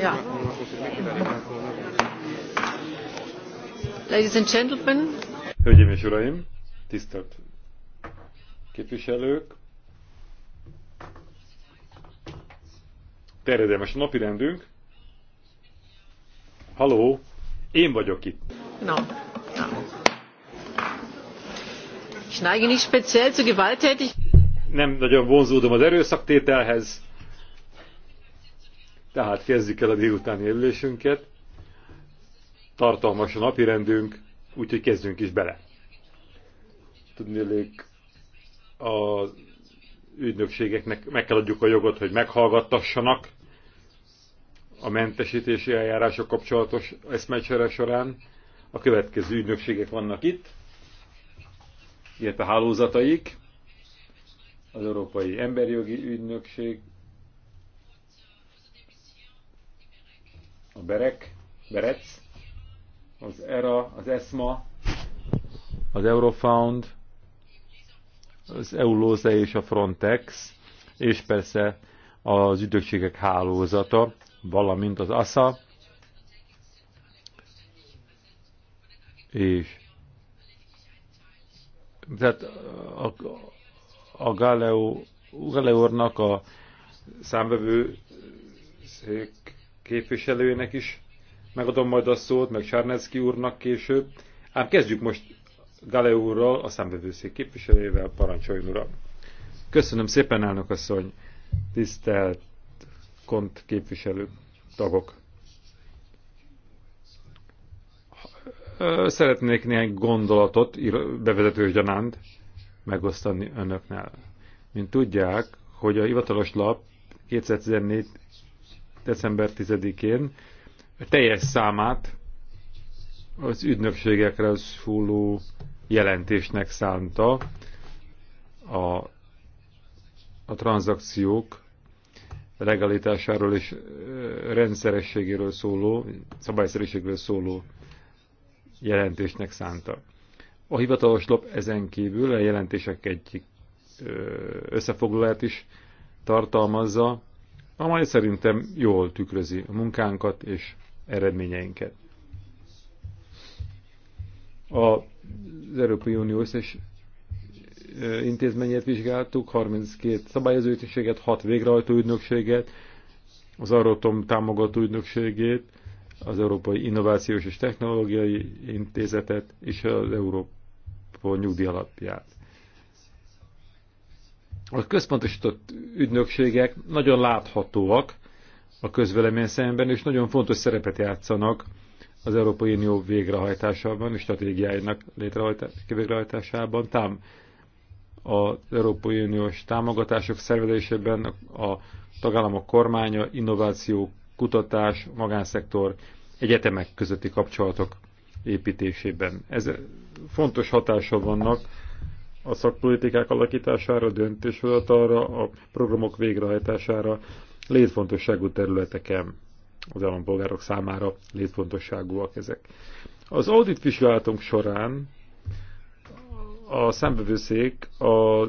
Ja. Ladies and gentlemen. Hölgyeim és uraim, tisztelt képviselők. Terjedelmes a napirendünk. Halló, én vagyok itt. No. no. Ich neige nicht speziell zu gewalttätig. Nem nagyon vonzódom az erőszaktételhez tehát kezdjük el a délutáni ülésünket. Tartalmas a napi rendünk, úgyhogy kezdjünk is bele. Tudnélék, a ügynökségeknek meg kell adjuk a jogot, hogy meghallgattassanak a mentesítési eljárások kapcsolatos eszmecsere során. A következő ügynökségek vannak itt, illetve hálózataik, az Európai Emberjogi Ügynökség, a BEREK, BEREC, az ERA, az ESMA, az Eurofound, az EULOSA és a Frontex, és persze az ügynökségek hálózata, valamint az ASA, és tehát a, a Galeo, Galeornak a számvevő szék képviselőjének is megadom majd a szót, meg Sárnecki úrnak később. Ám kezdjük most Gale úrral, a számbevőszék képviselőjével, parancsoljon uram. Köszönöm szépen, elnök asszony, tisztelt kont képviselő tagok. Szeretnék néhány gondolatot bevezető gyanánt megosztani önöknél. Mint tudják, hogy a hivatalos lap 2014 december 10-én teljes számát az ügynökségekre szóló jelentésnek szánta a, a tranzakciók legalitásáról és rendszerességéről szóló, szabályszerűségről szóló jelentésnek szánta. A hivatalos lap ezen kívül a jelentések egyik összefoglalát is tartalmazza, amely szerintem jól tükrözi a munkánkat és eredményeinket. Az Európai Unió összes intézményét vizsgáltuk, 32 szabályozó ügynökséget, 6 végrehajtó ügynökséget, az Arrotom támogató ügynökségét, az Európai Innovációs és Technológiai Intézetet és az Európa Alapját. A központosított ügynökségek nagyon láthatóak a közvelemény szemben, és nagyon fontos szerepet játszanak az Európai Unió végrehajtásában és stratégiáinak végrehajtásában. Tám az Európai Uniós támogatások szervezésében a tagállamok kormánya, innováció, kutatás, magánszektor, egyetemek közötti kapcsolatok építésében. Ez fontos hatása vannak a szakpolitikák alakítására, döntéshozatalra, a programok végrehajtására létfontosságú területeken az állampolgárok számára létfontosságúak ezek. Az audit vizsgálatunk során a szembevőszék a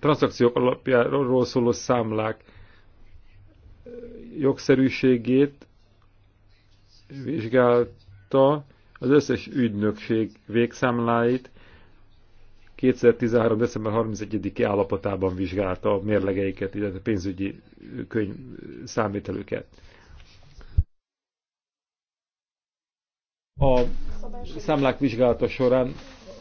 transzakciók alapjáról szóló számlák jogszerűségét vizsgálta az összes ügynökség végszámláit, 2013. december 31-i állapotában vizsgálta a mérlegeiket, illetve pénzügyi könyv számvételüket. A számlák vizsgálata során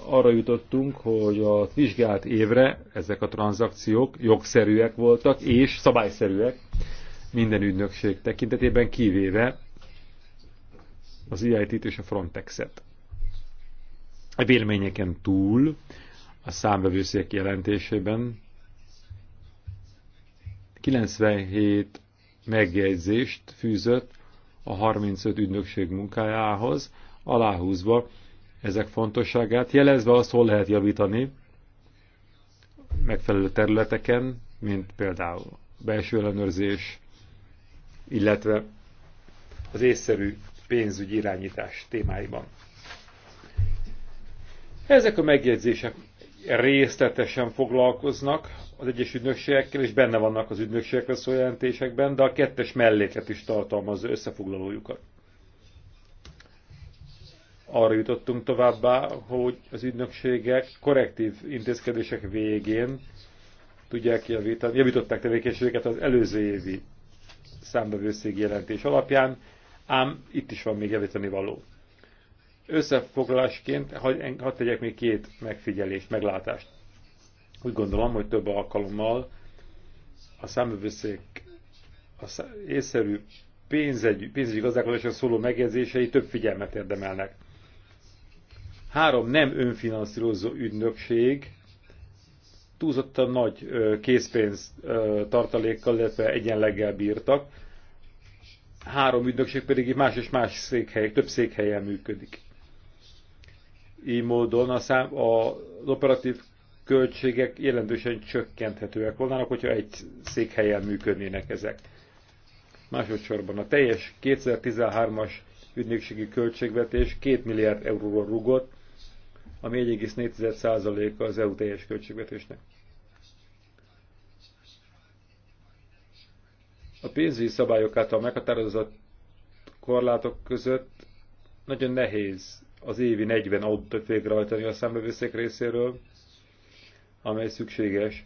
arra jutottunk, hogy a vizsgált évre ezek a tranzakciók jogszerűek voltak és szabályszerűek minden ügynökség tekintetében, kivéve az EIT-t és a Frontex-et. A e véleményeken túl a számvevőszék jelentésében 97 megjegyzést fűzött a 35 ügynökség munkájához, aláhúzva ezek fontosságát, jelezve azt, hol lehet javítani megfelelő területeken, mint például belső ellenőrzés, illetve az észszerű pénzügyi irányítás témáiban. Ezek a megjegyzések részletesen foglalkoznak az egyes ügynökségekkel, és benne vannak az ügynökségekre szóló jelentésekben, de a kettes melléket is tartalmazza összefoglalójukat. Arra jutottunk továbbá, hogy az ügynökségek korrektív intézkedések végén tudják javítani, javították tevékenységeket az előző évi számbevőszégi jelentés alapján, ám itt is van még javítani való. Összefoglalásként hadd tegyek még két megfigyelést, meglátást. Úgy gondolom, hogy több alkalommal a számövőszék az észszerű pénzegy, pénzügyi gazdálkodásra szóló megjegyzései több figyelmet érdemelnek. Három nem önfinanszírozó ügynökség túlzottan nagy készpénz tartalékkal, illetve egyenleggel bírtak. Három ügynökség pedig más és más székhelyek, több székhelyen működik. Így módon a szám, a, az operatív költségek jelentősen csökkenthetőek volnának, hogyha egy székhelyen működnének ezek. Másodszorban a teljes 2013-as ügynökségi költségvetés 2 milliárd euróval rúgott, ami 1,4%-a az EU teljes költségvetésnek. A pénzügyi szabályok által meghatározott korlátok között nagyon nehéz az évi 40 autót végrehajtani a szembevőszék részéről, amely szükséges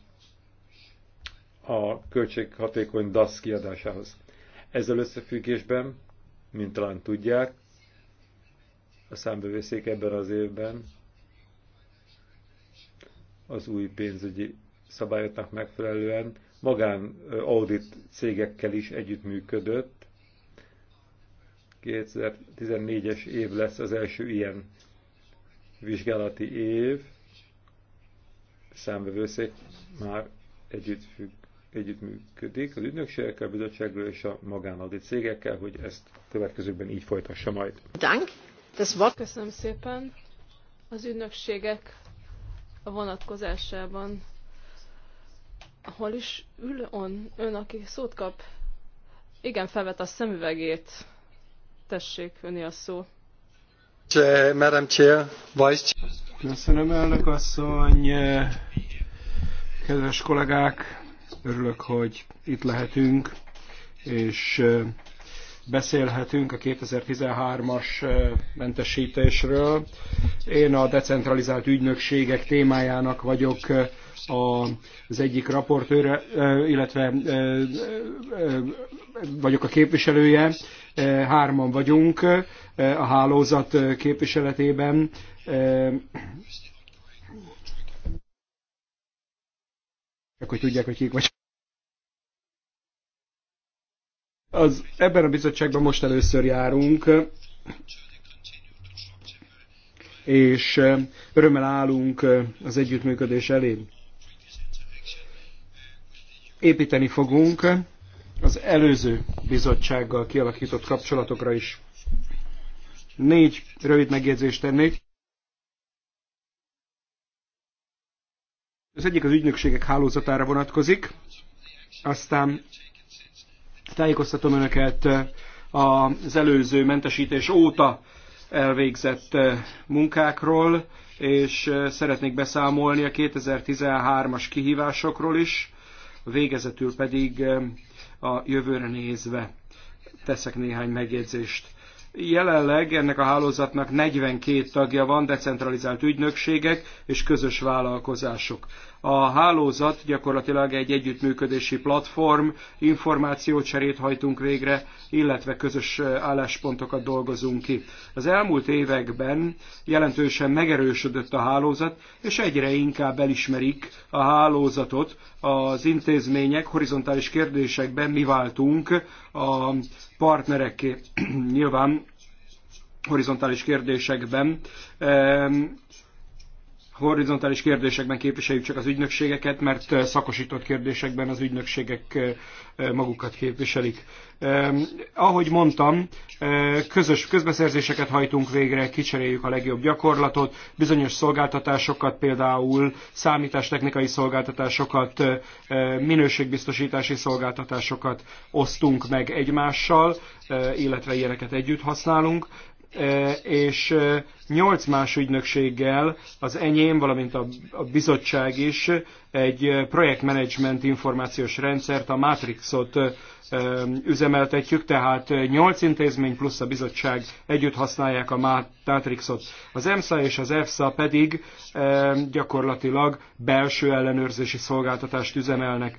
a költséghatékony DAS kiadásához. Ezzel összefüggésben, mint talán tudják, a számbevőszék ebben az évben az új pénzügyi szabályoknak megfelelően magán audit cégekkel is együttműködött, 2014-es év lesz az első ilyen vizsgálati év. Számbevőszék már együtt függ, együttműködik az ügynökségekkel, bizottságról és a magánaldi cégekkel, hogy ezt következőkben így folytassa majd. Dank. Köszönöm szépen. Az ügynökségek a vonatkozásában hol is ül on, ön, aki szót kap? Igen, felvet a szemüvegét. Tessék, öné a szó. Madam Chair, Vice Köszönöm, elnök asszony. Kedves kollégák, örülök, hogy itt lehetünk, és beszélhetünk a 2013-as mentesítésről. Én a decentralizált ügynökségek témájának vagyok az egyik raportőre, illetve vagyok a képviselője, hárman vagyunk a hálózat képviseletében. Csak hogy tudják, hogy kik vagy. Az, ebben a bizottságban most először járunk, és örömmel állunk az együttműködés elé építeni fogunk az előző bizottsággal kialakított kapcsolatokra is. Négy rövid megjegyzést tennék. Az egyik az ügynökségek hálózatára vonatkozik, aztán tájékoztatom önöket az előző mentesítés óta elvégzett munkákról, és szeretnék beszámolni a 2013-as kihívásokról is, Végezetül pedig eh, a jövőre nézve teszek néhány megjegyzést. Jelenleg ennek a hálózatnak 42 tagja van, decentralizált ügynökségek és közös vállalkozások. A hálózat gyakorlatilag egy együttműködési platform, információcserét hajtunk végre, illetve közös álláspontokat dolgozunk ki. Az elmúlt években jelentősen megerősödött a hálózat, és egyre inkább elismerik a hálózatot az intézmények horizontális kérdésekben mi váltunk a partnerekké. Nyilván horizontális kérdésekben horizontális kérdésekben képviseljük csak az ügynökségeket, mert szakosított kérdésekben az ügynökségek magukat képviselik. Ahogy mondtam, közös közbeszerzéseket hajtunk végre, kicseréljük a legjobb gyakorlatot, bizonyos szolgáltatásokat, például számítástechnikai szolgáltatásokat, minőségbiztosítási szolgáltatásokat osztunk meg egymással, illetve ilyeneket együtt használunk és 8 más ügynökséggel, az enyém, valamint a, a bizottság is egy projektmenedzsment információs rendszert, a Matrixot üzemeltetjük, tehát 8 intézmény plusz a bizottság együtt használják a Matrixot. Az EMSA és az EFSA pedig gyakorlatilag belső ellenőrzési szolgáltatást üzemelnek,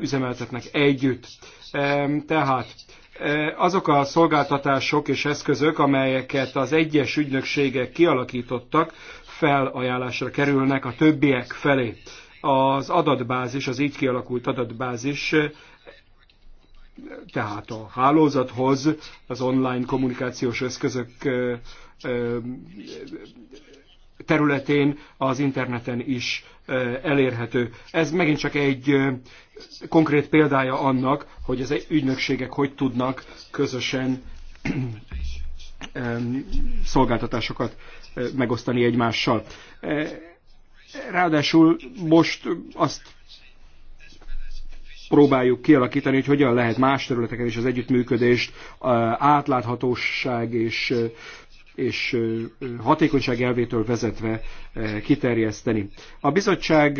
üzemeltetnek együtt. Tehát azok a szolgáltatások és eszközök, amelyeket az egyes ügynökségek kialakítottak, felajánlásra kerülnek a többiek felé. Az adatbázis, az így kialakult adatbázis tehát a hálózathoz, az online kommunikációs eszközök területén, az interneten is elérhető. Ez megint csak egy konkrét példája annak, hogy az ügynökségek hogy tudnak közösen szolgáltatásokat eh, megosztani egymással. Eh, ráadásul most azt próbáljuk kialakítani, hogy hogyan lehet más területeken is az együttműködést eh, átláthatóság és, és hatékonyság elvétől vezetve kiterjeszteni. A bizottság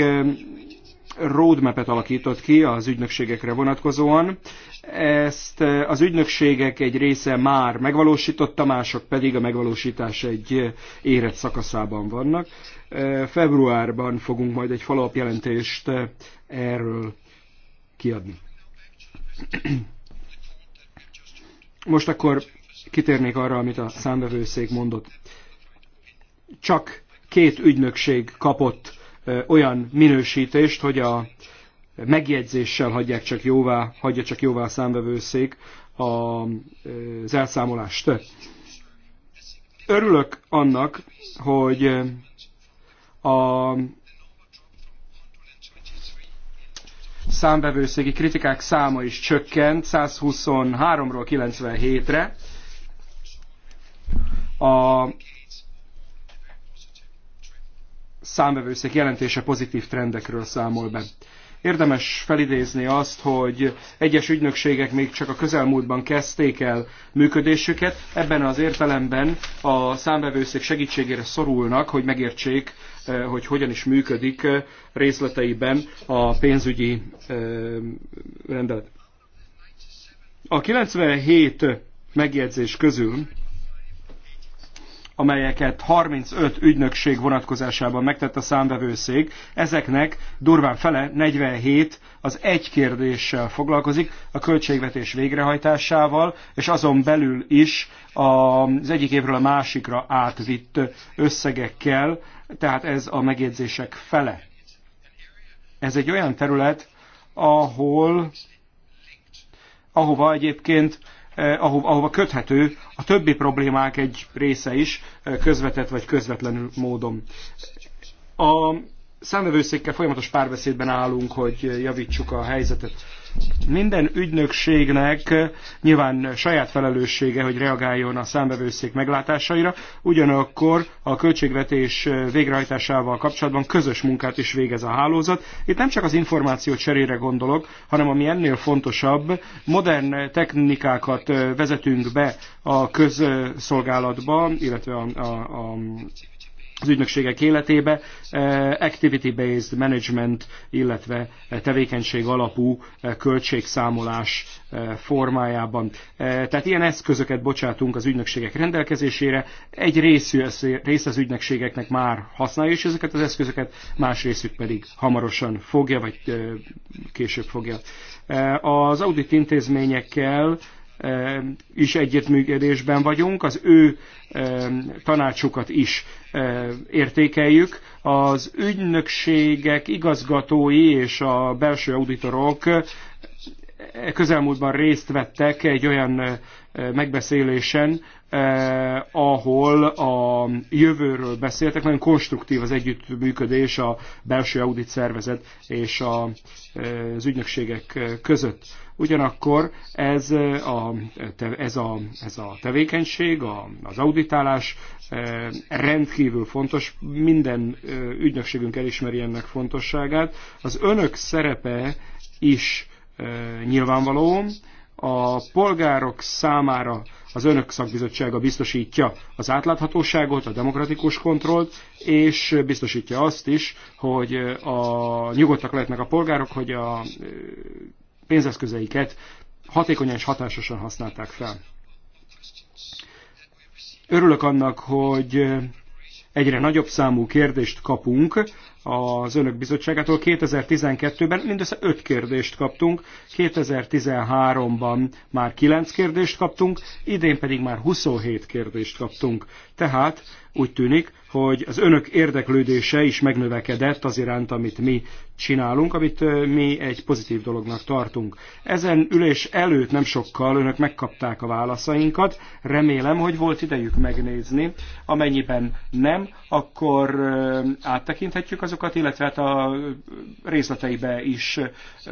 roadmap-et alakított ki az ügynökségekre vonatkozóan. Ezt eh, az ügynökségek egy része már megvalósította, mások pedig a megvalósítás egy eh, érett szakaszában vannak. Eh, februárban fogunk majd egy follow jelentést erről kiadni. Most akkor kitérnék arra, amit a számbevőszék mondott. Csak két ügynökség kapott olyan minősítést, hogy a megjegyzéssel hagyják csak jóvá, hagyja csak jóvá a számvevőszék az elszámolást. Örülök annak, hogy a számbevőszégi kritikák száma is csökkent 123-ról 97-re. A számvevőszék jelentése pozitív trendekről számol be. Érdemes felidézni azt, hogy egyes ügynökségek még csak a közelmúltban kezdték el működésüket. Ebben az értelemben a számvevőszék segítségére szorulnak, hogy megértsék, eh, hogy hogyan is működik eh, részleteiben a pénzügyi eh, rendelet. A 97 megjegyzés közül amelyeket 35 ügynökség vonatkozásában megtett a számvevőszék, ezeknek durván fele 47 az egy kérdéssel foglalkozik, a költségvetés végrehajtásával, és azon belül is az egyik évről a másikra átvitt összegekkel, tehát ez a megjegyzések fele. Ez egy olyan terület, ahol, ahova egyébként Eh, ahova köthető a többi problémák egy része is, eh, közvetett vagy közvetlenül módon. A számvevőszékkel folyamatos párbeszédben állunk, hogy javítsuk a helyzetet. Minden ügynökségnek eh, nyilván saját felelőssége, hogy reagáljon a számbevőszék meglátásaira, ugyanakkor a költségvetés eh, végrehajtásával kapcsolatban közös munkát is végez a hálózat. Itt nem csak az információ cserére gondolok, hanem ami ennél fontosabb, modern technikákat eh, vezetünk be a közszolgálatba, illetve a, a, a az ügynökségek életébe, eh, activity-based management, illetve tevékenység alapú eh, költségszámolás eh, formájában. Tehát ilyen eszközöket bocsátunk az ügynökségek rendelkezésére. Egy rész az ügynökségeknek már használja is ezeket az eszközöket, más részük pedig hamarosan fogja, vagy később fogja. Az audit intézményekkel is együttműködésben vagyunk, az ő tanácsukat is értékeljük. Az ügynökségek igazgatói és a belső auditorok közelmúltban részt vettek egy olyan megbeszélésen, eh, ahol a jövőről beszéltek, nagyon konstruktív az együttműködés a belső audit szervezet és a, az ügynökségek között. Ugyanakkor ez a, ez a, ez a tevékenység, az auditálás rendkívül fontos, minden ügynökségünk elismeri ennek fontosságát. Az önök szerepe is nyilvánvaló, a polgárok számára az önök szakbizottsága biztosítja az átláthatóságot, a demokratikus kontrollt, és biztosítja azt is, hogy a nyugodtak lehetnek a polgárok, hogy a pénzeszközeiket hatékonyan és hatásosan használták fel. Örülök annak, hogy egyre nagyobb számú kérdést kapunk az Önök Bizottságától. 2012-ben mindössze 5 kérdést kaptunk, 2013-ban már 9 kérdést kaptunk, idén pedig már 27 kérdést kaptunk. Tehát úgy tűnik, hogy az önök érdeklődése is megnövekedett az iránt, amit mi csinálunk, amit mi egy pozitív dolognak tartunk. Ezen ülés előtt nem sokkal önök megkapták a válaszainkat, remélem, hogy volt idejük megnézni. Amennyiben nem, akkor áttekinthetjük azokat, illetve hát a részleteibe is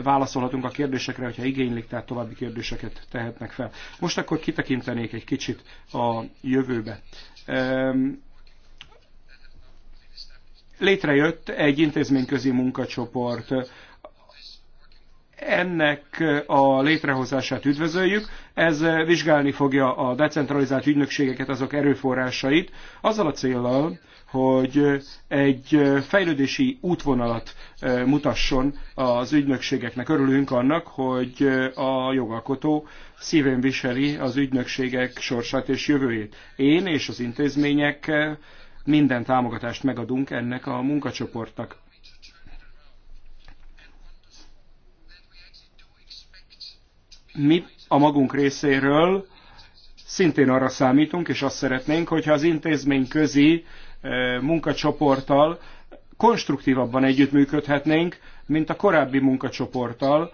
válaszolhatunk a kérdésekre, hogyha igénylik, tehát további kérdéseket tehetnek fel. Most akkor kitekintenék egy kicsit a jövőbe létrejött egy intézményközi munkacsoport. Ennek a létrehozását üdvözöljük. Ez vizsgálni fogja a decentralizált ügynökségeket, azok erőforrásait, azzal a célral, hogy egy fejlődési útvonalat e, mutasson az ügynökségeknek. Örülünk annak, hogy a jogalkotó szívén viseli az ügynökségek sorsát és jövőjét. Én és az intézmények e, minden támogatást megadunk ennek a munkacsoportnak. Mi a magunk részéről szintén arra számítunk, és azt szeretnénk, hogyha az intézmény közi eh, munkacsoporttal konstruktívabban együttműködhetnénk, mint a korábbi munkacsoporttal.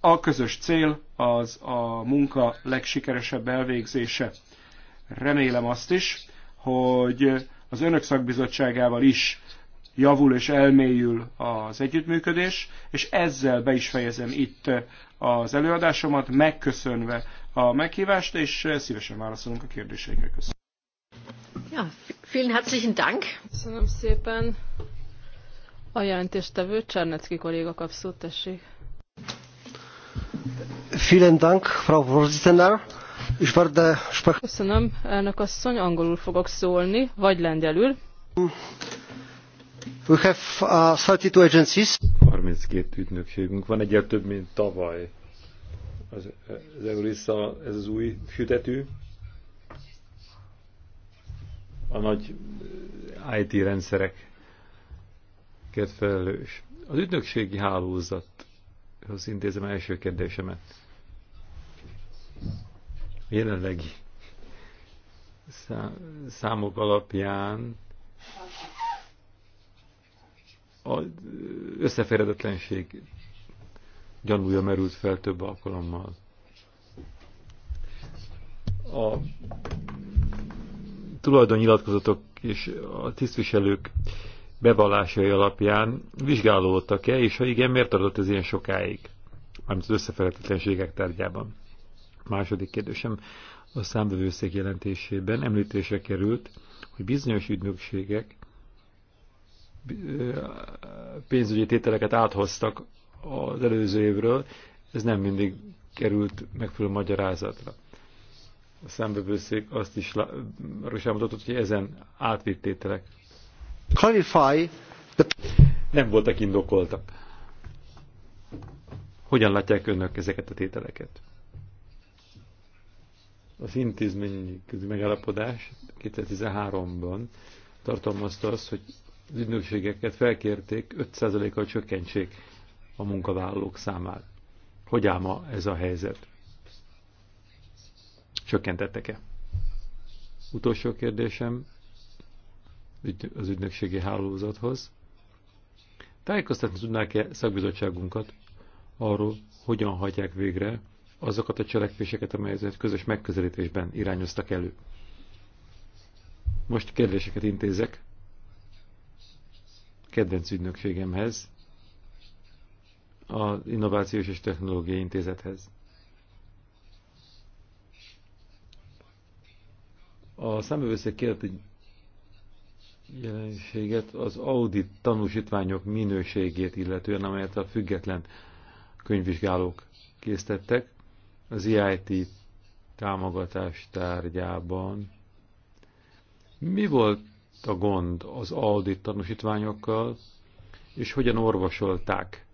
A közös cél az a munka legsikeresebb elvégzése. Remélem azt is, hogy az önök szakbizottságával is javul és elmélyül az együttműködés, és ezzel be is fejezem itt az előadásomat, megköszönve a meghívást, és szívesen válaszolunk a kérdéseikre. Köszönöm. Ja, vielen herzlichen Dank. Köszönöm szépen. A jelentéstevő Csernecki kolléga kap szót, tessék. Vielen Dank, Frau Vorsitzender. Köszönöm, elnök asszony, angolul fogok szólni, vagy lengyelül. We have uh, 32 agencies. 32 ügynökségünk van, egyel több, mint tavaly. Az, az Eurisza, ez az új fütetű. A nagy uh, IT rendszerek felelős. Az ügynökségi az intézem első kérdésemet jelenlegi számok alapján az összeférhetetlenség gyanúja merült fel több alkalommal. A tulajdonnyilatkozatok és a tisztviselők bevallásai alapján vizsgálódtak-e, és ha igen, miért tartott ez ilyen sokáig, amit az összeférhetetlenségek tárgyában. Második kérdésem a számbevőszék jelentésében említésre került, hogy bizonyos ügynökségek pénzügyi tételeket áthoztak az előző évről, ez nem mindig került megfelelő magyarázatra. A számbevőszék azt is, is elmondott, hogy ezen átvitt tételek Clarify the... nem voltak indokoltak. Hogyan látják önök ezeket a tételeket? Az intézményi megállapodás 2013-ban tartalmazta azt, hogy az ügynökségeket felkérték 5%-kal csökkentsék a munkavállalók számát. Hogy áll ma ez a helyzet? Csökkentettek-e? Utolsó kérdésem az ügynökségi hálózathoz. Tájékoztatni tudnák-e szakbizottságunkat arról, hogyan hagyják végre azokat a cselekvéseket, amelyeket közös megközelítésben irányoztak elő. Most kérdéseket intézek kedvenc ügynökségemhez, az Innovációs és Technológiai Intézethez. A számövőszék kérdett egy jelenséget az audit tanúsítványok minőségét illetően, amelyet a független könyvvizsgálók készítettek az EIT támogatás tárgyában. Mi volt a gond az audit tanúsítványokkal, és hogyan orvosolták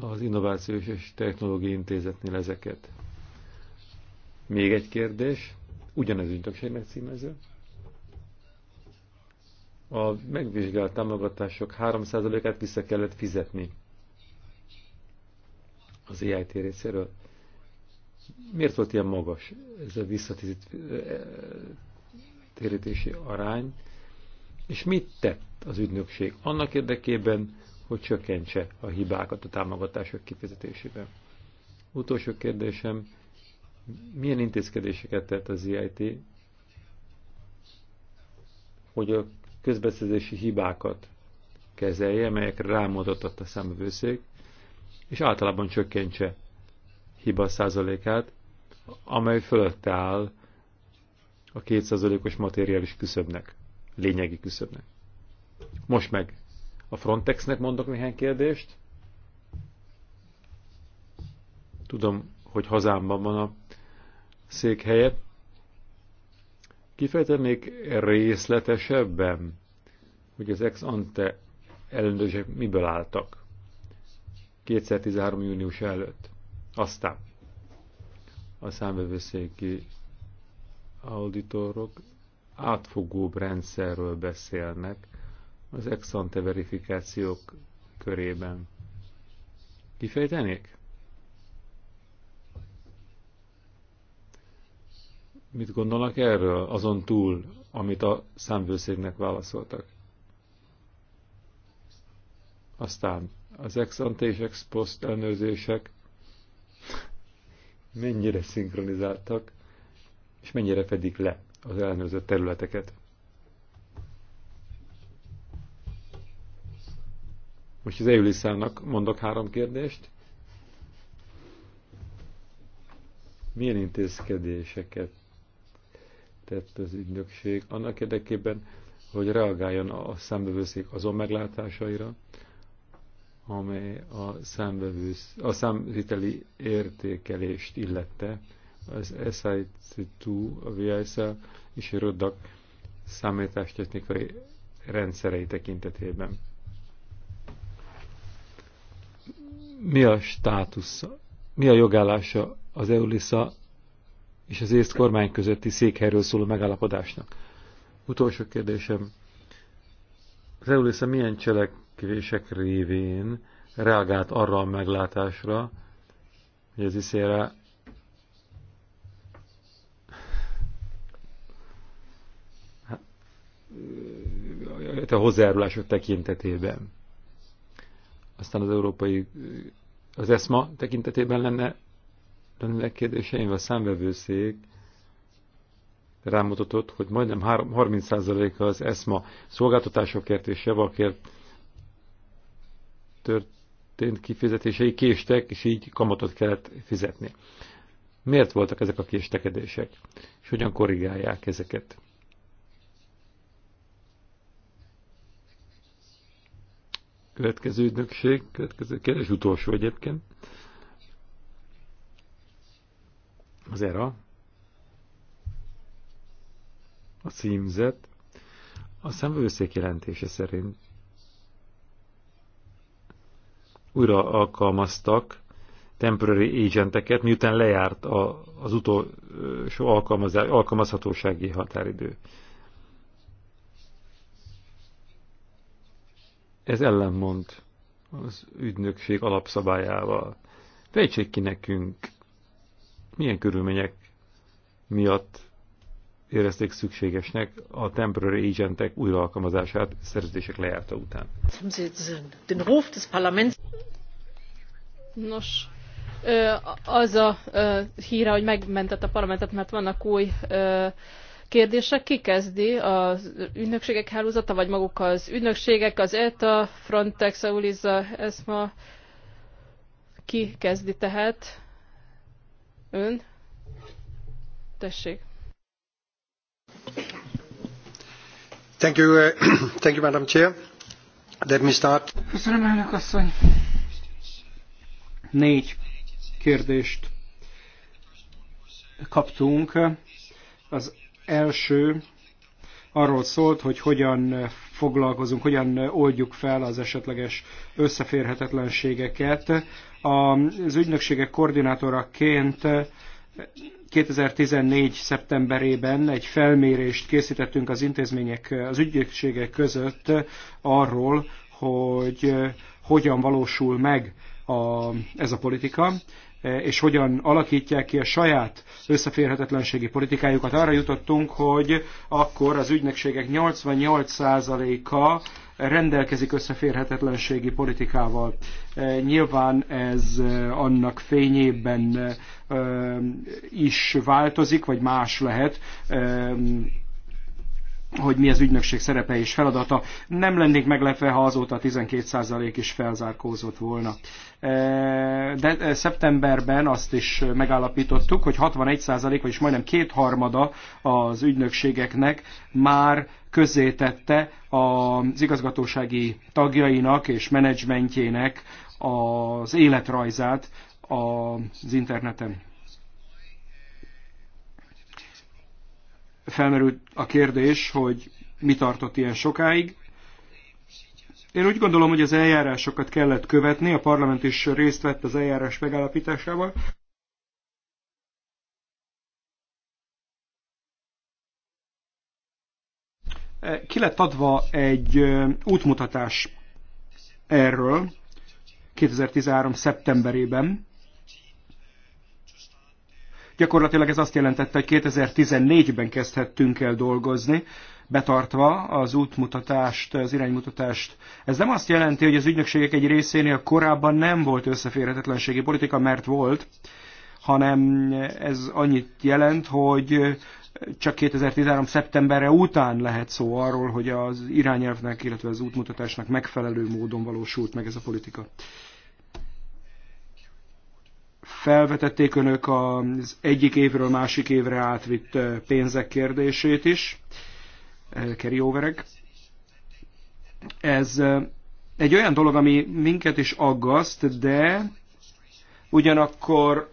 az Innovációs és Technológiai Intézetnél ezeket? Még egy kérdés, ugyanez ügynökségnek címező. A megvizsgált támogatások 3%-át vissza kellett fizetni az EIT részéről. Miért volt ilyen magas ez a visszatérítési arány, és mit tett az ügynökség annak érdekében, hogy csökkentse a hibákat a támogatások kifizetésében? Utolsó kérdésem, milyen intézkedéseket tett az EIT, hogy a közbeszerzési hibákat kezelje, melyekre rámutatott a számvevőszék, és általában csökkentse hiba százalékát, amely fölötte áll a kétszázalékos materiális küszöbnek, lényegi küszöbnek. Most meg a Frontexnek mondok néhány kérdést. Tudom, hogy hazámban van a székhelye. Kifejtenék részletesebben, hogy az ex ante ellenőrzések miből álltak. 2013. június előtt. Aztán a számbevőszéki auditorok átfogóbb rendszerről beszélnek az exante verifikációk körében. Kifejtenék? Mit gondolnak erről, azon túl, amit a számvőszéknek válaszoltak? Aztán az ex ante és ex post ellenőrzések mennyire szinkronizáltak, és mennyire fedik le az ellenőrzött területeket. Most az Eulisszának mondok három kérdést. Milyen intézkedéseket tett az ügynökség annak érdekében, hogy reagáljon a szembevőszék azon meglátásaira, amely a, számvevősz, a számviteli értékelést illette, az SIC2, a VISA és a RODAC számítástechnikai rendszerei tekintetében. Mi a státusz, mi a jogállása az EULISA és az észt kormány közötti székhelyről szóló megállapodásnak? Utolsó kérdésem. Az EULISA milyen cselek kérések révén reagált arra a meglátásra, hogy az iszére hát, a hozzájárulások tekintetében. Aztán az európai, az ESMA tekintetében lenne, lenne kérdéseim, a számvevőszék rámutatott, hogy majdnem 30%-a az ESMA szolgáltatásokért és javakért történt kifizetései késtek, és így kamatot kellett fizetni. Miért voltak ezek a késtekedések? És hogyan korrigálják ezeket? Következő ügynökség, következő kérdés, utolsó egyébként. Az ERA, a címzet, a szemvőszék jelentése szerint újra alkalmaztak temporary agenteket, miután lejárt a, az utolsó alkalmazhatósági határidő. Ez ellenmond az ügynökség alapszabályával. Fejtsék ki nekünk, milyen körülmények miatt érezték szükségesnek a temporary agentek újraalkalmazását szerződések lejárta után. Nos, az a híre, hogy megmentett a parlamentet, mert vannak új kérdések. Ki kezdi? Az ügynökségek hálózata, vagy maguk az ügynökségek, az ETA, Frontex, EULISA, ESMA? Ki kezdi tehát? Ön? Tessék. Thank you, uh, thank you, Madam Chair. Let me start. Köszönöm, elnök asszony. Négy kérdést kaptunk. Az első arról szólt, hogy hogyan foglalkozunk, hogyan oldjuk fel az esetleges összeférhetetlenségeket. Az ügynökségek koordinátoraként 2014. szeptemberében egy felmérést készítettünk az intézmények, az ügynökségek között arról, hogy hogyan valósul meg a, ez a politika, és hogyan alakítják ki a saját összeférhetetlenségi politikájukat. Arra jutottunk, hogy akkor az ügynökségek 88%-a rendelkezik összeférhetetlenségi politikával. E, nyilván ez e, annak fényében e, is változik, vagy más lehet hogy mi az ügynökség szerepe és feladata. Nem lennék meglepve, ha azóta 12% is felzárkózott volna. E, de e, szeptemberben azt is megállapítottuk, hogy 61%, vagyis majdnem kétharmada az ügynökségeknek már közzétette az igazgatósági tagjainak és menedzsmentjének az életrajzát az interneten. felmerült a kérdés, hogy mi tartott ilyen sokáig. Én úgy gondolom, hogy az eljárásokat kellett követni, a parlament is részt vett az eljárás megállapításával. Ki lett adva egy útmutatás erről 2013. szeptemberében, Gyakorlatilag ez azt jelentette, hogy 2014-ben kezdhettünk el dolgozni, betartva az útmutatást, az iránymutatást. Ez nem azt jelenti, hogy az ügynökségek egy részénél korábban nem volt összeférhetetlenségi politika, mert volt, hanem ez annyit jelent, hogy csak 2013. szeptemberre után lehet szó arról, hogy az irányelvnek, illetve az útmutatásnak megfelelő módon valósult meg ez a politika. Felvetették önök az egyik évről másik évre átvitt pénzek kérdését is, carryoverek. Ez egy olyan dolog, ami minket is aggaszt, de ugyanakkor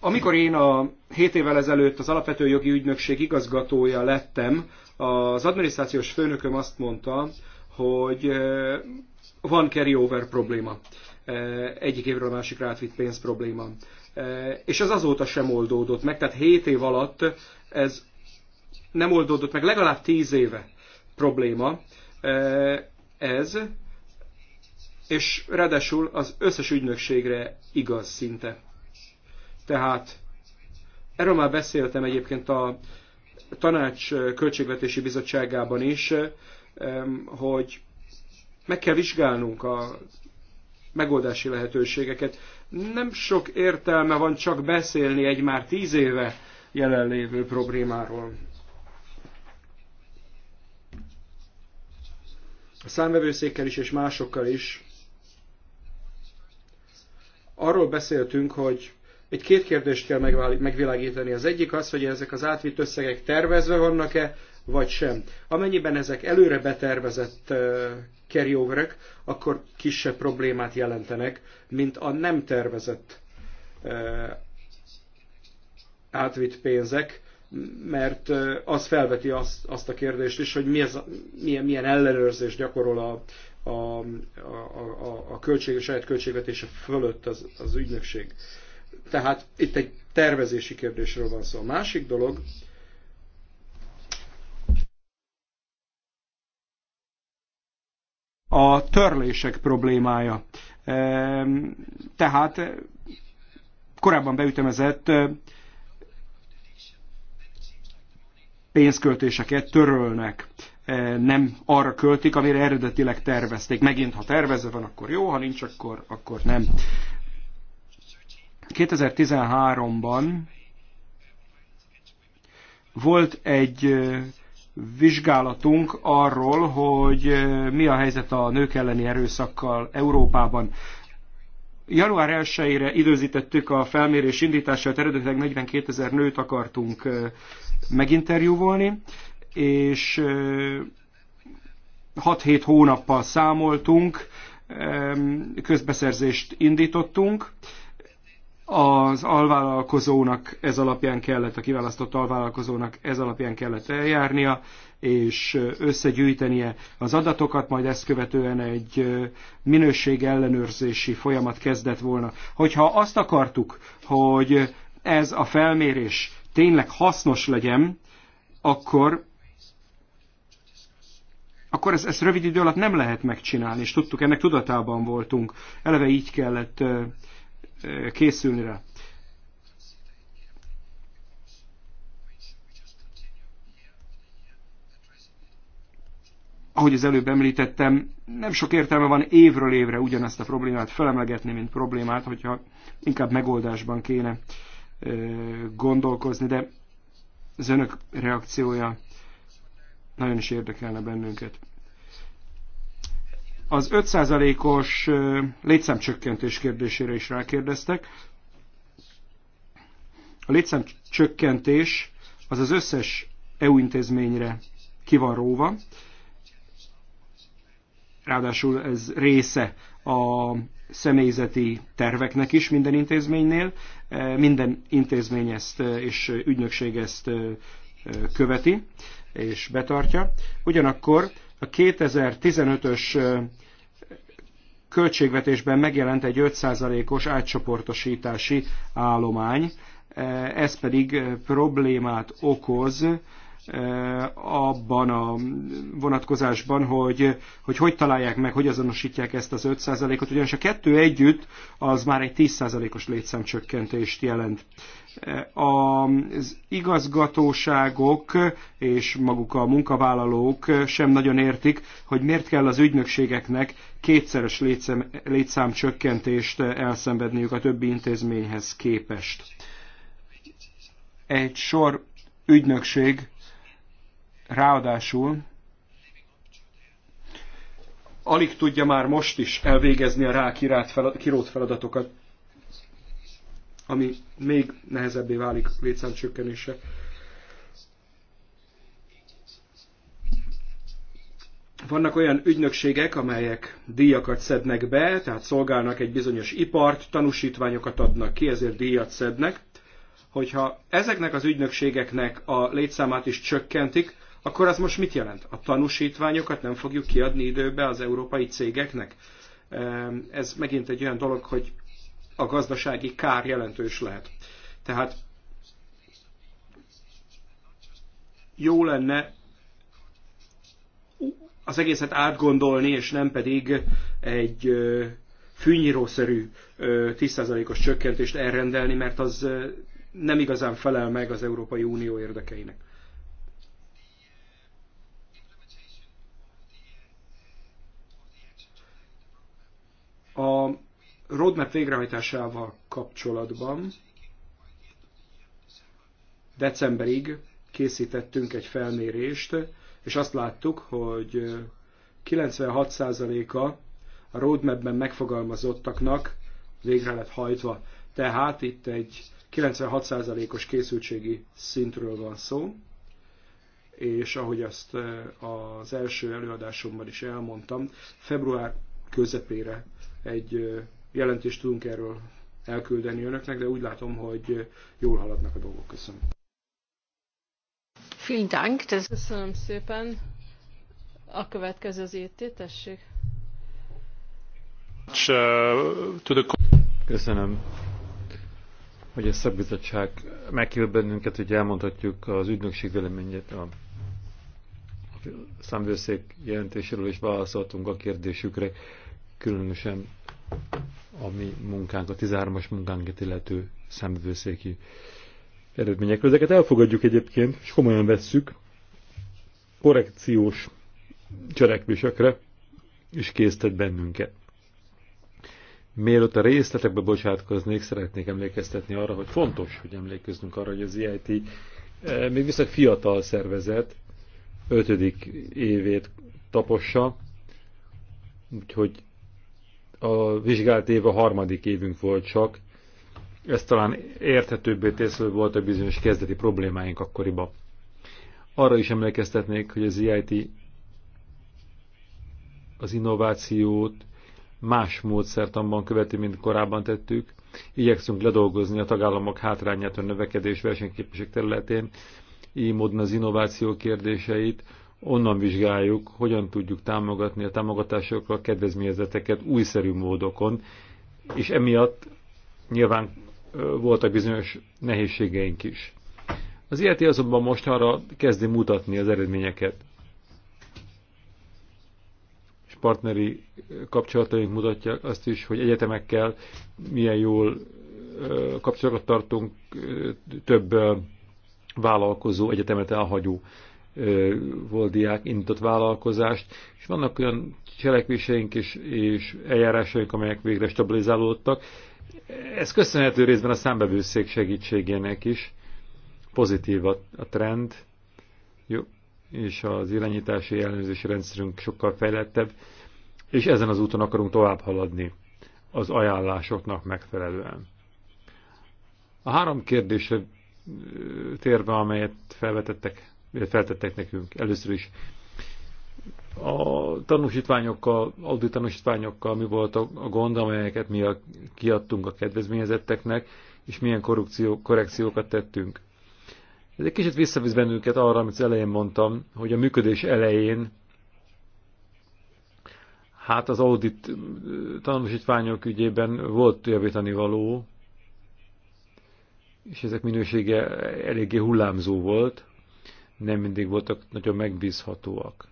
amikor én a 7 évvel ezelőtt az alapvető jogi ügynökség igazgatója lettem, az adminisztrációs főnököm azt mondta, hogy van carryover probléma. Eh, egyik évről a másikra átvitt pénz probléma. Eh, és ez azóta sem oldódott meg, tehát 7 év alatt ez nem oldódott meg, legalább 10 éve probléma eh, ez, és ráadásul az összes ügynökségre igaz szinte. Tehát erről már beszéltem egyébként a tanács költségvetési bizottságában is, hogy meg kell vizsgálnunk a megoldási lehetőségeket. Nem sok értelme van csak beszélni egy már tíz éve jelenlévő problémáról. A számvevőszékkel is és másokkal is arról beszéltünk, hogy egy két kérdést kell megvilágítani. Az egyik az, hogy ezek az átvitt összegek tervezve vannak-e, vagy sem. Amennyiben ezek előre betervezett carryoverek, akkor kisebb problémát jelentenek, mint a nem tervezett átvitt pénzek, mert az felveti azt, azt a kérdést is, hogy mi ez, milyen, milyen ellenőrzés gyakorol a, a, a, a, a költség, a saját költségvetése fölött az, az ügynökség. Tehát itt egy tervezési kérdésről van szó. A másik dolog, a törlések problémája. Ehm, tehát korábban beütemezett eh, pénzköltéseket törölnek, ehm, nem arra költik, amire eredetileg tervezték. Megint, ha tervezve van, akkor jó, ha nincs, akkor, akkor nem. 2013-ban volt egy eh, vizsgálatunk arról, hogy eh, mi a helyzet a nők elleni erőszakkal Európában. Január 1-re időzítettük a felmérés indítását, eredetileg 42 ezer nőt akartunk eh, meginterjúvolni, és 6-7 eh, hónappal számoltunk, közbeszerzést indítottunk, az alvállalkozónak ez alapján kellett, a kiválasztott alvállalkozónak ez alapján kellett eljárnia, és összegyűjtenie az adatokat, majd ezt követően egy minőség ellenőrzési folyamat kezdett volna. Hogyha azt akartuk, hogy ez a felmérés tényleg hasznos legyen, akkor akkor ezt, ezt rövid idő alatt nem lehet megcsinálni, és tudtuk, ennek tudatában voltunk. Eleve így kellett készülni rá. ahogy az előbb említettem, nem sok értelme van évről évre ugyanezt a problémát felemlegetni, mint problémát, hogyha inkább megoldásban kéne gondolkozni, de az önök reakciója nagyon is érdekelne bennünket. Az 5%-os létszámcsökkentés kérdésére is rákérdeztek. A létszámcsökkentés az az összes EU intézményre ki van róva, ráadásul ez része a személyzeti terveknek is minden intézménynél. Minden intézmény ezt és ügynökség ezt követi és betartja. Ugyanakkor a 2015-ös költségvetésben megjelent egy 5%-os átcsoportosítási állomány, ez pedig problémát okoz abban a vonatkozásban, hogy, hogy hogy találják meg, hogy azonosítják ezt az 5%-ot, ugyanis a kettő együtt az már egy 10%-os létszámcsökkentést jelent az igazgatóságok és maguk a munkavállalók sem nagyon értik, hogy miért kell az ügynökségeknek kétszeres létszám, csökkentést elszenvedniük a többi intézményhez képest. Egy sor ügynökség ráadásul alig tudja már most is elvégezni a rá kirót feladatokat ami még nehezebbé válik csökkenése. Vannak olyan ügynökségek, amelyek díjakat szednek be, tehát szolgálnak egy bizonyos ipart, tanúsítványokat adnak ki, ezért díjat szednek. Hogyha ezeknek az ügynökségeknek a létszámát is csökkentik, akkor az most mit jelent? A tanúsítványokat nem fogjuk kiadni időbe az európai cégeknek? Ez megint egy olyan dolog, hogy a gazdasági kár jelentős lehet. Tehát jó lenne az egészet átgondolni, és nem pedig egy fűnyírószerű 10%-os csökkentést elrendelni, mert az nem igazán felel meg az Európai Unió érdekeinek. A roadmap végrehajtásával kapcsolatban decemberig készítettünk egy felmérést, és azt láttuk, hogy 96%-a a roadmapben megfogalmazottaknak végre lett hajtva. Tehát itt egy 96%-os készültségi szintről van szó, és ahogy azt eh, az első előadásomban is elmondtam, február közepére egy eh, jelentést tudunk erről elküldeni önöknek, de úgy látom, hogy jól haladnak a dolgok. Köszönöm. Vielen Dank. Köszönöm szépen. A következő az ET, tessék. Uh, Köszönöm, hogy a szabbizottság meghív bennünket, hogy elmondhatjuk az ügynökség véleményét a számvőszék jelentéséről, és válaszoltunk a kérdésükre, különösen ami munkánk, a 13-as munkánkat illető szemvőszéki eredményekről. Ezeket elfogadjuk egyébként, és komolyan vesszük korrekciós cselekvésekre, és késztet bennünket. Mielőtt a részletekbe bocsátkoznék, szeretnék emlékeztetni arra, hogy fontos, hogy emlékezzünk arra, hogy az e IIT eh, még viszont fiatal szervezet, ötödik évét tapossa, úgyhogy a vizsgált év a harmadik évünk volt csak. Ez talán érthetőbbé tésző volt a bizonyos kezdeti problémáink akkoriban. Arra is emlékeztetnék, hogy az e IIT az innovációt más módszertanban követi, mint korábban tettük. Igyekszünk ledolgozni a tagállamok hátrányát a növekedés versenyképesek területén, így módon az innováció kérdéseit, onnan vizsgáljuk, hogyan tudjuk támogatni a támogatásokra a kedvezményezeteket újszerű módokon, és emiatt nyilván voltak bizonyos nehézségeink is. Az ilyeti azonban most arra kezdi mutatni az eredményeket. És partneri kapcsolataink mutatja azt is, hogy egyetemekkel milyen jól kapcsolatot tartunk több vállalkozó, egyetemet elhagyó volt diák indított vállalkozást, és vannak olyan cselekvéseink és, és eljárásaink, amelyek végre stabilizálódtak. Ez köszönhető részben a számbevőszék segítségének is. Pozitív a, a trend, jó, és az irányítási ellenőrzési rendszerünk sokkal fejlettebb, és ezen az úton akarunk tovább haladni az ajánlásoknak megfelelően. A három kérdésre térve, amelyet felvetettek feltettek nekünk először is. A tanúsítványokkal, audit tanúsítványokkal mi volt a gond, amelyeket mi a, kiadtunk a kedvezményezetteknek, és milyen korrupció, korrekciókat tettünk. Ez egy kicsit visszavisz bennünket arra, amit az elején mondtam, hogy a működés elején hát az audit tanúsítványok ügyében volt javítani való, és ezek minősége eléggé hullámzó volt nem mindig voltak nagyon megbízhatóak.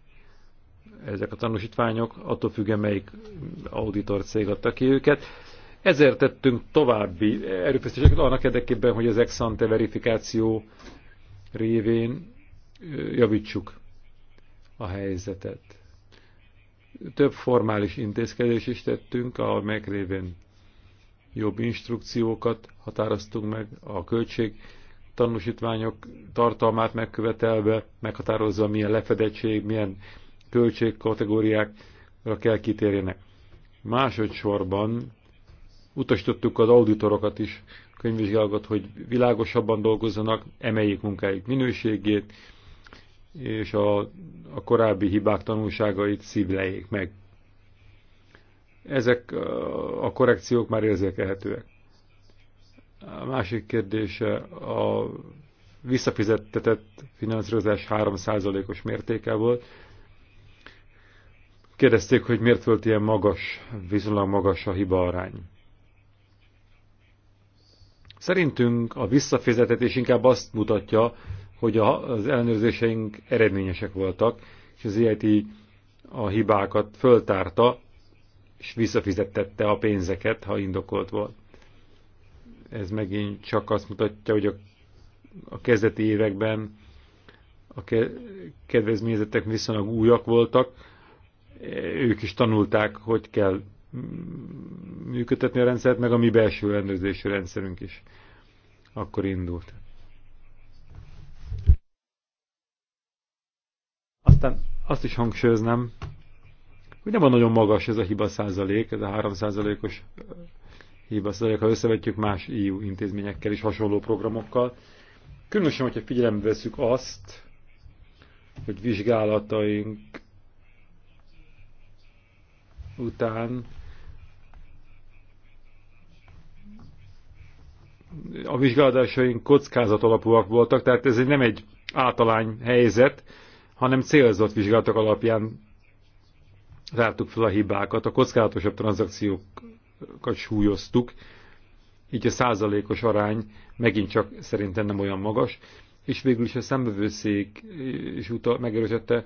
Ezek a tanúsítványok, attól függ, melyik auditor cég adta ki őket. Ezért tettünk további erőfeszítéseket annak érdekében, hogy az exante verifikáció révén javítsuk a helyzetet. Több formális intézkedés is tettünk, a megrévén jobb instrukciókat határoztunk meg a költség tanúsítványok tartalmát megkövetelve meghatározza, milyen lefedettség, milyen költségkategóriákra kell kitérjenek. Másodszorban utasítottuk az auditorokat is, könyvvizsgálókat, hogy világosabban dolgozzanak, emeljék munkáik minőségét, és a, a korábbi hibák tanulságait szívlejék meg. Ezek a korrekciók már érzékelhetőek. A másik kérdése a visszafizettetett finanszírozás 3%-os mértéke volt. Kérdezték, hogy miért volt ilyen magas, viszonylag magas a hiba arány. Szerintünk a visszafizetetés inkább azt mutatja, hogy az ellenőrzéseink eredményesek voltak, és az IIT a hibákat föltárta, és visszafizettette a pénzeket, ha indokolt volt ez megint csak azt mutatja, hogy a, a kezdeti években a ke, kedvezményezettek viszonylag újak voltak, ők is tanulták, hogy kell működtetni a rendszert, meg a mi belső rendőrzési rendszerünk is akkor indult. Aztán azt is hangsúlyoznám, hogy nem van nagyon magas ez a hiba százalék, ez a 3 os hiba ha összevetjük más EU intézményekkel és hasonló programokkal. Különösen, hogyha figyelembe veszük azt, hogy vizsgálataink után a vizsgálásaink kockázat alapúak voltak, tehát ez nem egy általány helyzet, hanem célzott vizsgálatok alapján zártuk fel a hibákat a kockázatosabb tranzakciók súlyoztuk, így a százalékos arány megint csak szerintem nem olyan magas, és végül is a szembevőszék is utal, megerősítette,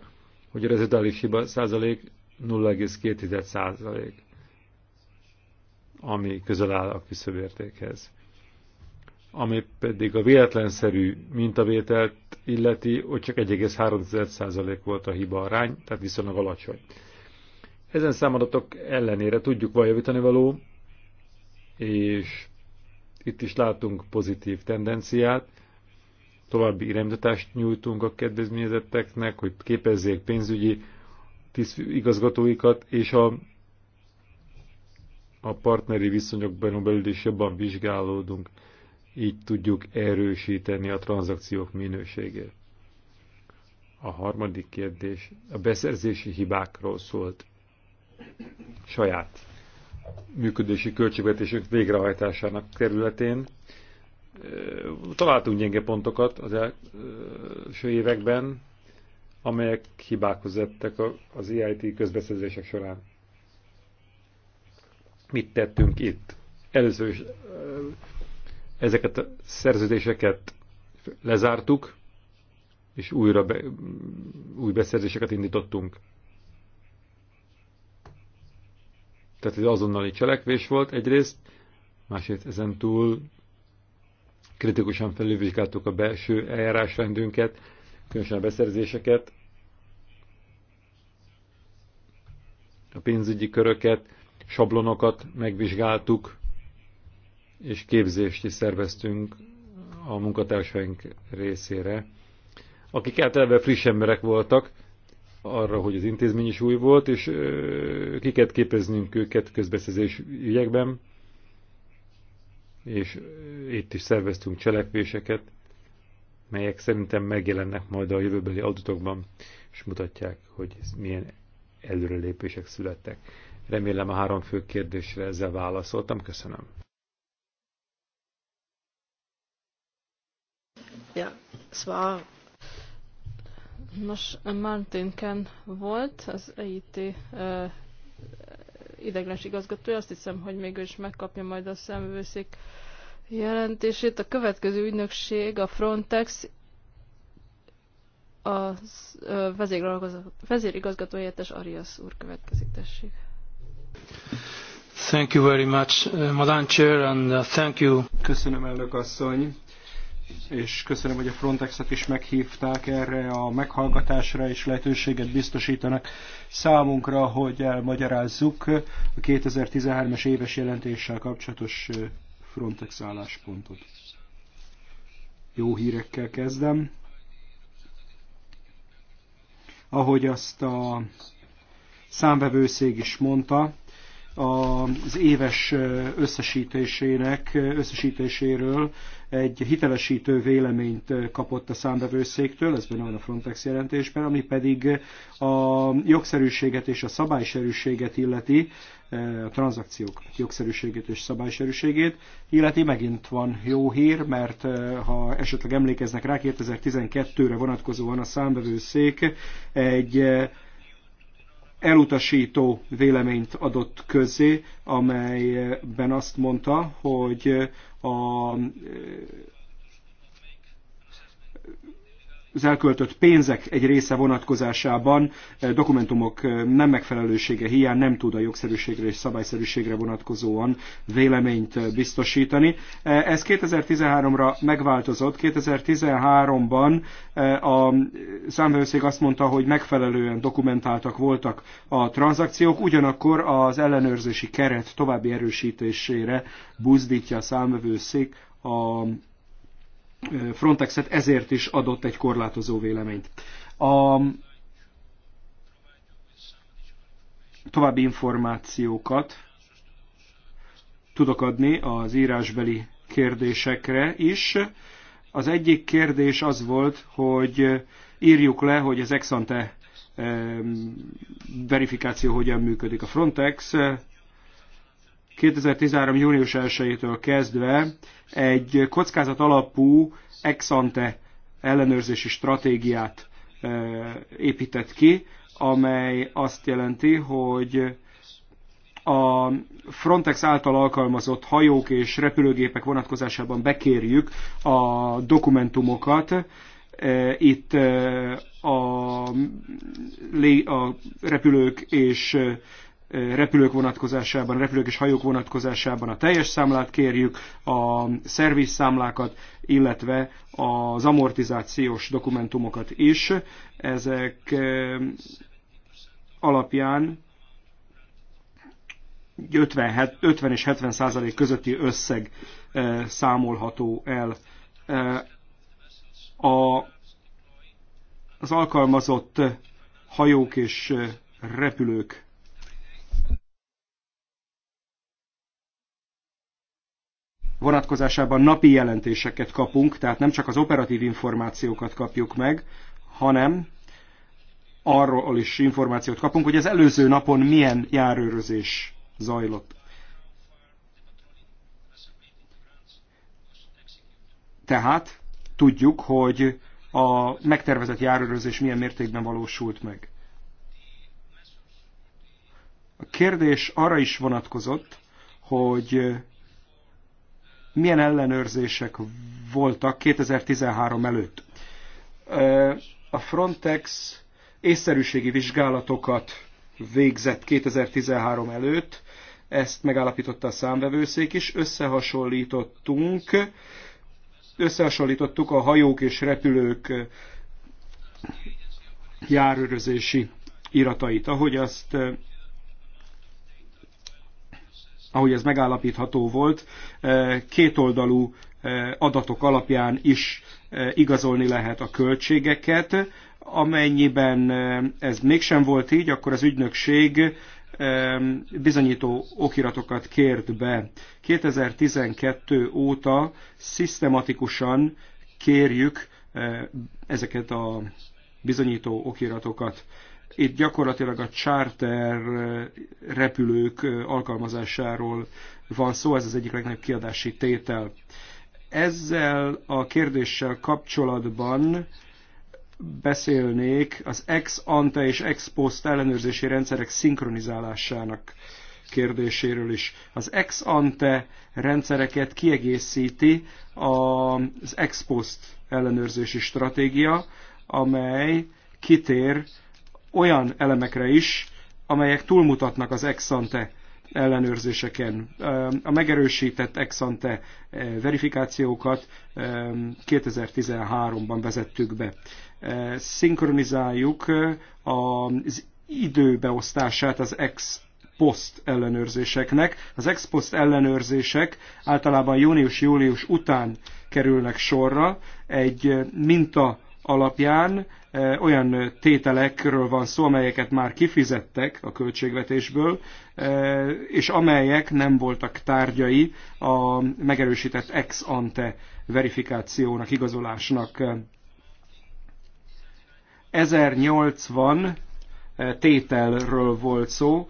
hogy a rezidális hiba százalék 0,2 százalék, ami közel áll a küszöbértékhez. Ami pedig a véletlenszerű mintavételt illeti, hogy csak 1,3 százalék volt a hiba arány, tehát viszonylag alacsony. Ezen számadatok ellenére tudjuk van javítani való, és itt is látunk pozitív tendenciát. További irányítást nyújtunk a kedvezményezetteknek, hogy képezzék pénzügyi igazgatóikat, és a, a partneri viszonyokban belül is jobban vizsgálódunk, így tudjuk erősíteni a tranzakciók minőségét. A harmadik kérdés a beszerzési hibákról szólt saját működési költségvetésük végrehajtásának területén. Találtunk gyenge pontokat az első években, amelyek hibákhoz ettek az EIT közbeszerzések során. Mit tettünk itt? Először is ezeket a szerződéseket lezártuk, és újra be, új beszerzéseket indítottunk. Tehát ez azonnali cselekvés volt egyrészt, másrészt ezen túl kritikusan felülvizsgáltuk a belső eljárásrendünket, különösen a beszerzéseket, a pénzügyi köröket, sablonokat megvizsgáltuk, és képzést is szerveztünk a munkatársaink részére, akik általában friss emberek voltak, arra, hogy az intézmény is új volt, és kiket képeznünk őket közbeszerzés ügyekben, és itt is szerveztünk cselekvéseket, melyek szerintem megjelennek majd a jövőbeli adatokban, és mutatják, hogy milyen előrelépések születtek. Remélem a három fő kérdésre ezzel válaszoltam. Köszönöm. Ja, es war Nos, Martin Ken volt az EIT uh, ideglenes igazgatója, azt hiszem, hogy még ő is megkapja majd a szemvőszék jelentését. A következő ügynökség, a Frontex, a vezérigazgató helyettes Arias úr következik, tessék. Thank you very much, uh, Madam Chair, and uh, thank you. Köszönöm, elnök asszony és köszönöm, hogy a Frontexet is meghívták erre a meghallgatásra, és lehetőséget biztosítanak számunkra, hogy elmagyarázzuk a 2013-es éves jelentéssel kapcsolatos Frontex álláspontot. Jó hírekkel kezdem. Ahogy azt a számvevőszég is mondta, az éves összesítésének, összesítéséről egy hitelesítő véleményt kapott a számbevőszéktől, ez benne van a Frontex jelentésben, ami pedig a jogszerűséget és a szabályszerűséget illeti, a tranzakciók jogszerűségét és szabályszerűségét, illeti megint van jó hír, mert ha esetleg emlékeznek rá, 2012-re vonatkozóan a számbevőszék egy elutasító véleményt adott közzé, amelyben azt mondta, hogy a az elköltött pénzek egy része vonatkozásában eh, dokumentumok eh, nem megfelelősége hiány nem tud a jogszerűségre és szabályszerűségre vonatkozóan véleményt eh, biztosítani. Ez 2013-ra megváltozott. 2013-ban a számvevőszék azt mondta, hogy megfelelően dokumentáltak voltak a tranzakciók, ugyanakkor az ellenőrzési keret további erősítésére buzdítja a számvevőszék a Frontexet ezért is adott egy korlátozó véleményt. A további információkat tudok adni az írásbeli kérdésekre is. Az egyik kérdés az volt, hogy írjuk le, hogy az exante verifikáció hogyan működik. A Frontex 2013. június 1-től kezdve egy kockázat alapú exante ellenőrzési stratégiát épített ki, amely azt jelenti, hogy a Frontex által alkalmazott hajók és repülőgépek vonatkozásában bekérjük a dokumentumokat. Itt a, a repülők és repülők vonatkozásában, repülők és hajók vonatkozásában a teljes számlát kérjük, a számlákat illetve az amortizációs dokumentumokat is. Ezek eh, alapján 50, 50 és 70 százalék közötti összeg eh, számolható el. Eh, a, az alkalmazott hajók és repülők vonatkozásában napi jelentéseket kapunk, tehát nem csak az operatív információkat kapjuk meg, hanem arról is információt kapunk, hogy az előző napon milyen járőrözés zajlott. Tehát tudjuk, hogy a megtervezett járőrözés milyen mértékben valósult meg. A kérdés arra is vonatkozott, hogy milyen ellenőrzések voltak 2013 előtt. A Frontex észszerűségi vizsgálatokat végzett 2013 előtt, ezt megállapította a számvevőszék is, összehasonlítottunk, összehasonlítottuk a hajók és repülők járőrözési iratait. Ahogy azt ahogy ez megállapítható volt, eh, kétoldalú eh, adatok alapján is eh, igazolni lehet a költségeket. Amennyiben ez mégsem volt így, akkor az ügynökség bizonyító okiratokat kért be. 2012 óta szisztematikusan kérjük ezeket a bizonyító okiratokat. Itt gyakorlatilag a charter eh, repülők eh, alkalmazásáról van szó, ez az egyik legnagyobb kiadási tétel. Ezzel a kérdéssel kapcsolatban beszélnék az ex ante és ex post ellenőrzési rendszerek szinkronizálásának kérdéséről is. Az ex ante rendszereket kiegészíti az ex post ellenőrzési stratégia, amely kitér olyan elemekre is, amelyek túlmutatnak az exante ellenőrzéseken. A megerősített exante verifikációkat 2013-ban vezettük be. Szinkronizáljuk az időbeosztását az ex post ellenőrzéseknek. Az ex post ellenőrzések általában június-július után kerülnek sorra. Egy minta alapján eh, olyan tételekről van szó, amelyeket már kifizettek a költségvetésből, eh, és amelyek nem voltak tárgyai a megerősített ex ante verifikációnak, igazolásnak. 1080 eh, tételről volt szó,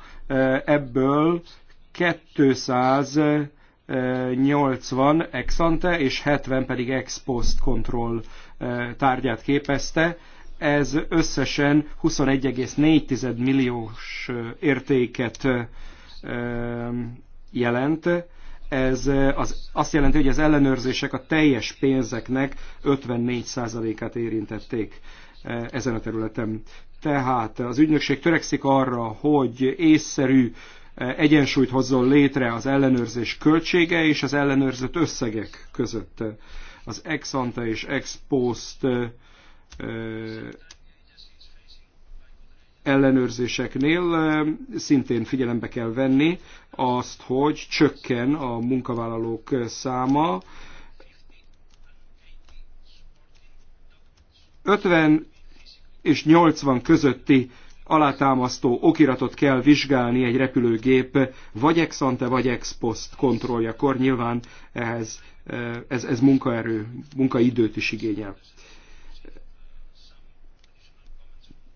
ebből 280 ex ante és 70 pedig ex post kontroll tárgyát képezte. Ez összesen 21,4 milliós értéket jelent. Ez az, azt jelenti, hogy az ellenőrzések a teljes pénzeknek 54%-át érintették ezen a területen. Tehát az ügynökség törekszik arra, hogy észszerű egyensúlyt hozzon létre az ellenőrzés költsége és az ellenőrzött összegek között az ex ante és ex post ellenőrzéseknél szintén figyelembe kell venni azt, hogy csökken a munkavállalók száma. 50 és 80 közötti alátámasztó okiratot kell vizsgálni egy repülőgép vagy ex ante, vagy ex post kontrolljakor. Nyilván ehhez, eh, ez, ez munkaerő, munkaidőt is igényel.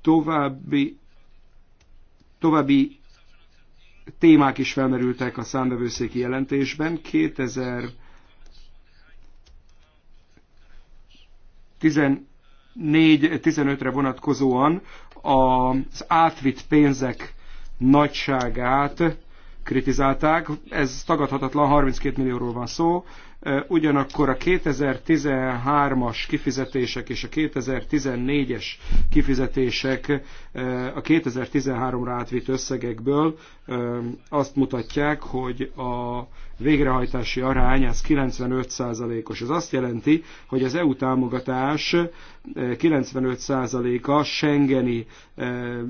További, további témák is felmerültek a számbevőszéki jelentésben. 2000 14-15-re vonatkozóan az átvitt pénzek nagyságát kritizálták. Ez tagadhatatlan, 32 millióról van szó ugyanakkor a 2013-as kifizetések és a 2014-es kifizetések a 2013-ra átvitt összegekből azt mutatják, hogy a végrehajtási arány az 95%-os. Ez azt jelenti, hogy az EU támogatás 95%-a Schengeni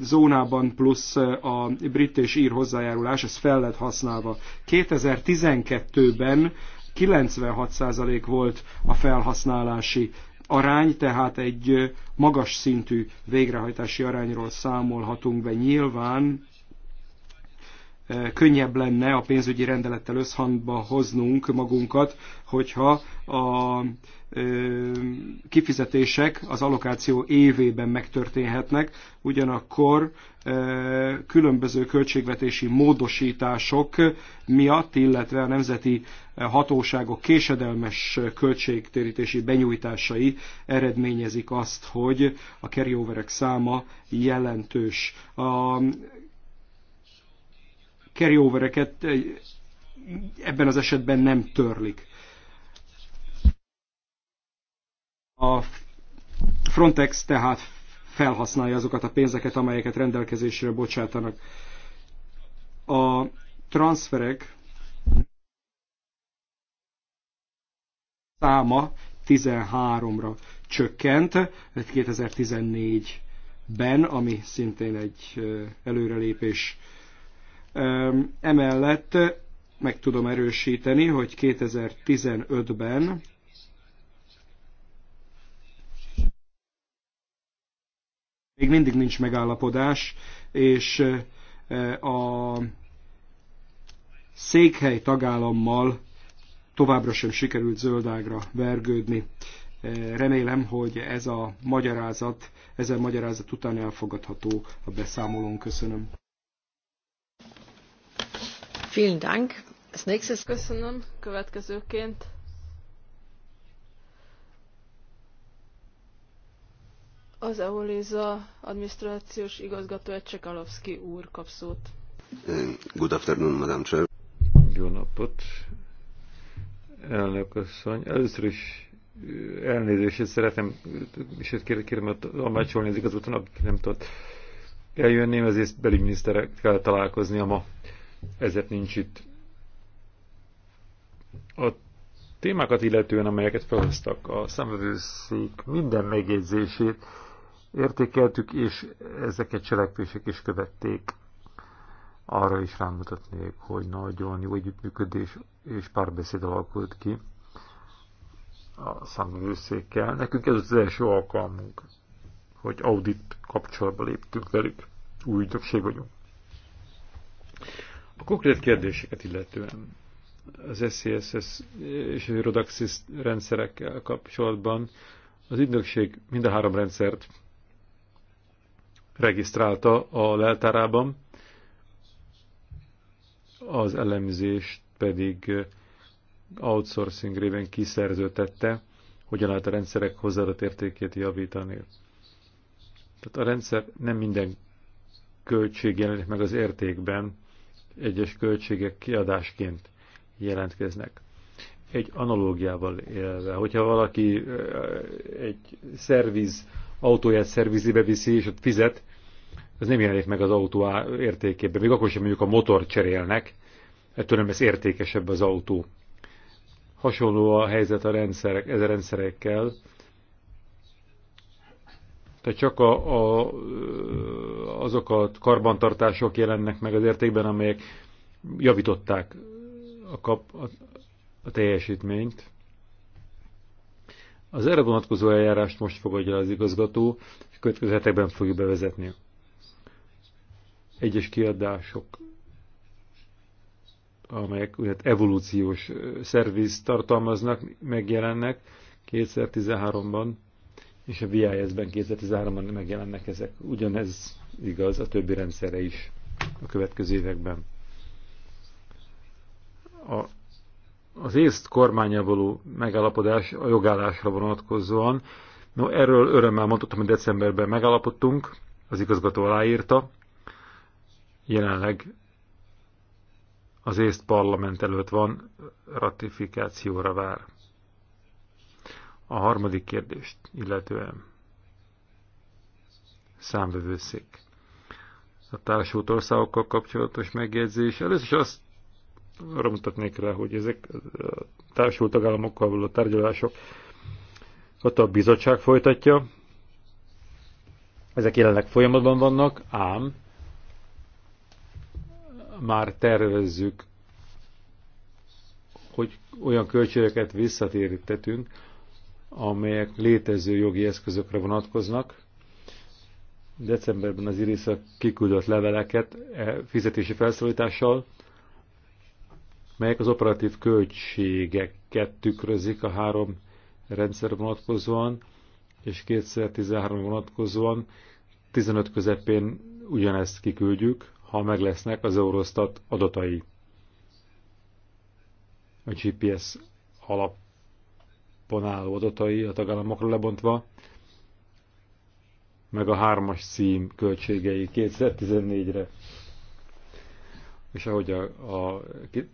zónában plusz a brit és ír hozzájárulás, ez fel lett használva. 2012-ben 96% volt a felhasználási arány, tehát egy magas szintű végrehajtási arányról számolhatunk be. Nyilván könnyebb lenne a pénzügyi rendelettel összhangba hoznunk magunkat, hogyha a kifizetések az allokáció évében megtörténhetnek, ugyanakkor különböző költségvetési módosítások miatt, illetve a nemzeti hatóságok késedelmes költségtérítési benyújtásai eredményezik azt, hogy a carryoverek száma jelentős. A carryovereket ebben az esetben nem törlik A Frontex tehát felhasználja azokat a pénzeket, amelyeket rendelkezésre bocsátanak. A transferek száma 13-ra csökkent 2014-ben, ami szintén egy előrelépés. Emellett meg tudom erősíteni, hogy 2015-ben még mindig nincs megállapodás, és a székhely tagállammal továbbra sem sikerült zöldágra vergődni. Remélem, hogy ez a magyarázat, ezen magyarázat után elfogadható a beszámolón. Köszönöm. Vielen Dank. Köszönöm. Következőként Az EOLIZA adminisztrációs igazgatója Csekalovszki úr kap szót. Good afternoon, Madam Chair. Jó napot, elnök asszony. Először is elnézést szeretem, és kérem, kérem, amácsolni az igazgató nap, nem tudott eljönni, ezért belügyminiszterekkel találkoznia ma. Ezért nincs itt. A témákat illetően, amelyeket felhoztak a szemvevőszék minden megjegyzését, értékeltük, és ezeket cselekvések is követték. Arra is rámutatnék, hogy nagyon jó együttműködés és párbeszéd alakult ki a számvevőszékkel. Nekünk ez az első alkalmunk, hogy audit kapcsolatba léptünk velük. Új ügynökség vagyunk. A konkrét kérdéseket illetően az SCSS és a Eurodaxis rendszerekkel kapcsolatban az ügynökség mind a három rendszert regisztrálta a leltárában, az elemzést pedig outsourcing révén kiszerzőtette, hogyan lehet a rendszerek hozzáadott értékét javítani. Tehát a rendszer nem minden költség jelenik meg az értékben, egyes költségek kiadásként jelentkeznek. Egy analógiával élve, hogyha valaki eh, egy szerviz autóját szervizibe viszi, és ott fizet, ez nem jelenik meg az autó értékében. Még akkor sem mondjuk a motor cserélnek, ettől nem lesz értékesebb az autó. Hasonló a helyzet a rendszerek, ez a rendszerekkel. Tehát csak a, a, azok a karbantartások jelennek meg az értékben, amelyek javították a, kap, a, a teljesítményt. Az erre vonatkozó eljárást most fogadja az igazgató, és következő hetekben fogjuk bevezetni egyes kiadások, amelyek ugye, evolúciós szerviz tartalmaznak, megjelennek 2013-ban, és a VIS-ben 2013-ban megjelennek ezek. Ugyanez igaz a többi rendszerre is a következő években. A, az észt kormánya való megállapodás a jogállásra vonatkozóan, no erről örömmel mondhatom, hogy decemberben megállapodtunk, az igazgató aláírta, jelenleg az észt parlament előtt van, ratifikációra vár. A harmadik kérdést illetően számvevőszék. A társult országokkal kapcsolatos megjegyzés. Először is azt arra mutatnék rá, hogy ezek a társult tagállamokkal való tárgyalások ott a bizottság folytatja. Ezek jelenleg folyamatban vannak, ám már tervezzük, hogy olyan költségeket visszatérítetünk, amelyek létező jogi eszközökre vonatkoznak. Decemberben az Irisza kiküldött leveleket e fizetési felszólítással, melyek az operatív költségeket tükrözik a három rendszer vonatkozóan, és 2013 vonatkozóan 15 közepén ugyanezt kiküldjük, ha meg lesznek az Eurostat adatai a GPS alapon álló adatai a tagállamokra lebontva, meg a hármas cím költségei 2014-re. És ahogy a, a,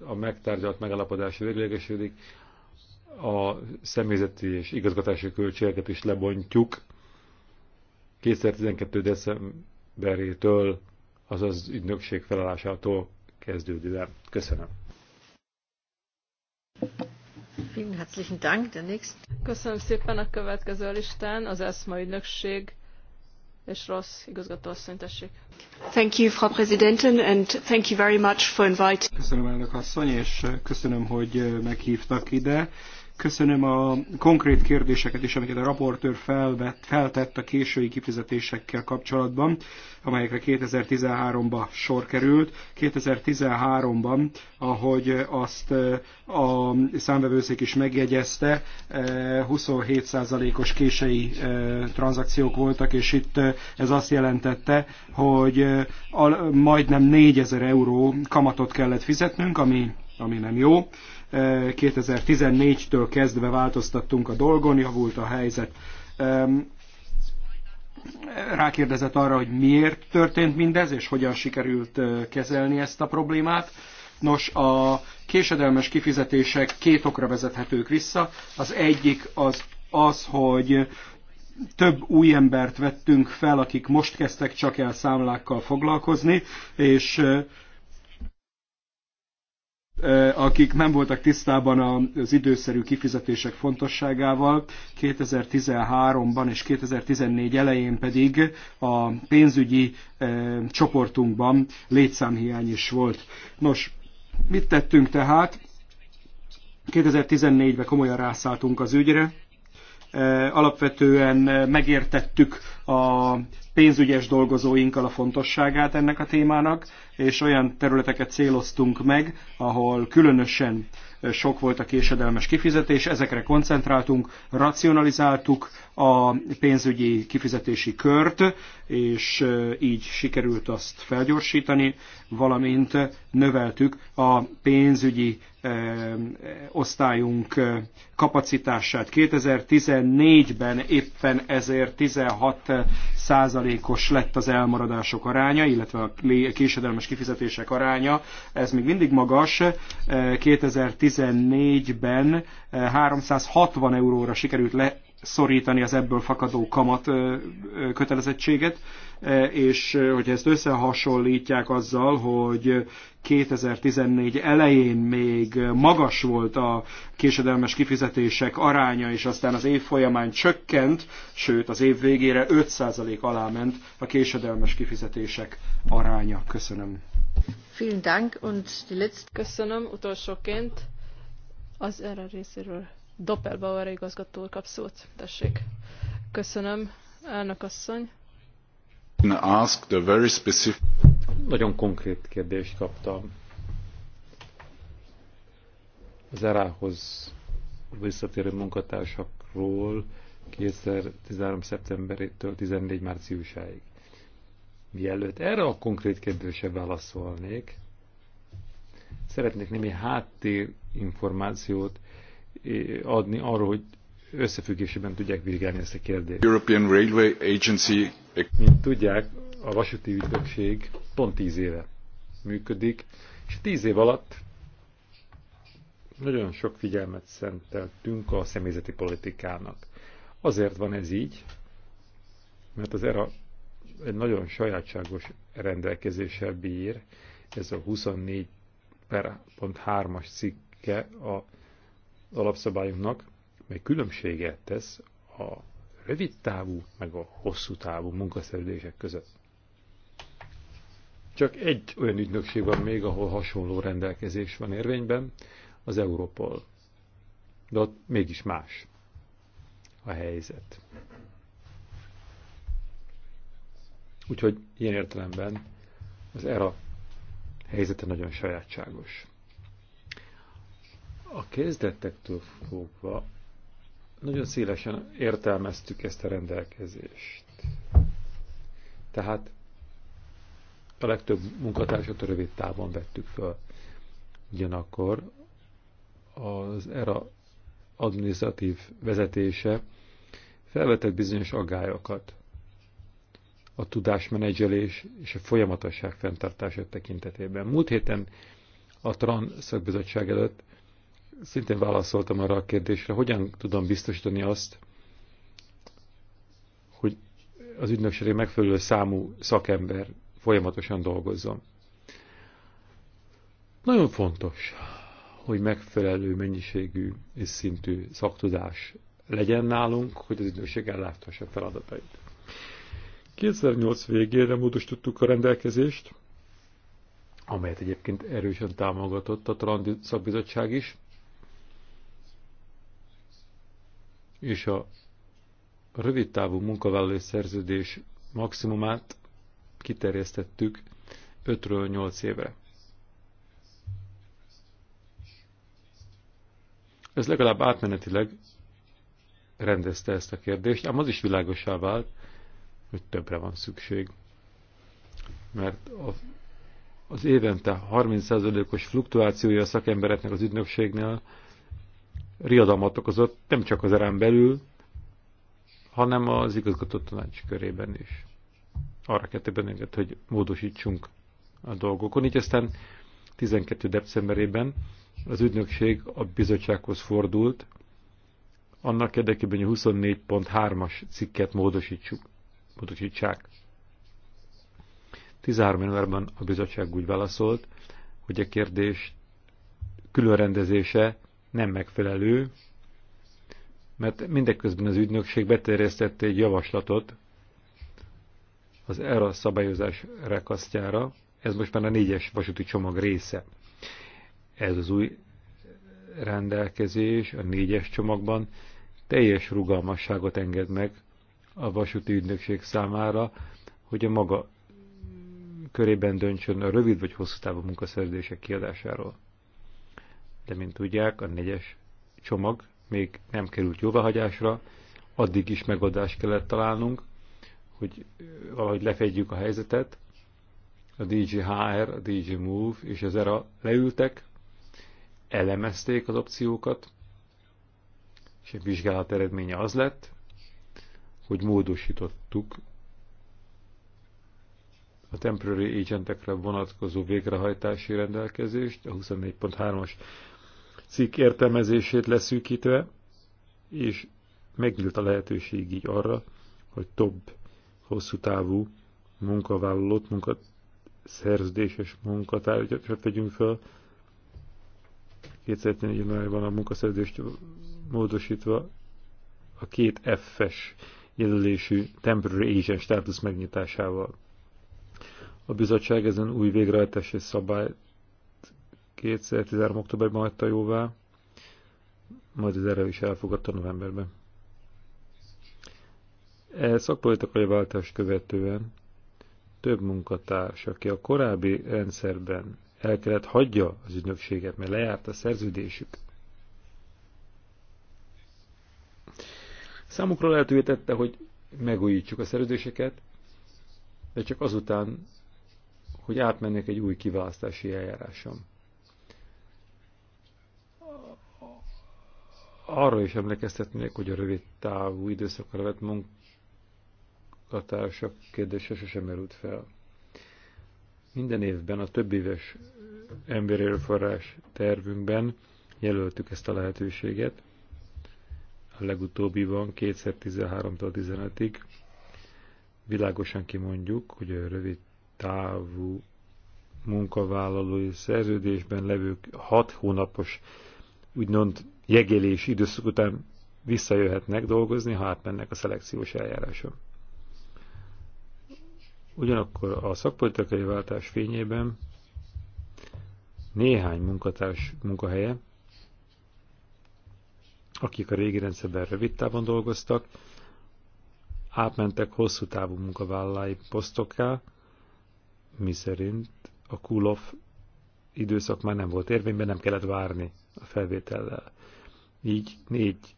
a megtárgyalt megalapodás véglegesödik, a személyzeti és igazgatási költségeket is lebontjuk 2012. decemberétől az az ügynökség felállásától kezdődően. Köszönöm. Köszönöm szépen a következő listán az ESMA ügynökség és Ross igazgatóasszony, tessék. Thank you, Frau Präsidentin, and thank you very much for inviting. Köszönöm, elnök asszony, és köszönöm, hogy meghívtak ide Köszönöm a konkrét kérdéseket is, amiket a raportőr feltett a késői kifizetésekkel kapcsolatban, amelyekre 2013-ba sor került. 2013-ban, ahogy azt a számvevőszék is megjegyezte, 27%-os késői tranzakciók voltak, és itt ez azt jelentette, hogy majdnem 4000 euró kamatot kellett fizetnünk, ami, ami nem jó 2014-től kezdve változtattunk a dolgon, javult a helyzet. Rákérdezett arra, hogy miért történt mindez, és hogyan sikerült kezelni ezt a problémát. Nos, a késedelmes kifizetések két okra vezethetők vissza. Az egyik az az, hogy több új embert vettünk fel, akik most kezdtek csak el számlákkal foglalkozni, és Eh, akik nem voltak tisztában az időszerű kifizetések fontosságával. 2013-ban és 2014 elején pedig a pénzügyi eh, csoportunkban létszámhiány is volt. Nos, mit tettünk tehát? 2014-ben komolyan rászálltunk az ügyre, eh, alapvetően megértettük a pénzügyes dolgozóinkkal a fontosságát ennek a témának, és olyan területeket céloztunk meg, ahol különösen sok volt a késedelmes kifizetés, ezekre koncentráltunk, racionalizáltuk a pénzügyi kifizetési kört, és így sikerült azt felgyorsítani, valamint növeltük a pénzügyi osztályunk eh, kapacitását. 2014-ben éppen ezért 16 eh, százalékos lett az elmaradások aránya, illetve a késedelmes kifizetések aránya. Ez még mindig magas. 2014-ben eh, 360 euróra sikerült le szorítani az ebből fakadó kamat kötelezettséget, és hogy ezt összehasonlítják azzal, hogy 2014 elején még magas volt a késedelmes kifizetések aránya, és aztán az év folyamán csökkent, sőt az év végére 5% alá ment a késedelmes kifizetések aránya. Köszönöm. Vielen Dank und die letzte... Köszönöm utolsóként az erre részéről Doppelbauer igazgató úr kap szót. Tessék. Köszönöm, elnök asszony. Ask the very specific... Nagyon konkrét kérdést kaptam. Az erához visszatérő munkatársakról 2013. szeptemberétől 14 márciusáig. Mielőtt erre a konkrét kérdésre válaszolnék, szeretnék némi háttérinformációt információt adni arról, hogy összefüggésében tudják vizsgálni ezt a kérdést. European Railway Agency... Mint tudják, a vasúti ügynökség pont tíz éve működik, és tíz év alatt nagyon sok figyelmet szenteltünk a személyzeti politikának. Azért van ez így, mert az ERA egy nagyon sajátságos rendelkezéssel bír, ez a 24 per pont 3-as cikke a az alapszabályunknak, mely különbséget tesz a rövid távú meg a hosszú távú munkaszerződések között. Csak egy olyan ügynökség van még, ahol hasonló rendelkezés van érvényben, az Europol. De ott mégis más a helyzet. Úgyhogy ilyen értelemben az ERA helyzete nagyon sajátságos. A kezdetektől fogva nagyon szélesen értelmeztük ezt a rendelkezést. Tehát a legtöbb munkatársat a rövid távon vettük fel. Ugyanakkor az ERA administratív vezetése felvetett bizonyos agályokat a tudásmenedzselés és a folyamatosság fenntartása tekintetében. Múlt héten a TRAN szakbizottság előtt szintén válaszoltam arra a kérdésre, hogyan tudom biztosítani azt, hogy az ügynökségre megfelelő számú szakember folyamatosan dolgozzon. Nagyon fontos, hogy megfelelő mennyiségű és szintű szaktudás legyen nálunk, hogy az ügynökség elláthassa feladatait. 2008 végére módosítottuk a rendelkezést, amelyet egyébként erősen támogatott a Trandi Szakbizottság is, és a rövidtávú munkavállalói szerződés maximumát kiterjesztettük 5-ről 8 évre. Ez legalább átmenetileg rendezte ezt a kérdést, ám az is világosá vált, hogy többre van szükség. Mert a, az évente 30%-os fluktuációja a szakembereknek az ügynökségnél riadalmat okozott nem csak az erem belül, hanem az igazgató tanács körében is. Arra kérte bennünket, hogy módosítsunk a dolgokon. Így aztán 12. decemberében az ügynökség a bizottsághoz fordult, annak érdekében, hogy a 24.3-as cikket módosítsuk, módosítsák. 13 januárban a bizottság úgy válaszolt, hogy a kérdés különrendezése nem megfelelő, mert mindeközben az ügynökség beterjesztette egy javaslatot az ERA szabályozás rekasztjára, ez most már a négyes vasúti csomag része. Ez az új rendelkezés a négyes csomagban teljes rugalmasságot enged meg a vasúti ügynökség számára, hogy a maga körében döntsön a rövid vagy hosszú távú munkaszerzések kiadásáról de mint tudják, a négyes csomag még nem került jóváhagyásra, addig is megoldást kellett találnunk, hogy valahogy lefedjük a helyzetet. A DJHR, HR, a DJ Move és az ERA leültek, elemezték az opciókat, és egy vizsgálat eredménye az lett, hogy módosítottuk a temporary agentekre vonatkozó végrehajtási rendelkezést, a 24.3-as cikk értelmezését leszűkítve, és megnyílt a lehetőség így arra, hogy több hosszú távú munkavállalót, munkaszerződéses munkatárgyat vegyünk fel. 2014 van a munkaszerződést módosítva a két F-es jelölésű temporary agent státusz megnyitásával. A bizottság ezen új végrehajtási szabályt 2013. októberben hagyta jóvá, majd az erre is elfogadta novemberben. E szakpolitikai váltás követően több munkatárs, aki a korábbi rendszerben el kellett hagyja az ügynökséget, mert lejárt a szerződésük. Számukra lehetővé tette, hogy megújítsuk a szerződéseket, de csak azután, hogy átmennek egy új kiválasztási eljáráson arra is emlékeztetnék, hogy a rövid távú időszakra vett munkatársak kérdése sosem merült fel. Minden évben a több éves emberi erőforrás tervünkben jelöltük ezt a lehetőséget. A van 2013-tól 15-ig világosan kimondjuk, hogy a rövid távú munkavállalói szerződésben levők 6 hónapos úgymond jegélési időszak után visszajöhetnek dolgozni, ha átmennek a szelekciós eljáráson. Ugyanakkor a szakpolitikai váltás fényében néhány munkatárs munkahelye, akik a régi rendszerben rövid távon dolgoztak, átmentek hosszú távú munkavállalói posztokká, miszerint a cool-off időszak már nem volt érvényben, nem kellett várni a felvétellel. Így négy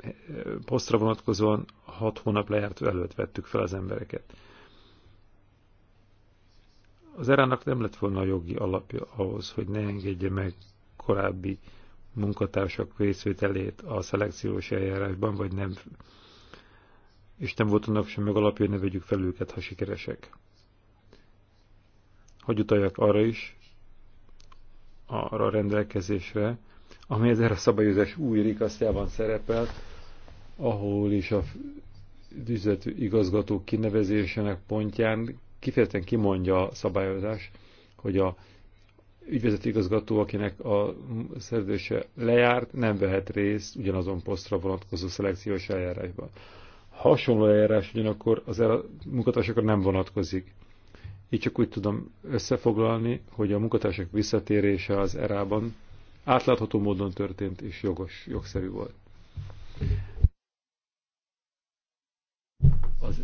eh, posztra vonatkozóan hat hónap lejárt előtt vettük fel az embereket. Az erának nem lett volna a jogi alapja ahhoz, hogy ne engedje meg korábbi munkatársak részvételét a szelekciós eljárásban, vagy nem. És nem volt annak sem megalapja, hogy ne vegyük fel őket, ha sikeresek. Hogy utaljak arra is, arra rendelkezésre, ami az a szabályozás új rikasztjában szerepel, ahol is a üzleti igazgató kinevezésének pontján kifejezetten kimondja a szabályozás, hogy a ügyvezető igazgató, akinek a szerződése lejárt, nem vehet részt ugyanazon posztra vonatkozó szelekciós eljárásban. Hasonló eljárás ugyanakkor az munkatársakra nem vonatkozik. Így csak úgy tudom összefoglalni, hogy a munkatársak visszatérése az erában átlátható módon történt és jogos, jogszerű volt. Az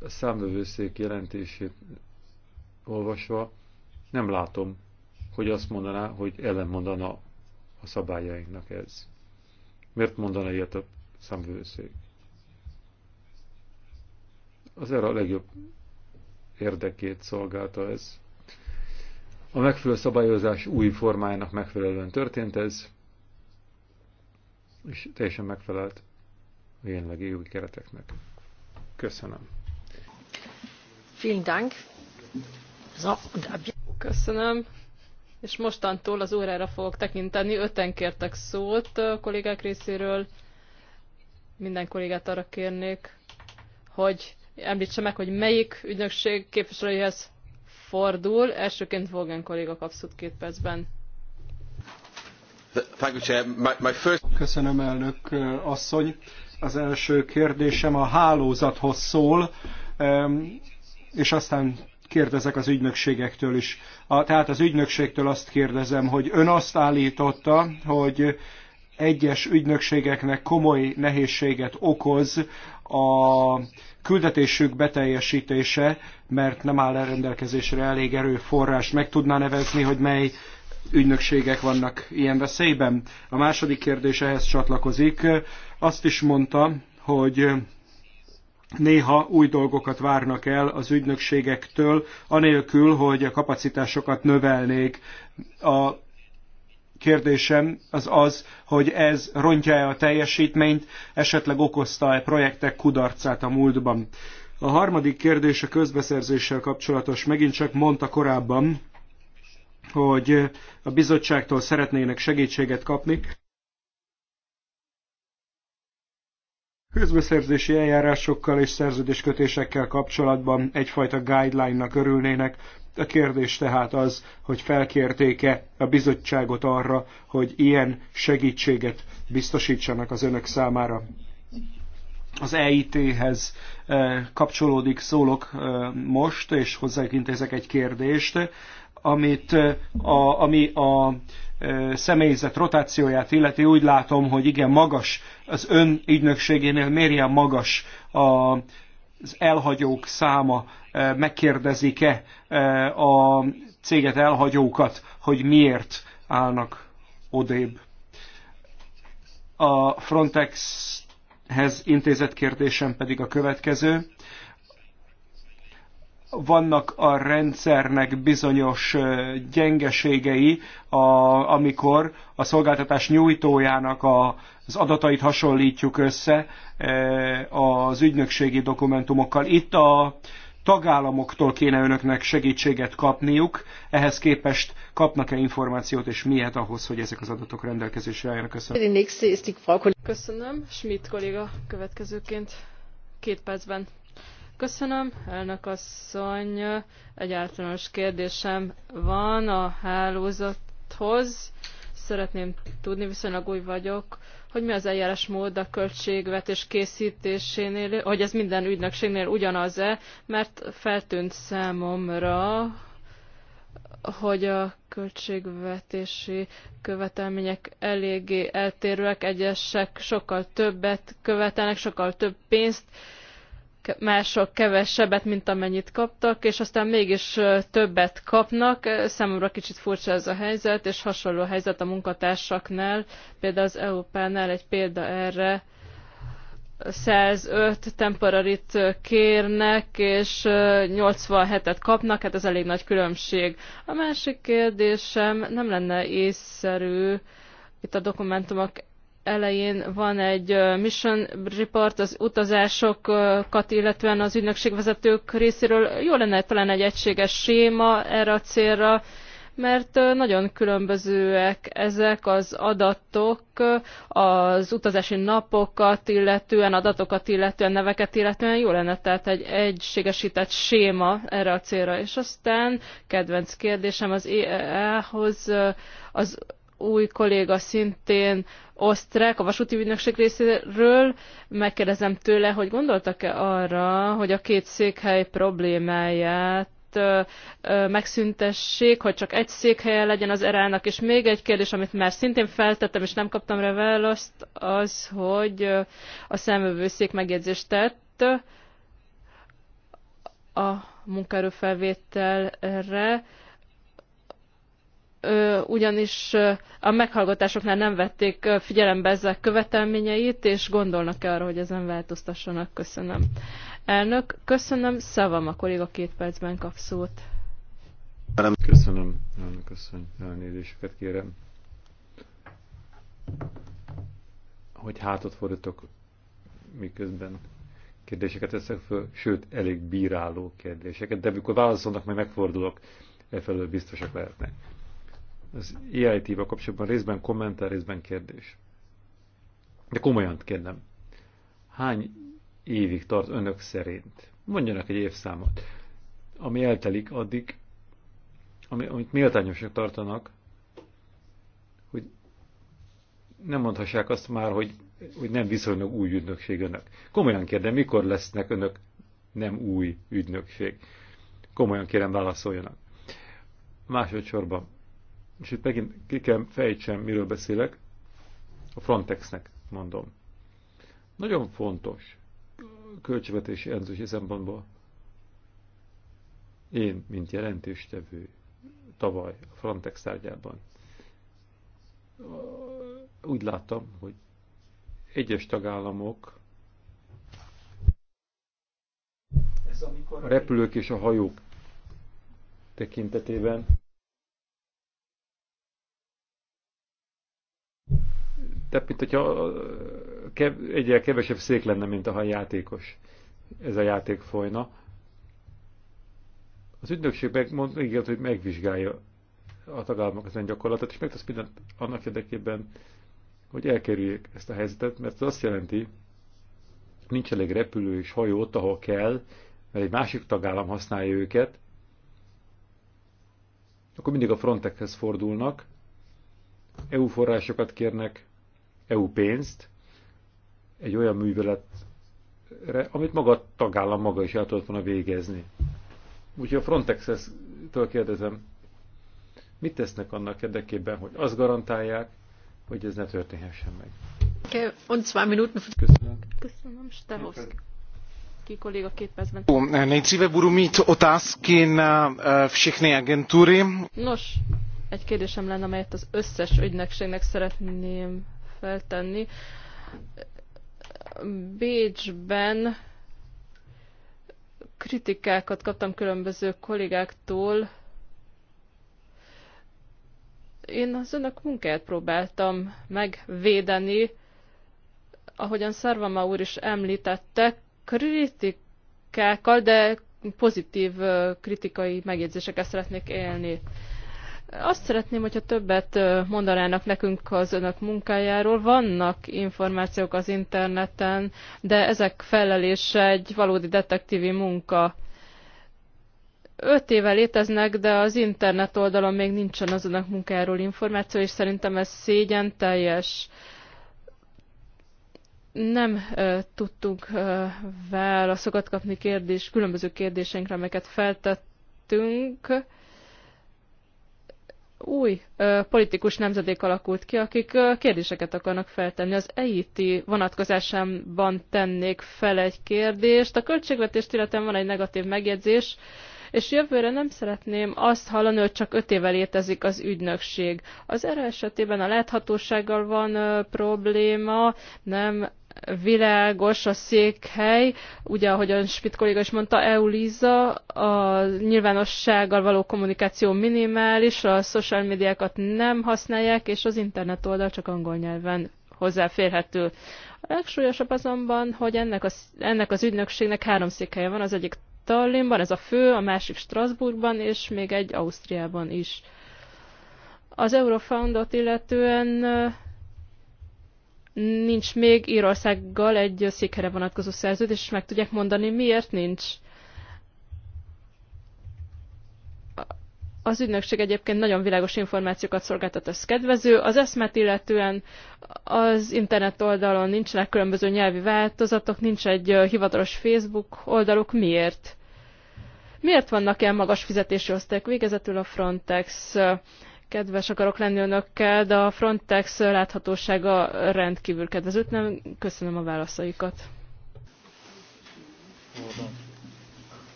a számlövőszék jelentését olvasva nem látom, hogy azt mondaná, hogy ellenmondana a szabályainknak ez. Miért mondana ilyet a számvőszék? Az erre a legjobb érdekét szolgálta ez. A megfelelő szabályozás új formájának megfelelően történt ez, és teljesen megfelelt a jelenlegi jogi kereteknek. Köszönöm. Vielen Dank. Köszönöm. És mostantól az órára fogok tekinteni. Öten kértek szót a kollégák részéről. Minden kollégát arra kérnék, hogy említse meg, hogy melyik ügynökség képviselőjéhez fordul. Elsőként Volgan kolléga kapszott két percben. Köszönöm, elnök eh, asszony. Az első kérdésem a hálózathoz szól, és aztán kérdezek az ügynökségektől is. A, tehát az ügynökségtől azt kérdezem, hogy ön azt állította, hogy egyes ügynökségeknek komoly nehézséget okoz a küldetésük beteljesítése, mert nem áll rendelkezésre elég erőforrás. Meg tudná nevezni, hogy mely ügynökségek vannak ilyen veszélyben? A második kérdés ehhez csatlakozik. Azt is mondta, hogy néha új dolgokat várnak el az ügynökségektől, anélkül, hogy a kapacitásokat növelnék. A kérdésem az az, hogy ez rontja-e a teljesítményt, esetleg okozta-e projektek kudarcát a múltban. A harmadik kérdés a közbeszerzéssel kapcsolatos. Megint csak mondta korábban, hogy a bizottságtól szeretnének segítséget kapni. Közbeszerzési eljárásokkal és szerződéskötésekkel kapcsolatban egyfajta guideline-nak örülnének, a kérdés tehát az, hogy felkértéke a bizottságot arra, hogy ilyen segítséget biztosítsanak az önök számára. Az EIT-hez eh, kapcsolódik szólok eh, most, és hozzáintézek egy kérdést, amit eh, a, ami a személyzet rotációját illeti, úgy látom, hogy igen magas, az ön ügynökségénél mérjen magas a, az elhagyók száma megkérdezik-e a céget elhagyókat, hogy miért állnak odébb. A Frontexhez intézett kérdésem pedig a következő. Vannak a rendszernek bizonyos gyengeségei, a, amikor a szolgáltatás nyújtójának a, az adatait hasonlítjuk össze az ügynökségi dokumentumokkal. Itt a tagállamoktól kéne önöknek segítséget kapniuk, ehhez képest kapnak-e információt, és miért ahhoz, hogy ezek az adatok rendelkezésre álljanak? Köszönöm. Köszönöm. Schmidt kolléga következőként két percben. Köszönöm, elnök asszony. Egy általános kérdésem van a hálózathoz. Szeretném tudni, viszonylag új vagyok, hogy mi az eljárásmód a költségvetés készítésénél, hogy ez minden ügynökségnél ugyanaz-e, mert feltűnt számomra, hogy a költségvetési követelmények eléggé eltérőek, egyesek sokkal többet követelnek, sokkal több pénzt, mások kevesebbet, mint amennyit kaptak, és aztán mégis többet kapnak. Számomra kicsit furcsa ez a helyzet, és hasonló helyzet a munkatársaknál. Például az Európánál egy példa erre, 105 temporarit kérnek, és 87-et kapnak, hát ez elég nagy különbség. A másik kérdésem, nem lenne észszerű itt a dokumentumok elején van egy mission report az utazásokat, illetően az ügynökségvezetők részéről. Jó lenne talán egy egységes séma erre a célra, mert nagyon különbözőek ezek az adatok, az utazási napokat illetően, adatokat illetően, neveket illetően jó lenne, tehát egy egységesített séma erre a célra. És aztán kedvenc kérdésem az EEA-hoz, az új kolléga szintén osztrák, a vasúti ügynökség részéről. Megkérdezem tőle, hogy gondoltak-e arra, hogy a két székhely problémáját megszüntessék, hogy csak egy székhelyen legyen az erának. És még egy kérdés, amit már szintén feltettem, és nem kaptam rá választ, az, hogy a szemövőszék megjegyzést tett a munkaerőfelvételre, ugyanis a meghallgatásoknál nem vették figyelembe ezek követelményeit, és gondolnak -e arra, hogy ezen változtassanak. Köszönöm. Elnök, köszönöm. Szavam a kolléga két percben kap szót. Köszönöm. Elnök asszony, elnézéseket kérem. Hogy hátot fordítok, miközben kérdéseket teszek föl, sőt, elég bíráló kérdéseket, de amikor válaszolnak, majd megfordulok, efelől biztosak lehetnek az EIT-vel kapcsolatban részben kommentár, részben kérdés. De komolyan kérdem, hány évig tart önök szerint? Mondjanak egy évszámot, ami eltelik addig, ami, amit méltányosak tartanak, hogy nem mondhassák azt már, hogy, hogy nem viszonylag új ügynökség önök. Komolyan kérdem, mikor lesznek önök nem új ügynökség? Komolyan kérem, válaszoljanak. Másodszorban, és itt megint ki kell fejtsem, miről beszélek, a Frontexnek mondom. Nagyon fontos költségvetési ellenzősi szempontból én, mint jelentéstevő tavaly a Frontex tárgyában úgy láttam, hogy egyes tagállamok a repülők és a hajók tekintetében Tehát, mint hogyha kev, egyre kevesebb szék lenne, mint a játékos. Ez a játék folyna. Az ügynökség megmond, igen, hogy megvizsgálja a tagállamok ezen gyakorlatot, és megtesz mindent annak érdekében, hogy elkerüljék ezt a helyzetet, mert ez azt jelenti, nincs elég repülő és hajó ott, ahol kell, mert egy másik tagállam használja őket, akkor mindig a frontekhez fordulnak, EU forrásokat kérnek, EU pénzt egy olyan műveletre, amit maga a tagállam maga is el tudott volna végezni. Úgyhogy a Frontex-től kérdezem, mit tesznek annak érdekében, hogy azt garantálják, hogy ez ne történhessen meg. Und zwei Minuten. Köszönöm. Köszönöm, két Nejdříve budu mít otázky na e, všechny agentury. Nos, egy kérdésem lenne, amelyet az összes ügynökségnek szeretném feltenni. Bécsben kritikákat kaptam különböző kollégáktól. Én az önök munkáját próbáltam megvédeni. Ahogyan Szarvama úr is említette, kritikákkal, de pozitív kritikai megjegyzésekkel szeretnék élni. Azt szeretném, hogyha többet mondanának nekünk az önök munkájáról. Vannak információk az interneten, de ezek felelése egy valódi detektívi munka. Öt éve léteznek, de az internet oldalon még nincsen az önök munkájáról információ, és szerintem ez szégyen teljes nem e, tudtunk e, válaszokat kapni kérdés, különböző kérdéseinkre, amelyeket feltettünk új ö, politikus nemzedék alakult ki, akik ö, kérdéseket akarnak feltenni. Az EIT vonatkozásában tennék fel egy kérdést. A költségvetést illetően van egy negatív megjegyzés, és jövőre nem szeretném azt hallani, hogy csak öt éve létezik az ügynökség. Az erre esetében a láthatósággal van ö, probléma, nem világos a székhely, ugye ahogyan Spit kolléga is mondta, EULISA, a nyilvánossággal való kommunikáció minimális, a social médiákat nem használják, és az internet oldal csak angol nyelven hozzáférhető. A legsúlyosabb azonban, hogy ennek, a, ennek az ügynökségnek három székhelye van, az egyik Tallinnban, ez a fő, a másik Strasbourgban, és még egy Ausztriában is. Az Eurofoundot illetően nincs még Írországgal egy székhelyre vonatkozó szerződés, és meg tudják mondani, miért nincs. Az ügynökség egyébként nagyon világos információkat szolgáltat, ez kedvező. Az eszmet illetően az internet oldalon nincsenek különböző nyelvi változatok, nincs egy hivatalos Facebook oldaluk. Miért? Miért vannak ilyen magas fizetési osztályok? Végezetül a Frontex kedves akarok lenni önökkel, de a Frontex láthatósága rendkívül kedvezőtlen. Köszönöm a válaszaikat.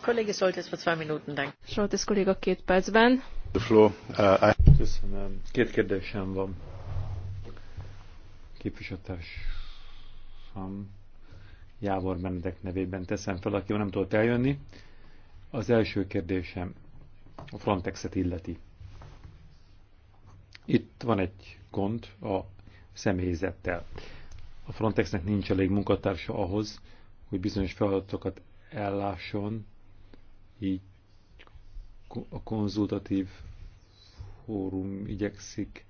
Kollégi Soltis, for Minuten, Soltis kolléga két percben. Uh, Köszönöm. Két kérdésem van. Képviselőtársam Jávor Benedek nevében teszem fel, aki nem tudott eljönni. Az első kérdésem a Frontexet illeti. Itt van egy gond a személyzettel. A Frontexnek nincs elég munkatársa ahhoz, hogy bizonyos feladatokat ellásson, így a konzultatív fórum igyekszik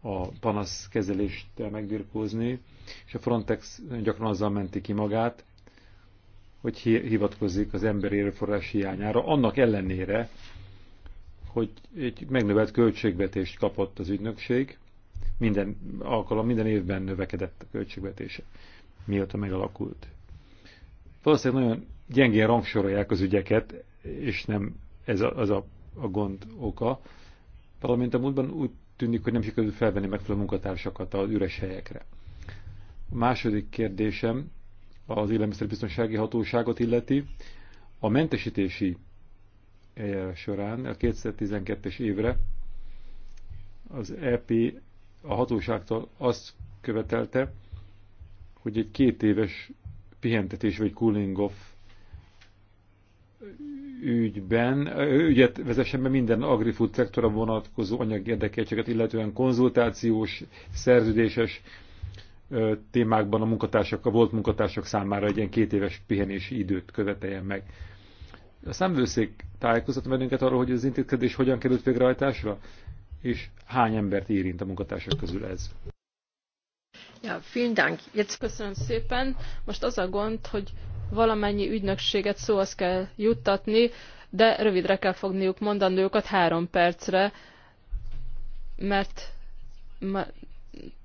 a panaszkezelést megbirkózni, és a Frontex gyakran azzal menti ki magát, hogy hivatkozik az emberi erőforrás hiányára, annak ellenére, hogy egy megnövelt költségvetést kapott az ügynökség, minden alkalom, minden évben növekedett a költségvetése, mióta megalakult. Valószínűleg nagyon gyengén rangsorolják az ügyeket, és nem ez a, az a, a gond oka. Valamint a múltban úgy tűnik, hogy nem sikerült felvenni megfelelő munkatársakat az üres helyekre. A második kérdésem az élelmiszerbiztonsági hatóságot illeti. A mentesítési során a 2012-es évre az EP a hatóságtól azt követelte, hogy egy két éves pihentetés vagy cooling off ügyben, ügyet vezessen be minden agrifood szektora vonatkozó anyagi érdekeltséget, illetően konzultációs, szerződéses témákban a munkatársak, a volt munkatársak számára egy ilyen két éves pihenési időt követeljen meg. A szemvőszék tájékoztatott bennünket arról, hogy az intézkedés hogyan került végrehajtásra, és hány embert érint a munkatársak közül ez. Ja, vielen Dank. Jetzt köszönöm szépen. Most az a gond, hogy valamennyi ügynökséget szóhoz kell juttatni, de rövidre kell fogniuk mondani őket három percre, mert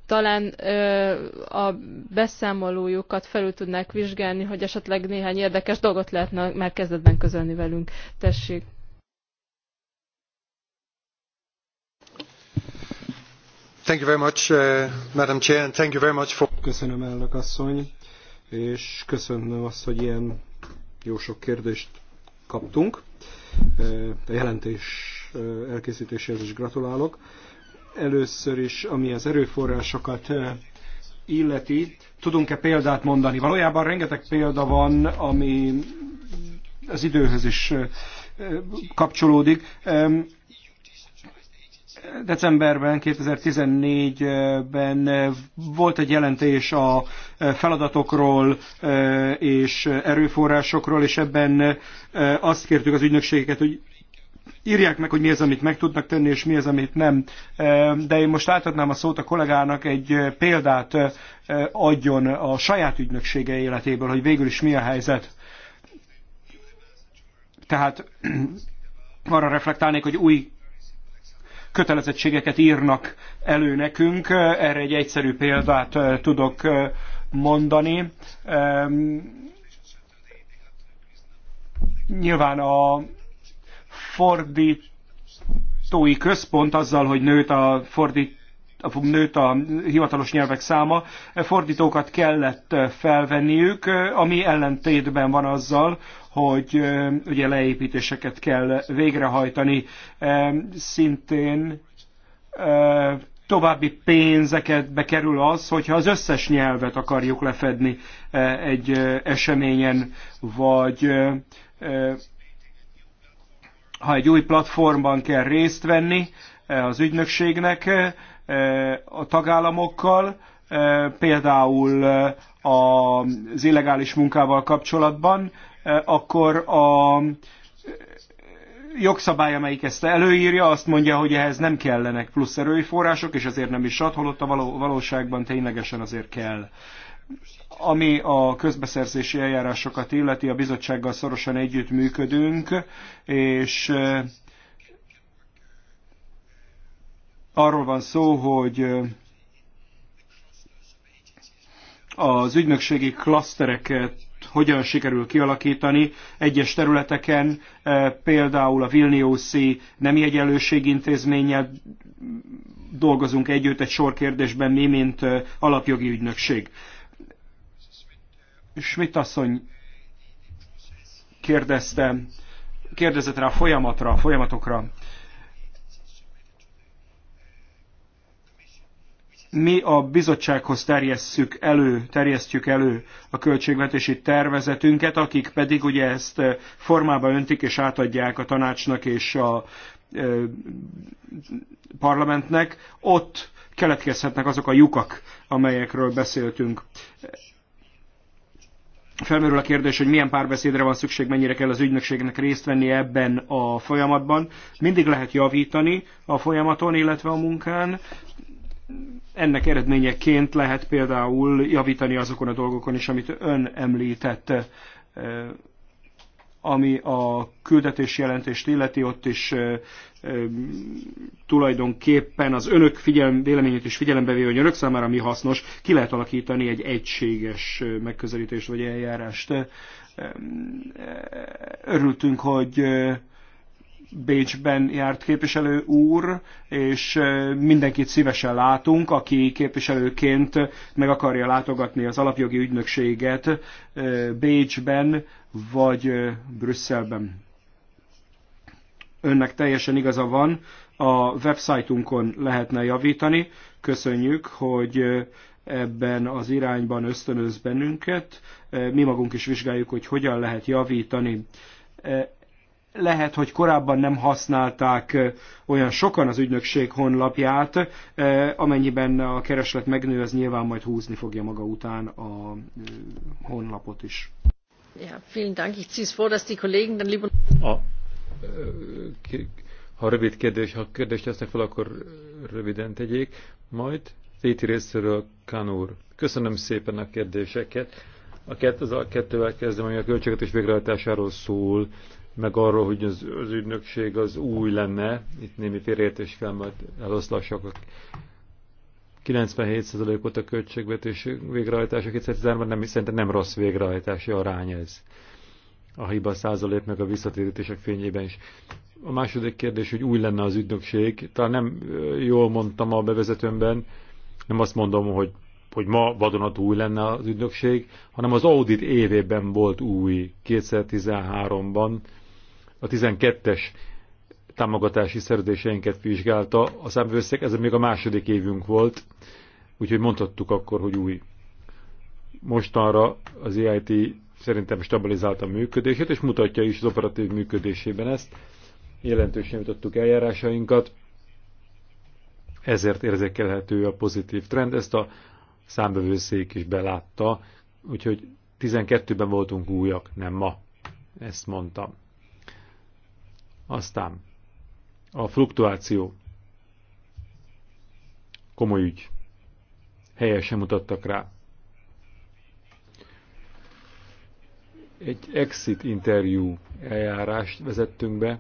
talán ö, a beszámolójukat felül tudnák vizsgálni, hogy esetleg néhány érdekes dolgot lehetne már kezdetben közölni velünk. Tessék. Thank you very much, uh, Madam Chair, and thank you very much for... Köszönöm, elnök asszony, és köszönöm azt, hogy ilyen jó sok kérdést kaptunk. A jelentés elkészítéséhez is gratulálok. Először is, ami az erőforrásokat illeti, tudunk-e példát mondani? Valójában rengeteg példa van, ami az időhöz is kapcsolódik. Decemberben, 2014-ben volt egy jelentés a feladatokról és erőforrásokról, és ebben azt kértük az ügynökségeket, hogy írják meg, hogy mi az, amit meg tudnak tenni, és mi az, amit nem. De én most átadnám a szót a kollégának egy példát adjon a saját ügynöksége életéből, hogy végül is mi a helyzet. Tehát arra reflektálnék, hogy új kötelezettségeket írnak elő nekünk. Erre egy egyszerű példát tudok mondani. Nyilván a fordítói központ azzal, hogy nőtt a fordít nőtt a hivatalos nyelvek száma, fordítókat kellett felvenniük, ami ellentétben van azzal, hogy ugye leépítéseket kell végrehajtani. Szintén további pénzeket bekerül az, hogyha az összes nyelvet akarjuk lefedni egy eseményen, vagy ha egy új platformban kell részt venni eh, az ügynökségnek eh, eh, a tagállamokkal, például az illegális munkával kapcsolatban, akkor a jogszabály, amelyik ezt előírja, azt mondja, hogy ehhez nem kellenek plusz erőforrások, és ezért nem is ad, holott a valóságban ténylegesen azért kell. Ami a közbeszerzési eljárásokat illeti, a bizottsággal szorosan együttműködünk, és eh, arról van szó, hogy eh, az ügynökségi klasztereket hogyan sikerül kialakítani egyes területeken, eh, például a Vilniuszi Nemi Egyenlőség intézménye dolgozunk együtt egy sor kérdésben mi, mint alapjogi ügynökség. Schmidt asszony kérdezte, kérdezett rá a folyamatra, a folyamatokra. Mi a bizottsághoz terjesszük elő, terjesztjük elő a költségvetési tervezetünket, akik pedig ugye ezt eh, formába öntik és átadják a tanácsnak és a e, parlamentnek, ott keletkezhetnek azok a lyukak, amelyekről beszéltünk Felmerül a kérdés, hogy milyen párbeszédre van szükség, mennyire kell az ügynökségnek részt venni ebben a folyamatban. Mindig lehet javítani a folyamaton, illetve a munkán. Ennek eredményeként lehet például javítani azokon a dolgokon is, amit ön említett ami a küldetés jelentést illeti, ott is tulajdonképpen az önök figyelem, véleményét is figyelembe véve, hogy önök számára mi hasznos, ki lehet alakítani egy egységes megközelítést vagy eljárást. Örültünk, hogy Bécsben járt képviselő úr, és mindenkit szívesen látunk, aki képviselőként meg akarja látogatni az alapjogi ügynökséget Bécsben vagy Brüsszelben. Önnek teljesen igaza van, a websájtunkon lehetne javítani. Köszönjük, hogy ebben az irányban ösztönöz bennünket. Mi magunk is vizsgáljuk, hogy hogyan lehet javítani lehet, hogy korábban nem használták olyan sokan az ügynökség honlapját, amennyiben a kereslet megnő, az nyilván majd húzni fogja maga után a honlapot is. Ja, vielen Dank. Ich ziehe es vor, dass die Kollegen dann lieber... A, ha rövid kérdés, ha kérdés, tesznek fel, akkor röviden tegyék. Majd Téti részéről Kanúr. Köszönöm szépen a kérdéseket. A a kettővel kezdem, ami a költségvetés végrehajtásáról szól meg arról, hogy az, az ügynökség az új lenne, itt némi félreértés kell, majd eloszlassak a 97%-ot a költségvetés végrehajtása 2013-ban, nem, szerintem nem rossz végrehajtási arány ez. A hiba százalék meg a visszatérítések fényében is. A második kérdés, hogy új lenne az ügynökség. Talán nem jól mondtam a bevezetőmben, nem azt mondom, hogy, hogy ma vadonat új lenne az ügynökség, hanem az audit évében volt új, 2013-ban a 12-es támogatási szerződéseinket vizsgálta. A számvőszék, ez még a második évünk volt, úgyhogy mondhattuk akkor, hogy új. Mostanra az EIT szerintem stabilizálta a működését, és mutatja is az operatív működésében ezt. Jelentősen jutottuk eljárásainkat, ezért érzékelhető a pozitív trend. Ezt a számbevőszék is belátta, úgyhogy 12-ben voltunk újak, nem ma. Ezt mondtam. Aztán a fluktuáció. Komoly ügy. Helyesen mutattak rá. Egy exit interjú eljárást vezettünk be,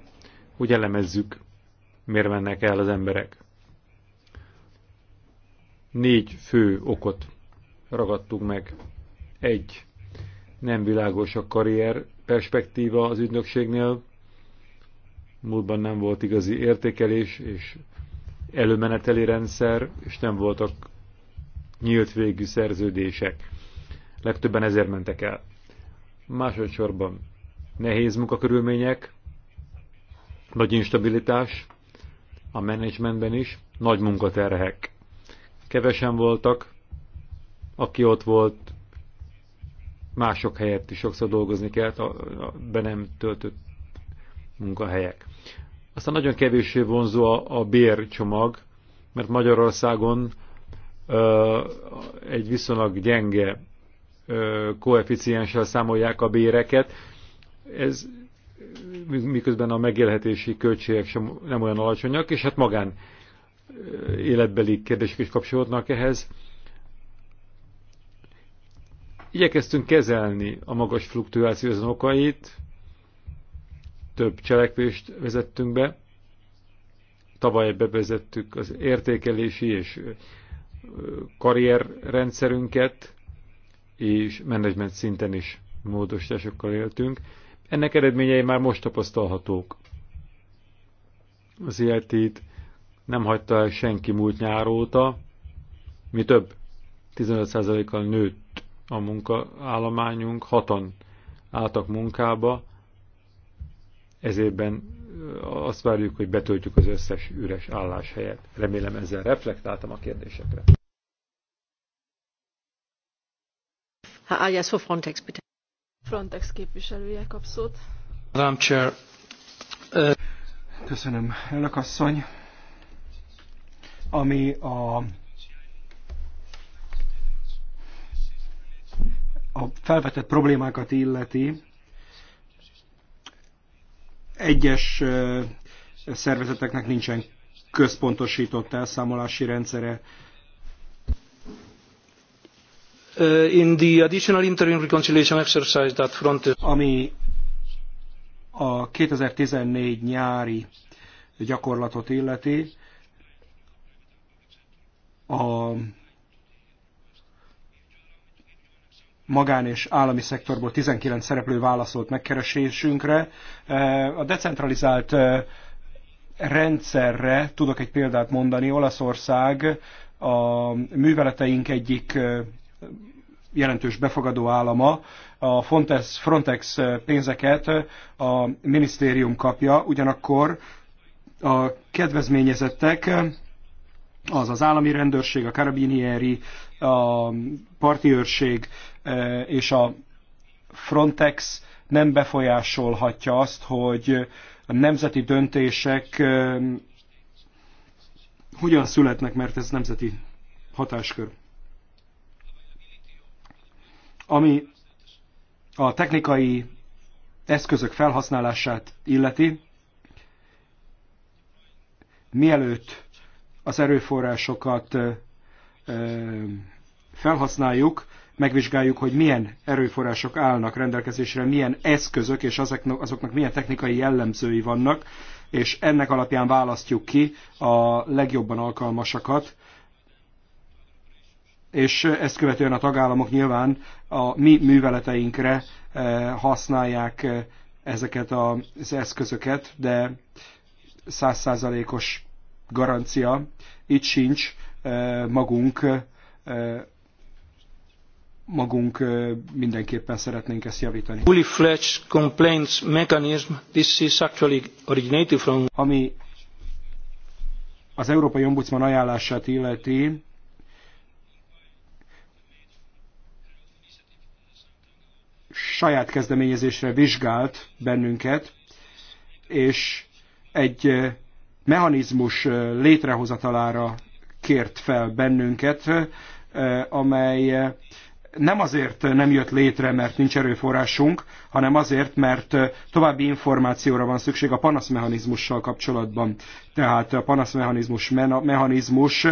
hogy elemezzük, miért mennek el az emberek. Négy fő okot ragadtuk meg. Egy, nem világos a karrier perspektíva az ügynökségnél, múltban nem volt igazi értékelés és előmeneteli rendszer, és nem voltak nyílt végű szerződések. Legtöbben ezért mentek el. Másodszorban nehéz munkakörülmények, nagy instabilitás, a menedzsmentben is, nagy munkaterhek. Kevesen voltak, aki ott volt, mások helyett is sokszor dolgozni kellett a, a be nem töltött munkahelyek. Aztán nagyon kevéssé vonzó a, a bércsomag, mert Magyarországon ö, egy viszonylag gyenge ö, koeficienssel számolják a béreket. Ez miközben a megélhetési költségek sem nem olyan alacsonyak, és hát magán életbeli kérdések is kapcsolódnak ehhez. Igyekeztünk kezelni a magas fluktuáció okait, több cselekvést vezettünk be. Tavaly bevezettük az értékelési és karrierrendszerünket, és menedzsment szinten is módosításokkal éltünk. Ennek eredményei már most tapasztalhatók. Az ilyet nem hagyta el senki múlt nyár óta, mi több, 15%-kal nőtt a munkaállományunk, hatan álltak munkába, ezében azt várjuk, hogy betöltjük az összes üres álláshelyet. Remélem ezzel reflektáltam a kérdésekre. Ha alias for Frontex, bitte. Frontex képviselője kap szót. Madam Chair. Köszönöm, elnök asszony. Ami a a felvetett problémákat illeti, egyes szervezeteknek nincsen központosított elszámolási rendszere. In the additional interim reconciliation exercise that front, Ami a 2014 nyári gyakorlatot illeti, a magán és állami szektorból 19 szereplő válaszolt megkeresésünkre. E, a decentralizált e, rendszerre tudok egy példát mondani. Olaszország a műveleteink egyik e, jelentős befogadó állama. A Frontex pénzeket a minisztérium kapja, ugyanakkor a kedvezményezettek, az az állami rendőrség, a karabinieri, a partiőrség, Eh, és a Frontex nem befolyásolhatja azt, hogy a nemzeti döntések eh, hogyan születnek, mert ez nemzeti hatáskör. Ami a technikai eszközök felhasználását illeti, mielőtt az erőforrásokat eh, felhasználjuk, megvizsgáljuk, hogy milyen erőforrások állnak rendelkezésre, milyen eszközök és azoknak milyen technikai jellemzői vannak, és ennek alapján választjuk ki a legjobban alkalmasakat, és ezt követően a tagállamok nyilván a mi műveleteinkre eh, használják eh, ezeket az eszközöket, de százszázalékos garancia itt sincs eh, magunk magunk mindenképpen szeretnénk ezt javítani. Fully fledged complaints mechanism, this is actually originated from... Ami az Európai Ombudsman ajánlását illeti, saját kezdeményezésre vizsgált bennünket, és egy mechanizmus létrehozatalára kért fel bennünket, amely nem azért nem jött létre, mert nincs erőforrásunk, hanem azért, mert további információra van szükség a panaszmechanizmussal kapcsolatban. Tehát a panaszmechanizmus mechanizmus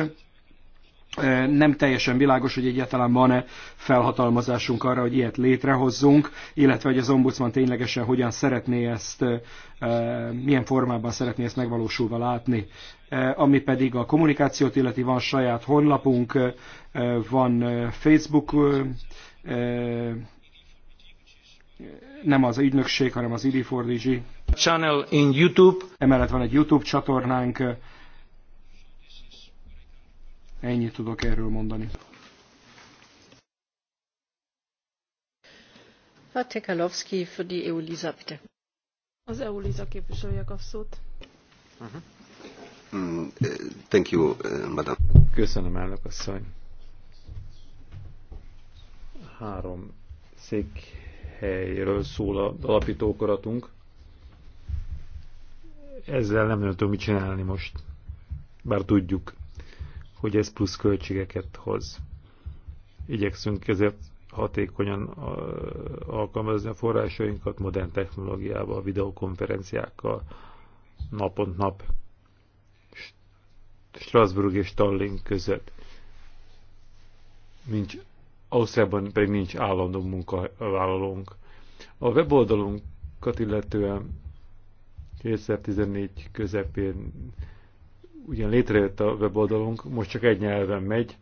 nem teljesen világos, hogy egyáltalán van-e felhatalmazásunk arra, hogy ilyet létrehozzunk, illetve hogy az ombudsman ténylegesen hogyan szeretné ezt, milyen formában szeretné ezt megvalósulva látni. Ami pedig a kommunikációt illeti, van saját honlapunk, van Facebook, nem az ügynökség, hanem az id Channel in YouTube. Emellett van egy YouTube csatornánk, Ennyit tudok erről mondani. Herr für die EU-Lisa, bitte. Az EU-Lisa képviselője kap szót. Uh -huh. mm, eh, thank you, eh, madam. Köszönöm, elnök asszony. Három székhelyről szól az alapítókoratunk. Ezzel nem, nem tudom mit csinálni most, bár tudjuk hogy ez plusz költségeket hoz. Igyekszünk ezért hatékonyan alkalmazni a forrásainkat modern technológiával, videokonferenciákkal, napont nap Strasbourg és Tallinn között. Nincs, Ausztriában pedig nincs állandó munkavállalónk. A weboldalunkat illetően 2014 közepén ugyan létrejött a weboldalunk, most csak egy nyelven megy,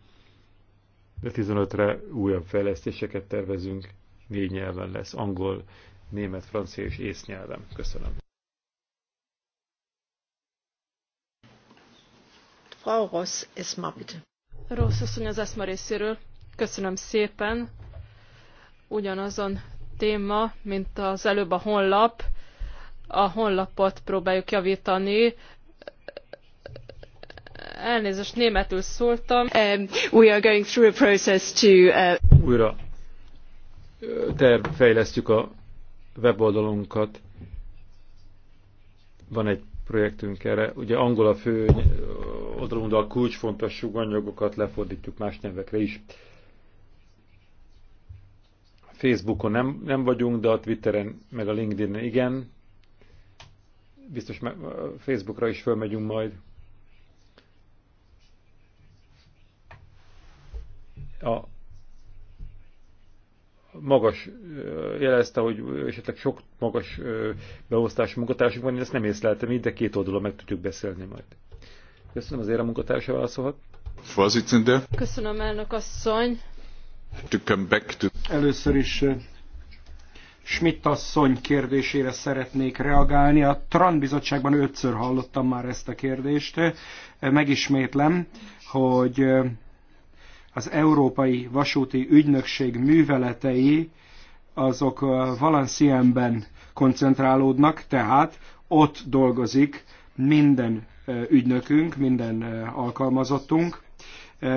de 15-re újabb fejlesztéseket tervezünk, négy nyelven lesz, angol, német, francia és ész nyelven. Köszönöm. Frau Ross, ma bitte. Ross asszony az eszma részéről. Köszönöm szépen. Ugyanazon téma, mint az előbb a honlap. A honlapot próbáljuk javítani, Elnézést, németül szóltam. Um, we are going through a process to... Uh... Újra uh, tervfejlesztjük a weboldalunkat. Van egy projektünk erre. Ugye angol a fő uh, oldalunk, a kulcsfontosságú anyagokat lefordítjuk más nyelvekre is. Facebookon nem, nem vagyunk, de a Twitteren meg a LinkedIn igen. Biztos uh, Facebookra is fölmegyünk majd. a magas jelezte, hogy esetleg sok magas beosztású munkatársunk van, én ezt nem észleltem így, de két oldalon meg tudjuk beszélni majd. Köszönöm, azért a munkatársa válaszolhat. Vorsitzende. Köszönöm, elnök asszony. To come back to... Először is Schmidt asszony kérdésére szeretnék reagálni. A Tran bizottságban ötször hallottam már ezt a kérdést. Megismétlem, hogy az Európai Vasúti Ügynökség műveletei azok Valenciennben koncentrálódnak, tehát ott dolgozik minden ügynökünk, minden alkalmazottunk.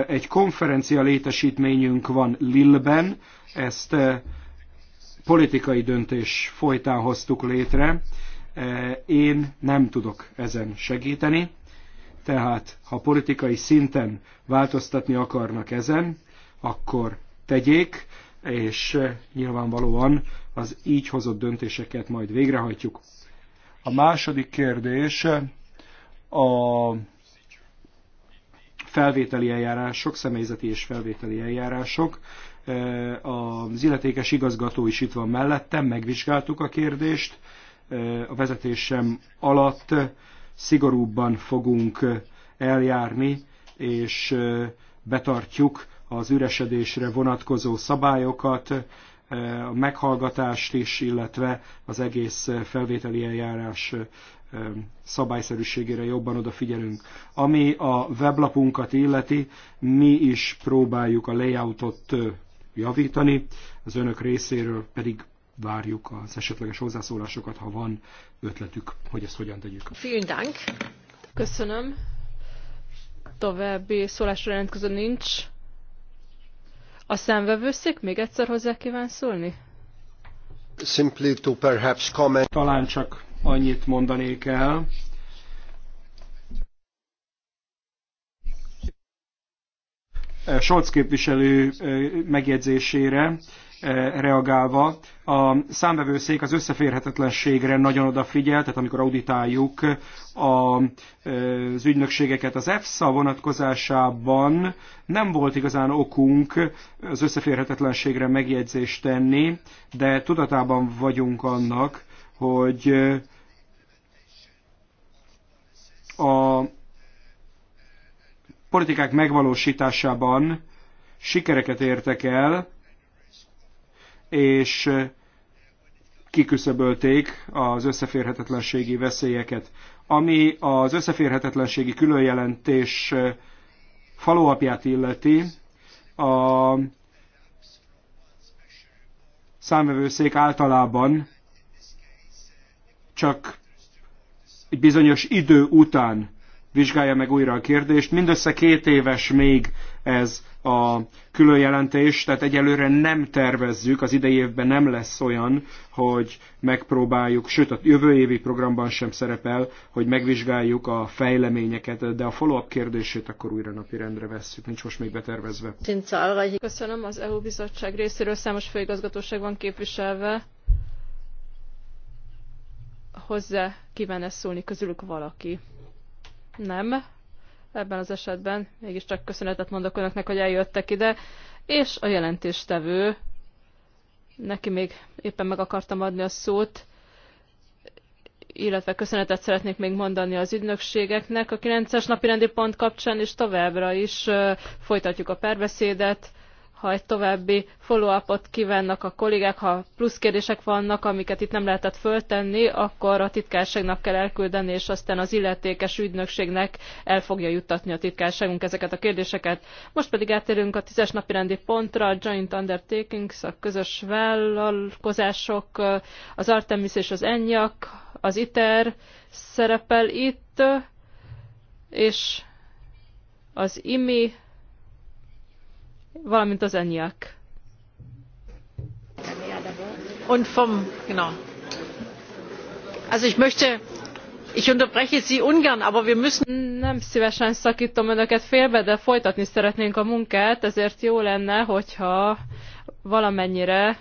Egy konferencia létesítményünk van Lilleben, ezt politikai döntés folytán hoztuk létre. Én nem tudok ezen segíteni. Tehát, ha politikai szinten változtatni akarnak ezen, akkor tegyék, és eh, nyilvánvalóan az így hozott döntéseket majd végrehajtjuk. A második kérdés eh, a felvételi eljárások, személyzeti és felvételi eljárások. Eh, az illetékes igazgató is itt van mellettem, megvizsgáltuk a kérdést, a vezetésem alatt szigorúbban fogunk eljárni, és betartjuk az üresedésre vonatkozó szabályokat, a meghallgatást is, illetve az egész felvételi eljárás szabályszerűségére jobban odafigyelünk. Ami a weblapunkat illeti, mi is próbáljuk a layoutot javítani, az önök részéről pedig várjuk az esetleges hozzászólásokat, ha van ötletük, hogy ezt hogyan tegyük. Vielen Dank. Köszönöm. További szólásra rendkező nincs. A számvevőszék még egyszer hozzá kíván szólni? Simply to perhaps comment. Talán csak annyit mondanék el, Scholz képviselő eh, megjegyzésére, Eh, reagálva, a számvevőszék az összeférhetetlenségre nagyon odafigyel, tehát amikor auditáljuk a, eh, az ügynökségeket. Az EFSA vonatkozásában nem volt igazán okunk az összeférhetetlenségre megjegyzést tenni, de tudatában vagyunk annak, hogy eh, a politikák megvalósításában sikereket értek el, és eh, kiküszöbölték az összeférhetetlenségi veszélyeket. Ami az összeférhetetlenségi különjelentés eh, faluapját illeti, a számvevőszék általában csak egy bizonyos idő után vizsgálja meg újra a kérdést. Mindössze két éves még ez a különjelentés, tehát egyelőre nem tervezzük, az idei évben nem lesz olyan, hogy megpróbáljuk, sőt a jövő évi programban sem szerepel, hogy megvizsgáljuk a fejleményeket, de a follow-up kérdését akkor újra rendre vesszük, nincs most még betervezve. Köszönöm, az EU bizottság részéről számos főigazgatóság van képviselve. Hozzá kíván szólni közülük valaki? Nem? Ebben az esetben mégiscsak köszönetet mondok önöknek, hogy eljöttek ide, és a jelentéstevő, neki még éppen meg akartam adni a szót, illetve köszönetet szeretnék még mondani az ügynökségeknek a 9-es rendi pont kapcsán, és továbbra is folytatjuk a párbeszédet ha egy további follow-upot kívánnak a kollégák, ha plusz kérdések vannak, amiket itt nem lehetett föltenni, akkor a titkárságnak kell elküldeni, és aztán az illetékes ügynökségnek el fogja juttatni a titkárságunk ezeket a kérdéseket. Most pedig átérünk a tízes napi rendi pontra, a Joint Undertakings, a közös vállalkozások, az Artemis és az Enyak, az ITER szerepel itt, és az IMI valamint az ENIAC. Und vom, genau. Also ich möchte, ich unterbreche Sie ungern, aber wir müssen... Nem szívesen szakítom önöket félbe, de folytatni szeretnénk a munkát, ezért jó lenne, hogyha valamennyire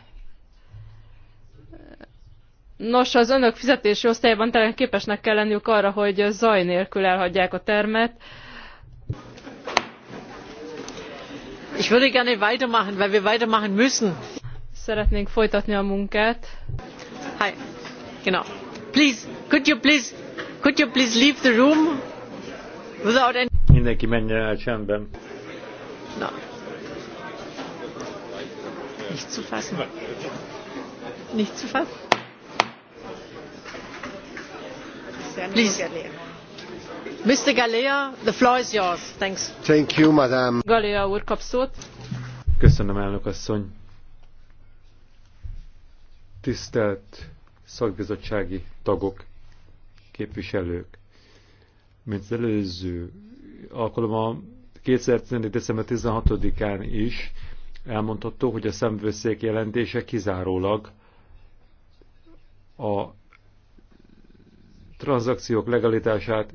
Nos, az önök fizetési osztályban talán képesnek kell lenniük arra, hogy zaj nélkül elhagyják a termet. Ich würde gerne weitermachen, weil wir weitermachen müssen. Szeretnénk folytatni a munkát. Hi. Genau. Please, could you please, could you please leave the room without any... Mindenki menjen el csendben. Na. Nicht zu fassen. Nicht zu fassen. Please. Mr. is Köszönöm, elnök asszony. Tisztelt szakbizottsági tagok, képviselők, mint az előző alkalommal 2014. december 16-án is elmondható, hogy a szemvőszék jelentése kizárólag a tranzakciók legalitását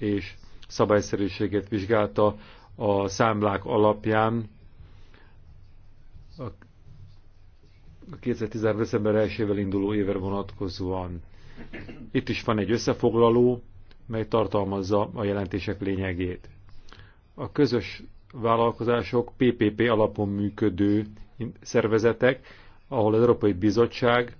és szabályszerűséget vizsgálta a számlák alapján a 2013. december elsővel induló évre vonatkozóan. Itt is van egy összefoglaló, mely tartalmazza a jelentések lényegét. A közös vállalkozások PPP alapon működő szervezetek, ahol az Európai Bizottság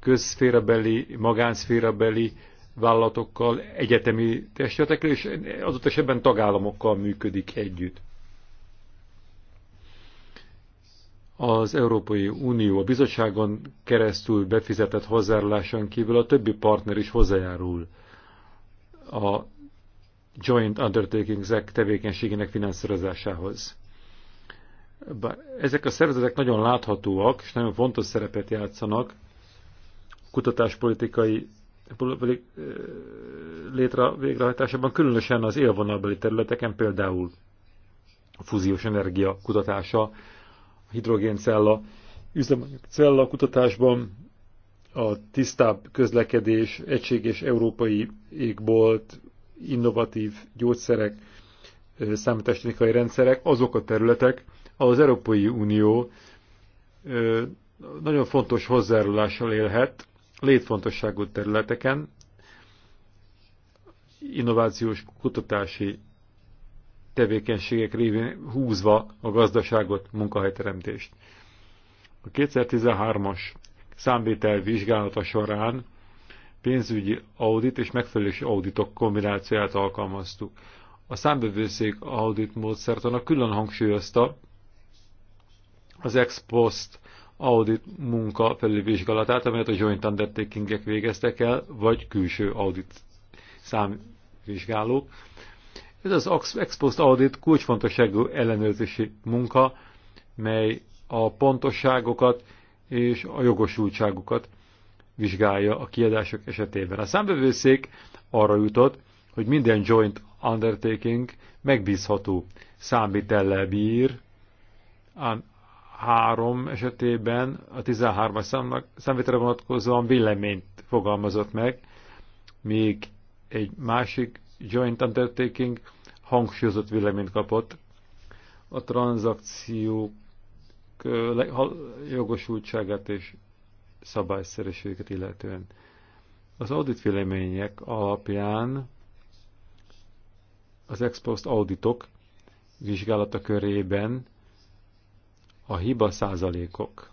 közszférabeli, magánszférabeli vállalatokkal, egyetemi testületekkel, és ott esetben tagállamokkal működik együtt. Az Európai Unió a bizottságon keresztül befizetett hozzájáruláson kívül a többi partner is hozzájárul a Joint Undertakings tevékenységének finanszírozásához. Bár ezek a szervezetek nagyon láthatóak, és nagyon fontos szerepet játszanak, kutatáspolitikai létre végrehajtásában, különösen az élvonalbeli területeken, például a fúziós energia kutatása, a hidrogéncella, üzemanyag cella kutatásban, a tisztább közlekedés, egységes európai égbolt, innovatív gyógyszerek, számítástechnikai rendszerek, azok a területek, az Európai Unió nagyon fontos hozzájárulással élhet létfontosságú területeken, innovációs kutatási tevékenységek révén húzva a gazdaságot, munkahelyteremtést. A 2013-as számvétel vizsgálata során pénzügyi audit és megfelelési auditok kombinációját alkalmaztuk. A számbevőszék audit a külön hangsúlyozta az ex post audit munka felülvizsgálatát, amelyet a joint undertakingek végeztek el, vagy külső audit számvizsgálók. Ez az exposed audit kulcsfontosságú ellenőrzési munka, mely a pontosságokat és a jogosultságokat vizsgálja a kiadások esetében. A számbevőszék arra jutott, hogy minden joint undertaking megbízható számvitellel bír, 3 esetében a 13-as számnak, számvételre vonatkozóan véleményt fogalmazott meg, még egy másik joint undertaking hangsúlyozott véleményt kapott a tranzakciók jogosultságát és szabályszerűséget illetően. Az audit vélemények alapján az ex post auditok vizsgálata körében a hiba százalékok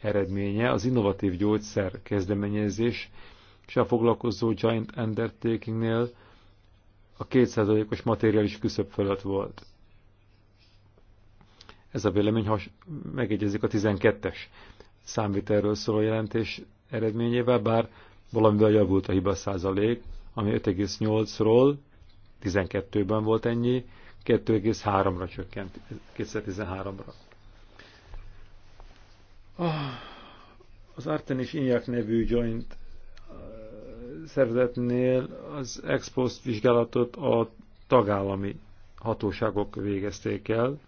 eredménye az innovatív gyógyszer kezdeményezés és a foglalkozó Giant Undertakingnél a kétszázalékos materiális küszöb fölött volt. Ez a vélemény has, megegyezik a 12-es számvitelről szóló jelentés eredményével, bár valamivel javult a hiba százalék, ami 5,8-ról 12-ben volt ennyi, 2,3-ra csökkent 2013-ra. Az Artenis Inyak nevű joint uh, szervezetnél az expost vizsgálatot a tagállami hatóságok végezték el.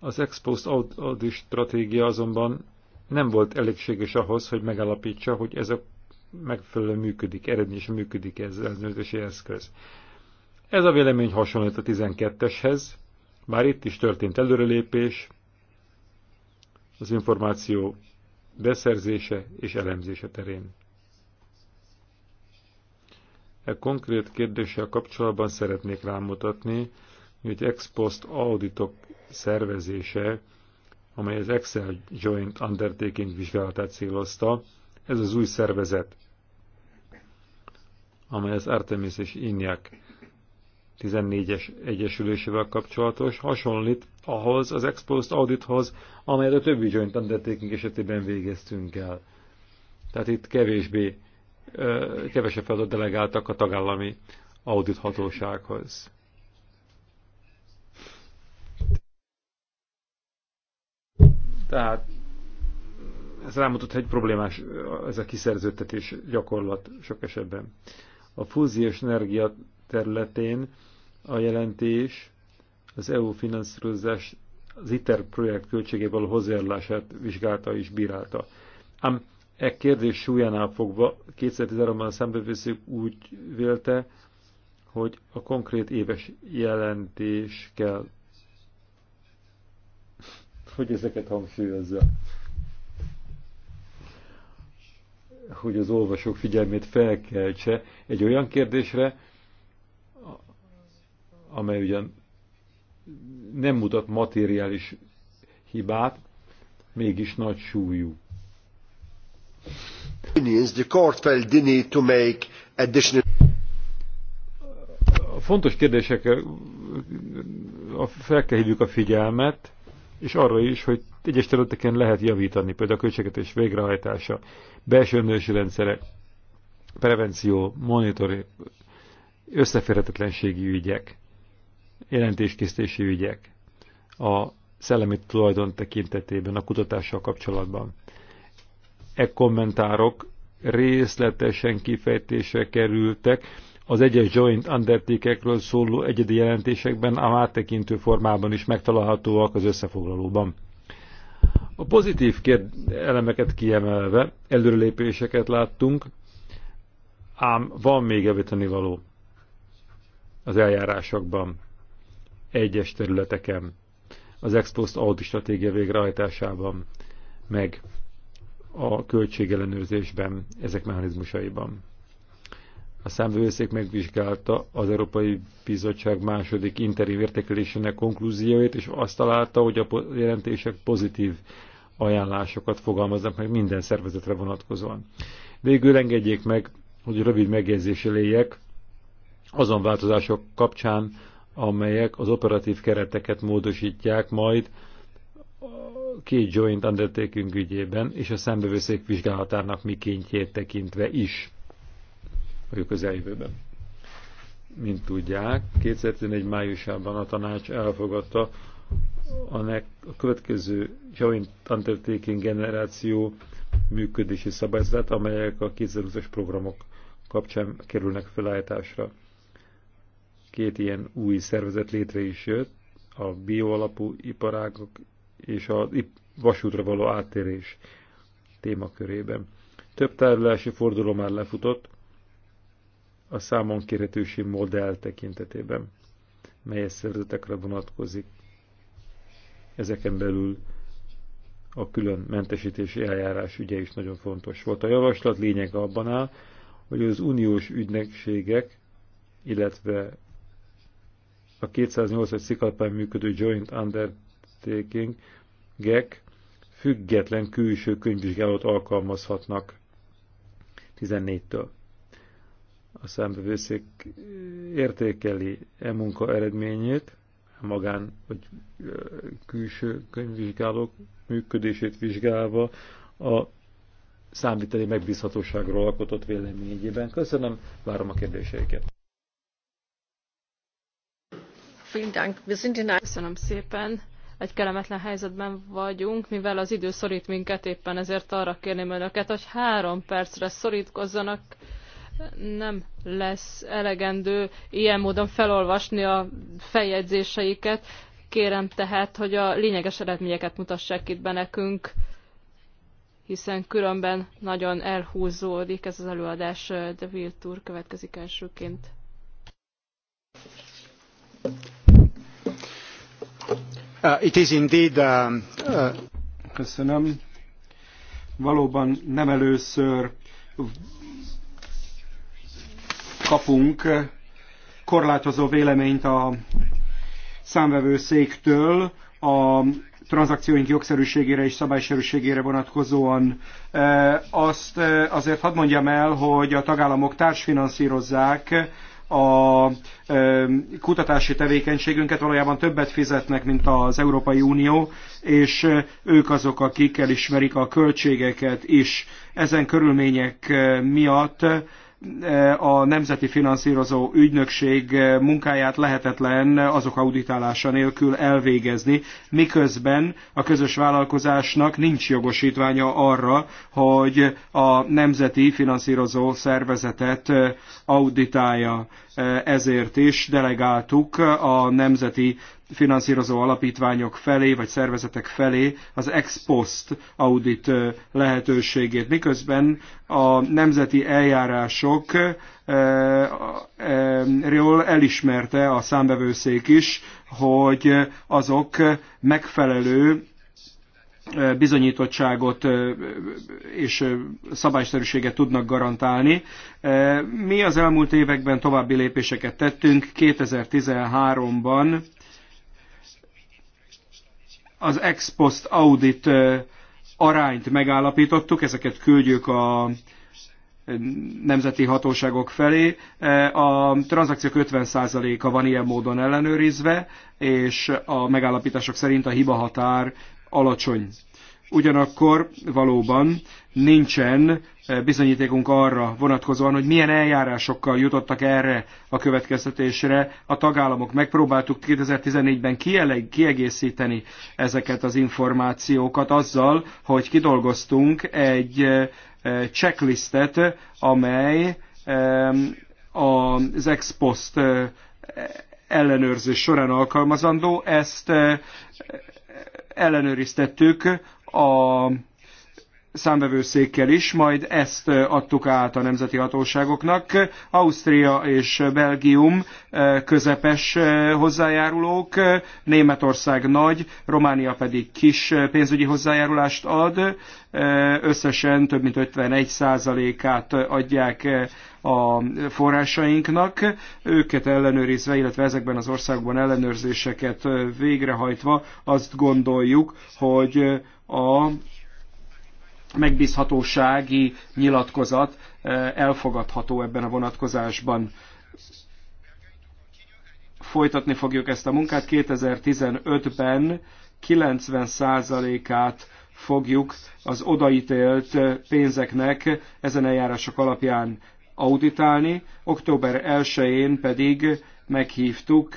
Az expost audit stratégia azonban nem volt elégséges ahhoz, hogy megállapítsa, hogy ez a megfelelően működik, eredményesen működik ez az ellenőrzési eszköz. Ez a vélemény hasonlít a 12-eshez, bár itt is történt előrelépés, az információ beszerzése és elemzése terén. E konkrét kérdéssel kapcsolatban szeretnék rámutatni, hogy ex post auditok szervezése, amely az Excel Joint Undertaking vizsgálatát célozta, ez az új szervezet, amely az Artemis és Inyak 14-es egyesülésével kapcsolatos, hasonlít ahhoz az exposed audithoz, amelyet a többi joint undertaking esetében végeztünk el. Tehát itt kevésbé, kevesebb feladat delegáltak a tagállami audithatósághoz. Tehát ez rámutat, egy problémás ez a kiszerződtetés gyakorlat sok esetben. A fúziós energia területén a jelentés az EU finanszírozás az ITER projekt költségéből hozzájárulását vizsgálta és bírálta. Ám e kérdés súlyánál fogva 2013-ban a szembevőszék úgy vélte, hogy a konkrét éves jelentés kell, hogy ezeket hangsúlyozza. Hogy az olvasók figyelmét felkeltse egy olyan kérdésre, amely ugyan nem mutat materiális hibát, mégis nagy súlyú. A fontos kérdésekre fel kell hívjuk a figyelmet, és arra is, hogy egyes területeken lehet javítani, például a költségvetés végrehajtása, belső önősi rendszerek, prevenció, monitori összeférhetetlenségi ügyek jelentéskészítési ügyek a szellemi tulajdon tekintetében, a kutatással kapcsolatban. E kommentárok részletesen kifejtésre kerültek az egyes joint undertékekről szóló egyedi jelentésekben, a áttekintő formában is megtalálhatóak az összefoglalóban. A pozitív elemeket kiemelve előrelépéseket láttunk, ám van még evíteni való az eljárásokban egyes területeken az expost audi stratégia végrehajtásában, meg a költségellenőrzésben, ezek mechanizmusaiban. A számvevőszék megvizsgálta az Európai Bizottság második interim értékelésének konklúzióit, és azt találta, hogy a jelentések pozitív ajánlásokat fogalmaznak meg minden szervezetre vonatkozóan. Végül engedjék meg, hogy rövid megjegyzés éljek azon változások kapcsán, amelyek az operatív kereteket módosítják majd két joint undertaking ügyében és a szembevőszék vizsgálatának mikéntjét tekintve is a közeljövőben. Mint tudják, 2011 májusában a tanács elfogadta a következő joint undertaking generáció működési szabályzat, amelyek a 2020-as programok kapcsán kerülnek felállításra. Két ilyen új szervezet létre is jött, a bioalapú iparágok és a vasútra való áttérés témakörében. Több tárgyalási forduló már lefutott a számon kérhetősi modell tekintetében, melyes szervezetekre vonatkozik. Ezeken belül a külön mentesítési eljárás ügye is nagyon fontos volt. A javaslat lényege abban áll, hogy az uniós ügynökségek, illetve a 208-as szikalpán működő Joint Undertaking GEC független külső könyvvizsgálót alkalmazhatnak 14-től. A számbevőszék értékeli e munka eredményét, magán vagy külső könyvvizsgálók működését vizsgálva a számviteli megbízhatóságról alkotott véleményében. Köszönöm, várom a kérdéseiket. Köszönöm szépen. Egy kellemetlen helyzetben vagyunk, mivel az idő szorít minket, éppen ezért arra kérném önöket, hogy három percre szorítkozzanak. Nem lesz elegendő ilyen módon felolvasni a feljegyzéseiket. Kérem tehát, hogy a lényeges eredményeket mutassák itt be nekünk, hiszen különben nagyon elhúzódik ez az előadás. De Viltúr következik elsőként. Uh, it is indeed, uh, uh, Köszönöm. Valóban nem először kapunk korlátozó véleményt a számvevőszéktől a tranzakcióink jogszerűségére és szabályszerűségére vonatkozóan. Azt azért hadd mondjam el, hogy a tagállamok társfinanszírozzák a kutatási tevékenységünket, valójában többet fizetnek, mint az Európai Unió, és ők azok, akik elismerik a költségeket is. Ezen körülmények miatt a Nemzeti Finanszírozó Ügynökség munkáját lehetetlen azok auditálása nélkül elvégezni, miközben a közös vállalkozásnak nincs jogosítványa arra, hogy a Nemzeti Finanszírozó Szervezetet auditálja. Ezért is delegáltuk a Nemzeti finanszírozó alapítványok felé, vagy szervezetek felé az ex post audit lehetőségét, miközben a nemzeti eljárások ről elismerte a számbevőszék is, hogy azok megfelelő bizonyítottságot és szabályszerűséget tudnak garantálni. Mi az elmúlt években további lépéseket tettünk. 2013-ban az ex post audit arányt megállapítottuk, ezeket küldjük a nemzeti hatóságok felé. A tranzakciók 50%-a van ilyen módon ellenőrizve, és a megállapítások szerint a hiba határ alacsony. Ugyanakkor valóban nincsen eh, bizonyítékunk arra vonatkozóan, hogy milyen eljárásokkal jutottak erre a következtetésre a tagállamok. Megpróbáltuk 2014-ben kiegészíteni ezeket az információkat azzal, hogy kidolgoztunk egy eh, checklistet, amely az ex post eh, ellenőrzés során alkalmazandó. Ezt ellenőriztettük a számvevőszékkel is, majd ezt adtuk át a nemzeti hatóságoknak. Ausztria és Belgium közepes hozzájárulók, Németország nagy, Románia pedig kis pénzügyi hozzájárulást ad, összesen több mint 51 százalékát adják a forrásainknak, őket ellenőrizve, illetve ezekben az országban ellenőrzéseket végrehajtva azt gondoljuk, hogy a megbízhatósági nyilatkozat eh, elfogadható ebben a vonatkozásban. Folytatni fogjuk ezt a munkát. 2015-ben 90%-át fogjuk az odaítélt pénzeknek ezen eljárások alapján auditálni, október 1-én pedig meghívtuk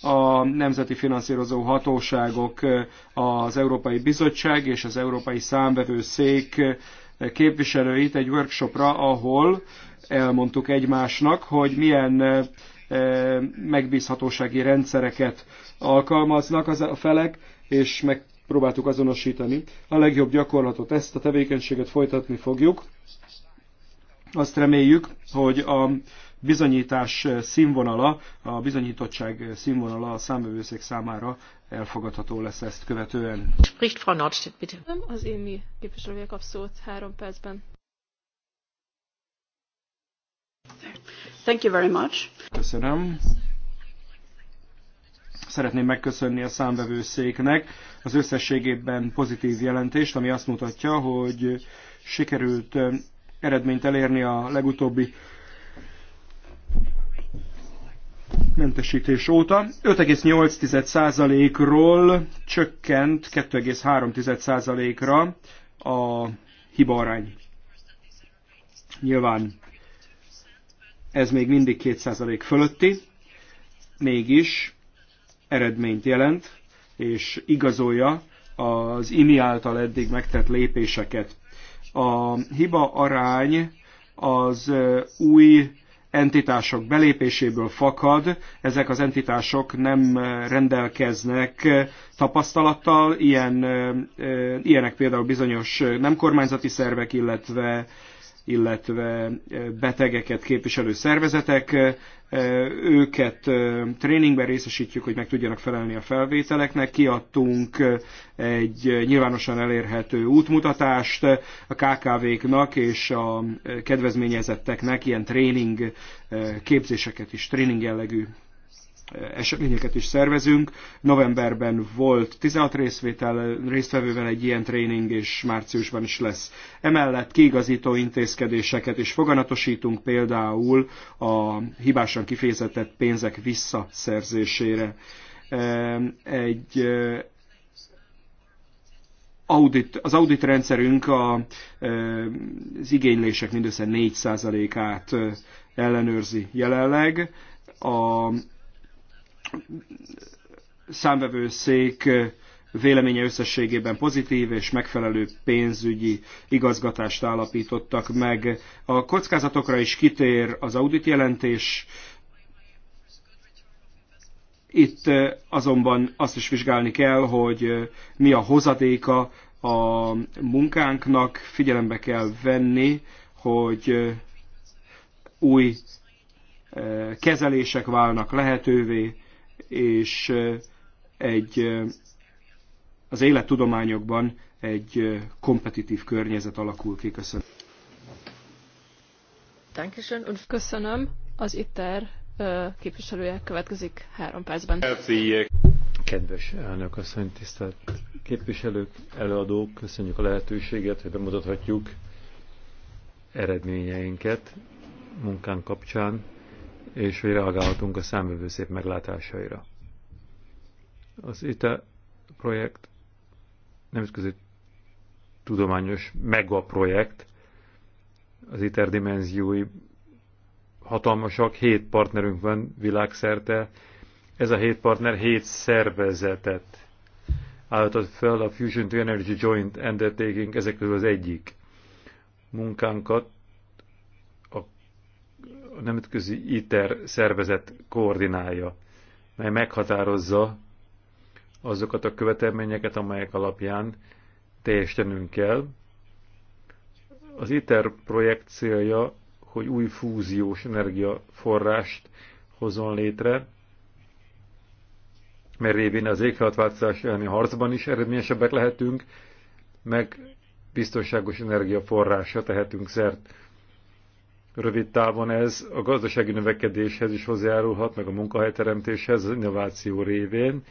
a nemzeti finanszírozó hatóságok, az Európai Bizottság és az Európai Számvevőszék képviselőit egy workshopra, ahol elmondtuk egymásnak, hogy milyen eh, megbízhatósági rendszereket alkalmaznak az a felek, és megpróbáltuk azonosítani. A legjobb gyakorlatot, ezt a tevékenységet folytatni fogjuk. Azt reméljük, hogy a bizonyítás színvonala, a bizonyítottság színvonala a számvevőszék számára elfogadható lesz ezt követően. Spricht Frau Nordstedt, bitte. Nem az én mi képviselője kap szót három percben. Thank you very much. Köszönöm. Szeretném megköszönni a számbevőszéknek az összességében pozitív jelentést, ami azt mutatja, hogy sikerült eh, eredményt elérni a legutóbbi mentesítés óta. 5,8%-ról csökkent 2,3%-ra a arány. Nyilván ez még mindig 2% fölötti, mégis eredményt jelent, és igazolja az IMI által eddig megtett lépéseket. A hiba arány az új entitások belépéséből fakad, ezek az entitások nem rendelkeznek tapasztalattal, ilyen, ilyenek például bizonyos nem kormányzati szervek, illetve illetve eh, betegeket képviselő szervezetek. Eh, eh, őket tréningben részesítjük, hogy meg tudjanak felelni a felvételeknek. Kiadtunk egy nyilvánosan elérhető útmutatást a KKV-knak és a kedvezményezetteknek ilyen tréning képzéseket is, tréning jellegű eseményeket is szervezünk. Novemberben volt 16 részvétel, résztvevővel egy ilyen tréning, és márciusban is lesz. Emellett kiigazító intézkedéseket is foganatosítunk, például a hibásan kifejezetett pénzek visszaszerzésére. Egy audit, az audit rendszerünk a, az igénylések mindössze 4%-át ellenőrzi jelenleg. A számvevőszék véleménye összességében pozitív és megfelelő pénzügyi igazgatást állapítottak meg. A kockázatokra is kitér az audit jelentés, itt azonban azt is vizsgálni kell, hogy mi a hozadéka a munkánknak, figyelembe kell venni, hogy új kezelések válnak lehetővé, és egy az élettudományokban egy kompetitív környezet alakul ki. Köszönöm. Köszönöm. Az ITER képviselője következik három percben. Kedves elnök asszony, tisztelt képviselők, előadók, köszönjük a lehetőséget, hogy bemutathatjuk eredményeinket munkán kapcsán és hogy reagálhatunk a számvevőszép meglátásaira. Az ITE projekt nemzetközi tudományos megaprojekt, az ITER dimenziói hatalmasak, hét partnerünk van világszerte, ez a hét partner hét szervezetet állított fel, a Fusion to Energy Joint Undertaking, ezek közül az egyik munkánkat a nemzetközi ITER szervezet koordinálja, mely meghatározza azokat a követelményeket, amelyek alapján teljesítenünk kell. Az ITER projekt célja, hogy új fúziós energiaforrást hozzon létre, mert révén az éghajlatváltozás elleni harcban is eredményesebbek lehetünk, meg biztonságos energiaforrásra tehetünk szert Rövid távon ez a gazdasági növekedéshez is hozzájárulhat, meg a munkahelyteremtéshez, az innováció révén.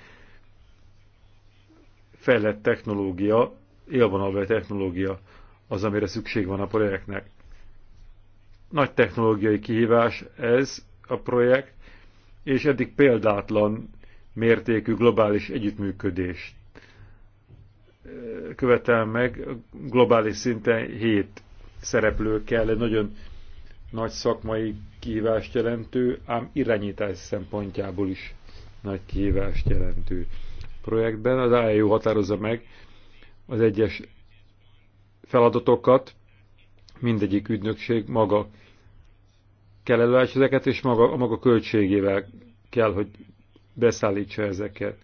Fejlett technológia, élvonalbeli technológia az, amire szükség van a projektnek. Nagy technológiai kihívás ez a projekt, és eddig példátlan mértékű globális együttműködést eh, követel meg globális szinten hét szereplő kell egy nagyon nagy szakmai kihívást jelentő, ám irányítás szempontjából is nagy kihívást jelentő projektben. Az AEU határozza meg az egyes feladatokat, mindegyik ügynökség maga kell előállítsa ezeket, és maga, a maga költségével kell, hogy beszállítsa ezeket.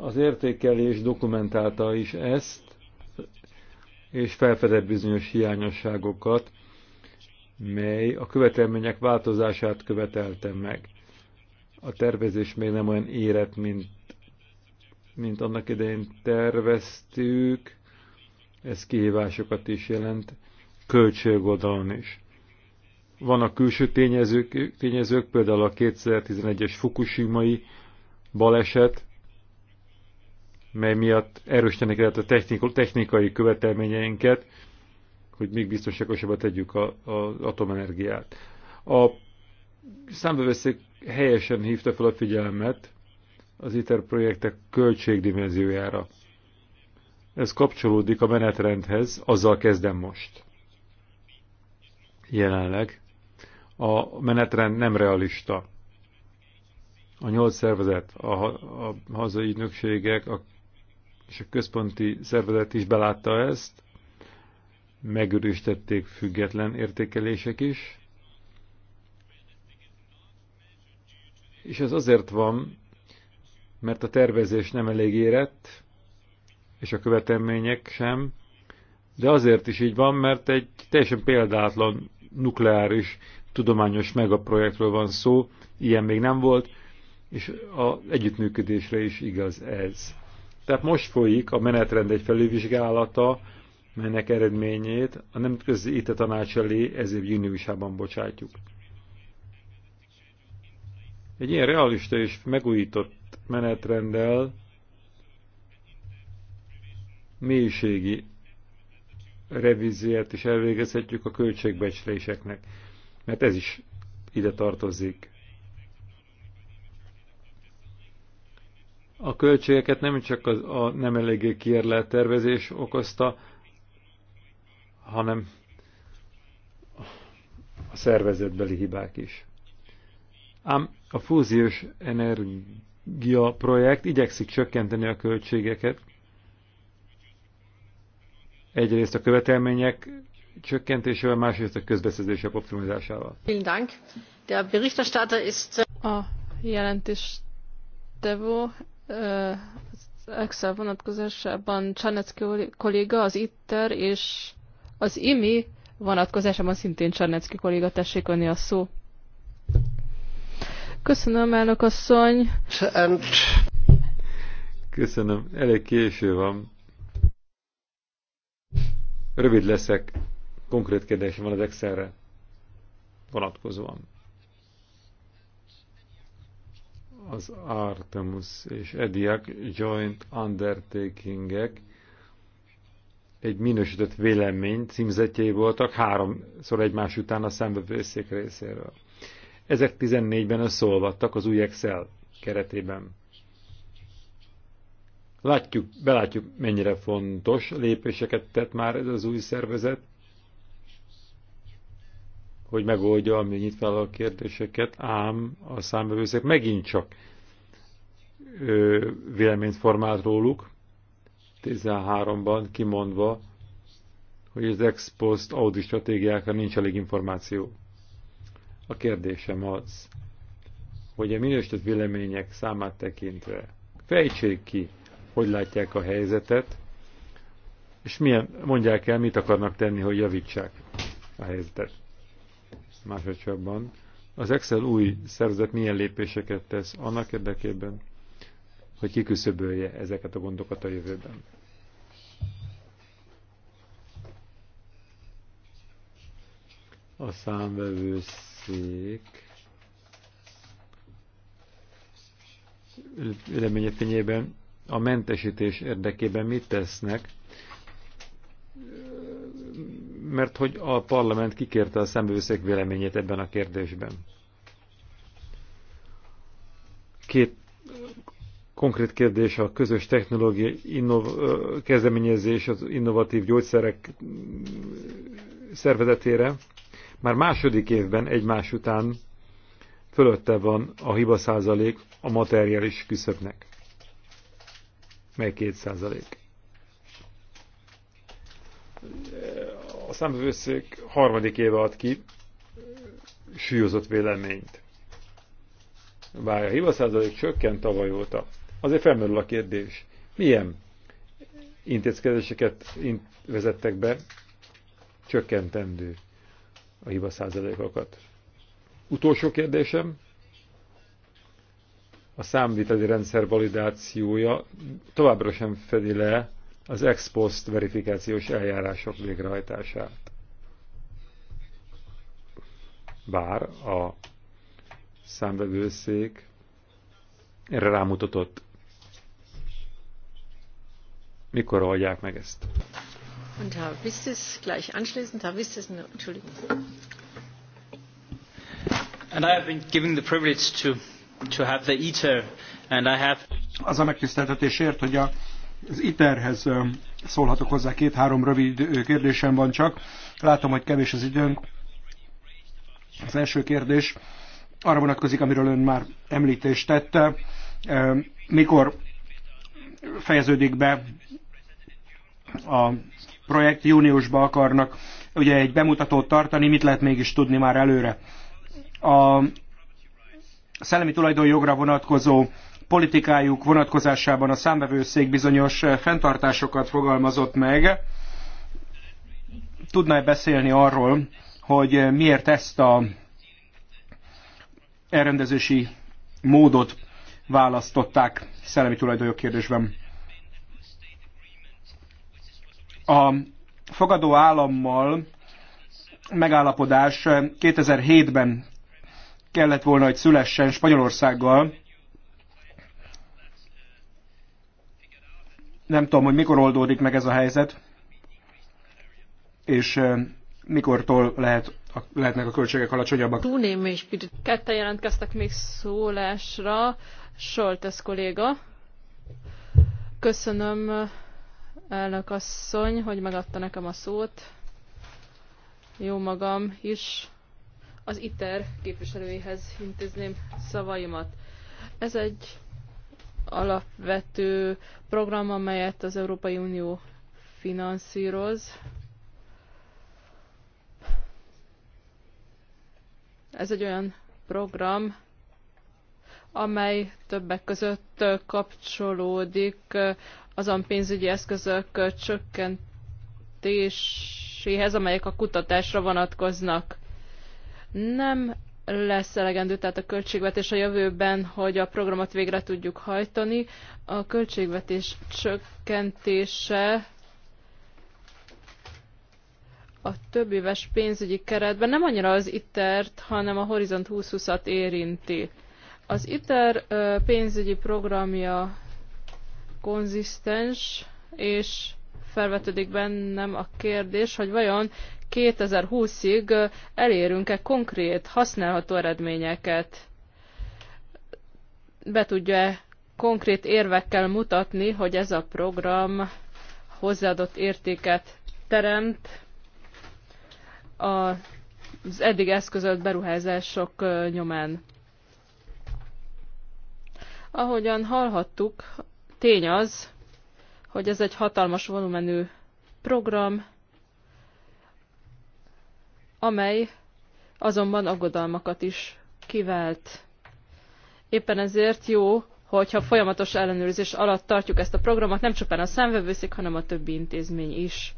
Az értékelés dokumentálta is ezt, és felfedett bizonyos hiányosságokat, mely a követelmények változását követelte meg. A tervezés még nem olyan érett, mint, mint annak idején terveztük, ez kihívásokat is jelent, költségoldalon is. a külső tényezők, tényezők például a 2011-es Fukushima-i baleset, mely miatt erősítenek el a technikai követelményeinket, hogy még biztonságosabbat tegyük az atomenergiát. A számbeveszék helyesen hívta fel a figyelmet az ITER projektek költségdimenziójára. Ez kapcsolódik a menetrendhez, azzal kezdem most. Jelenleg a menetrend nem realista. A nyolc szervezet, a, a hazai ügynökségek, a és a központi szervezet is belátta ezt, megörüstették független értékelések is, és ez azért van, mert a tervezés nem elég érett, és a követelmények sem, de azért is így van, mert egy teljesen példátlan nukleáris tudományos megaprojektről van szó, ilyen még nem volt, és az együttműködésre is igaz ez. Tehát most folyik a menetrend egy felülvizsgálata, melynek eredményét a nemzetközi ITE tanács elé év júniusában bocsátjuk. Egy ilyen realista és megújított menetrenddel mélységi revíziát is elvégezhetjük a költségbecsléseknek, mert ez is ide tartozik. A költségeket nem csak az, a nem eléggé kérlelt tervezés okozta, hanem a szervezetbeli hibák is. Ám a fúziós energia projekt igyekszik csökkenteni a költségeket. Egyrészt a követelmények csökkentésével, másrészt a közbeszerzések optimizásával. A jelentés tevő az Excel vonatkozásában Csarnecki kolléga, az ITER és az IMI vonatkozásában szintén Csarnecki kolléga, tessék önni a szó. Köszönöm, elnök asszony. Köszönöm, elég késő van. Rövid leszek, konkrét kérdésem van az Excelre vonatkozóan. az Artemus és EDIAC Joint Undertakingek egy minősített vélemény címzetjei voltak háromszor egymás után a szembevőszék részéről. Ezek 14-ben összeolvadtak az új Excel keretében. Látjuk, belátjuk, mennyire fontos lépéseket tett már ez az új szervezet, hogy megoldja, ami nyit fel a kérdéseket, ám a számbevőszék megint csak ö, véleményt formált róluk, 13-ban kimondva, hogy az ex post audi stratégiákra nincs elég információ. A kérdésem az, hogy a minősített vélemények számát tekintve fejtsék ki, hogy látják a helyzetet, és milyen, mondják el, mit akarnak tenni, hogy javítsák a helyzetet másodszorban az Excel új szervezet milyen lépéseket tesz annak érdekében, hogy kiküszöbölje ezeket a gondokat a jövőben. A számvevőszék véleménye a mentesítés érdekében mit tesznek mert hogy a parlament kikérte a szemvőszék véleményét ebben a kérdésben. Két konkrét kérdés a közös technológia innov, kezdeményezés az innovatív gyógyszerek szervezetére. Már második évben egymás után fölötte van a hiba százalék a materiális küszöbnek, mely két százalék a számbevőszék harmadik éve ad ki súlyozott véleményt. Bár a hiba százalék csökkent tavaly óta, azért felmerül a kérdés, milyen intézkedéseket vezettek be csökkentendő a hiba százalékokat. Utolsó kérdésem, a számviteli rendszer validációja továbbra sem fedi le az ex post verifikációs eljárások végrehajtását. Bár a számvevőszék erre rámutatott. Mikor oldják meg ezt? Und Herr Wistes gleich anschließend. Herr Wistes, Entschuldigung. And I have been given the privilege to, to have the ITER, and I have... Az a megtiszteltetésért, hogy a az ITER-hez szólhatok hozzá, két-három rövid kérdésem van csak. Látom, hogy kevés az időnk. Az első kérdés arra vonatkozik, amiről ön már említést tette. Mikor fejeződik be a projekt, júniusba akarnak ugye egy bemutatót tartani, mit lehet mégis tudni már előre. A szellemi tulajdonjogra vonatkozó politikájuk vonatkozásában a számvevőszék bizonyos eh, fenntartásokat fogalmazott meg. Tudná -e beszélni arról, hogy eh, miért ezt a elrendezési módot választották szellemi tulajdonjog kérdésben? A fogadó állammal megállapodás 2007-ben eh, kellett volna, hogy szülessen Spanyolországgal, nem tudom, hogy mikor oldódik meg ez a helyzet, és mikortól lehet, lehetnek a költségek alacsonyabbak. Ketten jelentkeztek még szólásra. Soltes kolléga. Köszönöm, elnök asszony, hogy megadta nekem a szót. Jó magam is. Az ITER képviselőihez intézném szavaimat. Ez egy alapvető program, amelyet az Európai Unió finanszíroz. Ez egy olyan program, amely többek között kapcsolódik azon pénzügyi eszközök csökkentéséhez, amelyek a kutatásra vonatkoznak. Nem lesz elegendő, tehát a költségvetés a jövőben, hogy a programot végre tudjuk hajtani. A költségvetés csökkentése a több éves pénzügyi keretben nem annyira az ITER-t, hanem a Horizont 2020-at érinti. Az ITER pénzügyi programja konzisztens, és felvetődik bennem a kérdés, hogy vajon 2020-ig elérünk-e konkrét, használható eredményeket? Be tudja -e konkrét érvekkel mutatni, hogy ez a program hozzáadott értéket teremt az eddig eszközölt beruházások nyomán. Ahogyan hallhattuk, tény az, hogy ez egy hatalmas volumenű program, amely azonban aggodalmakat is kivált. Éppen ezért jó, hogyha folyamatos ellenőrzés alatt tartjuk ezt a programot, nem csupán a számvevőszék, hanem a többi intézmény is.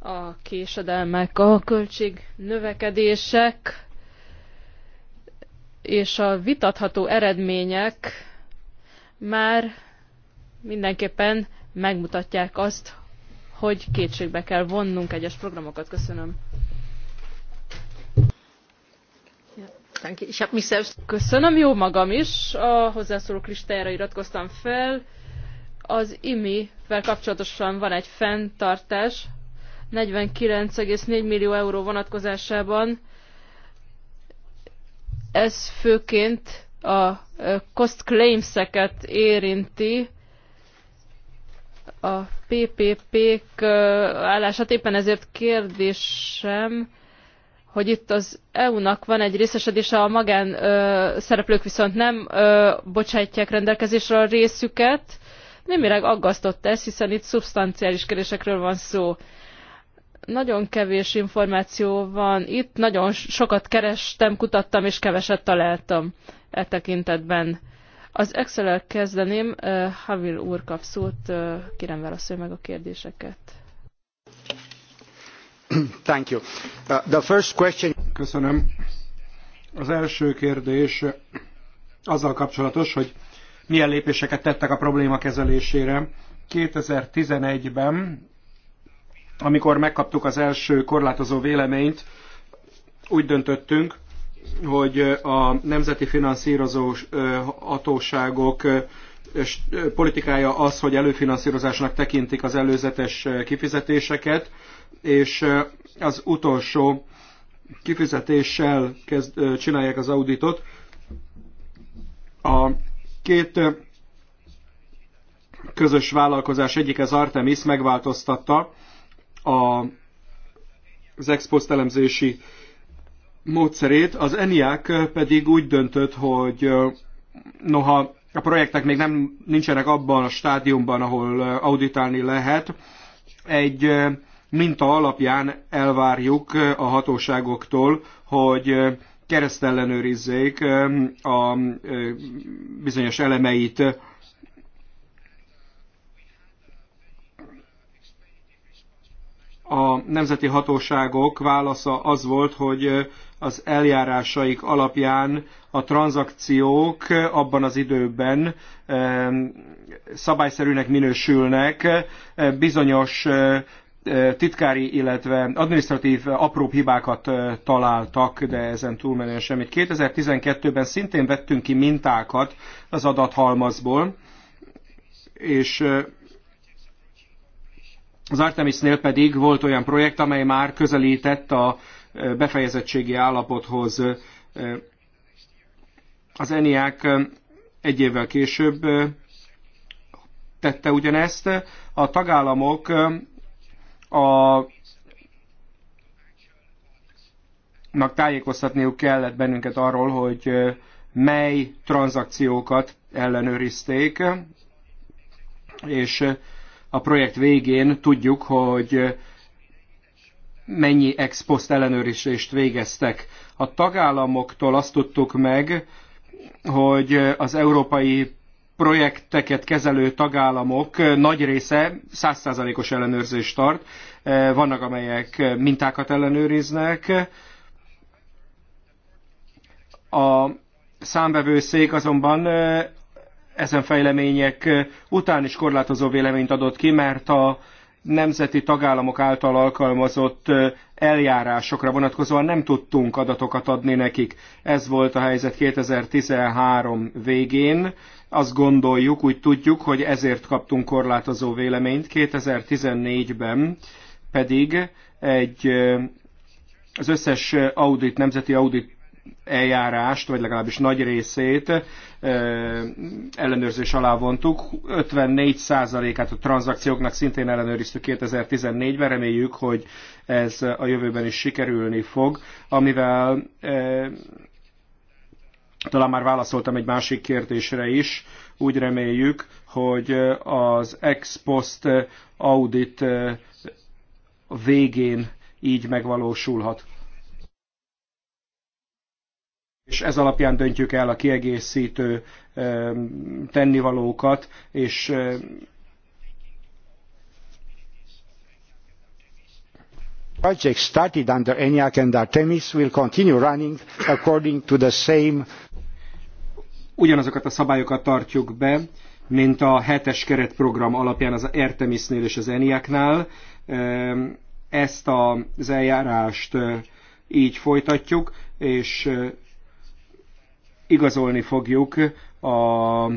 A késedelmek, a költség növekedések és a vitatható eredmények már mindenképpen megmutatják azt, hogy kétségbe kell vonnunk egyes programokat. Köszönöm. Köszönöm, jó magam is. A hozzászólók listájára iratkoztam fel. Az IMI-vel kapcsolatosan van egy fenntartás 49,4 millió euró vonatkozásában. Ez főként a cost claims-eket érinti, a PPP-k állását. Éppen ezért kérdésem, hogy itt az EU-nak van egy részesedése, a magán ö, szereplők viszont nem ö, bocsátják rendelkezésre a részüket. Némileg aggasztott ez, hiszen itt szubstanciális kérdésekről van szó. Nagyon kevés információ van itt, nagyon sokat kerestem, kutattam és keveset találtam e tekintetben. Az excel kezdeném. Havil úr kap szót, kérem válaszolj meg a kérdéseket. Thank you. Uh, the first question... Köszönöm. Az első kérdés azzal kapcsolatos, hogy milyen lépéseket tettek a probléma kezelésére. 2011-ben, amikor megkaptuk az első korlátozó véleményt, úgy döntöttünk, hogy a nemzeti finanszírozó hatóságok politikája az, hogy előfinanszírozásnak tekintik az előzetes kifizetéseket, és az utolsó kifizetéssel kezd, csinálják az auditot. A két közös vállalkozás egyik, az Artemis megváltoztatta a, az exposzt elemzési módszerét, az ENIAC pedig úgy döntött, hogy noha a projektek még nem nincsenek abban a stádiumban, ahol auditálni lehet, egy minta alapján elvárjuk a hatóságoktól, hogy keresztellenőrizzék a bizonyos elemeit a nemzeti hatóságok válasza az volt, hogy az eljárásaik alapján a tranzakciók abban az időben szabályszerűnek minősülnek, bizonyos titkári, illetve administratív apró hibákat találtak, de ezen túlmenően semmit. 2012-ben szintén vettünk ki mintákat az adathalmazból, és az Artemisnél pedig volt olyan projekt, amely már közelített a befejezettségi állapothoz. Az ENIAC egy évvel később tette ugyanezt. A tagállamok a nak tájékoztatniuk kellett bennünket arról, hogy mely tranzakciókat ellenőrizték, és a projekt végén tudjuk, hogy mennyi ex post végeztek. A tagállamoktól azt tudtuk meg, hogy az európai projekteket kezelő tagállamok nagy része százszázalékos ellenőrzést tart. E, vannak, amelyek mintákat ellenőriznek. A számbevőszék azonban e, ezen fejlemények után is korlátozó véleményt adott ki, mert a nemzeti tagállamok által alkalmazott eljárásokra vonatkozóan nem tudtunk adatokat adni nekik. Ez volt a helyzet 2013 végén. Azt gondoljuk, úgy tudjuk, hogy ezért kaptunk korlátozó véleményt. 2014-ben pedig egy, az összes audit, nemzeti audit eljárást, vagy legalábbis nagy részét ellenőrzés alá vontuk. 54%-át a tranzakcióknak szintén ellenőriztük 2014-ben, reméljük, hogy ez a jövőben is sikerülni fog, amivel talán már válaszoltam egy másik kérdésre is, úgy reméljük, hogy az ex post audit végén így megvalósulhat és ez alapján döntjük el a kiegészítő tennivalókat, és projects started under ENIAC and Artemis will continue running according to the same Ugyanazokat a szabályokat tartjuk be, mint a hetes keretprogram alapján az Artemisnél és az ENIAC-nál. Ezt az eljárást így folytatjuk, és igazolni fogjuk a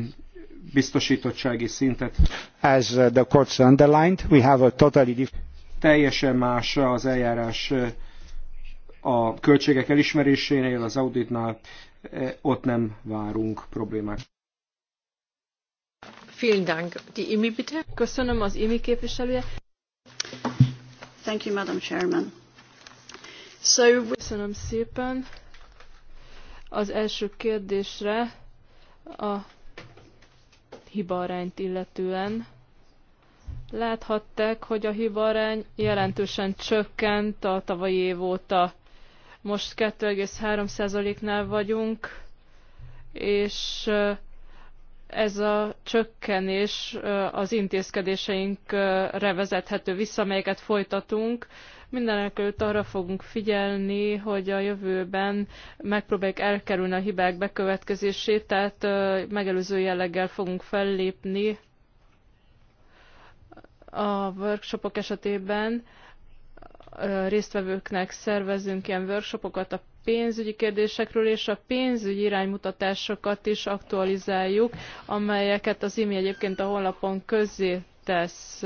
biztosítottsági szintet. As uh, the courts underlined, we have a totally different... Teljesen más az eljárás uh, a költségek elismerésénél, az auditnál, uh, ott nem várunk problémák. Vielen Dank. Die IMI bitte. Köszönöm az IMI képviselője. Thank you, Madam Chairman. So, Köszönöm szépen. Az első kérdésre a hibarányt illetően láthatták, hogy a hibarány jelentősen csökkent a tavalyi év óta. Most 2,3%-nál vagyunk, és ez a csökkenés az intézkedéseinkre vezethető vissza, melyeket folytatunk, Mindenek előtt arra fogunk figyelni, hogy a jövőben megpróbáljuk elkerülni a hibák bekövetkezését, tehát megelőző jelleggel fogunk fellépni a workshopok esetében. Résztvevőknek szervezünk ilyen workshopokat a pénzügyi kérdésekről és a pénzügyi iránymutatásokat is aktualizáljuk, amelyeket az IMI egyébként a honlapon közzé tesz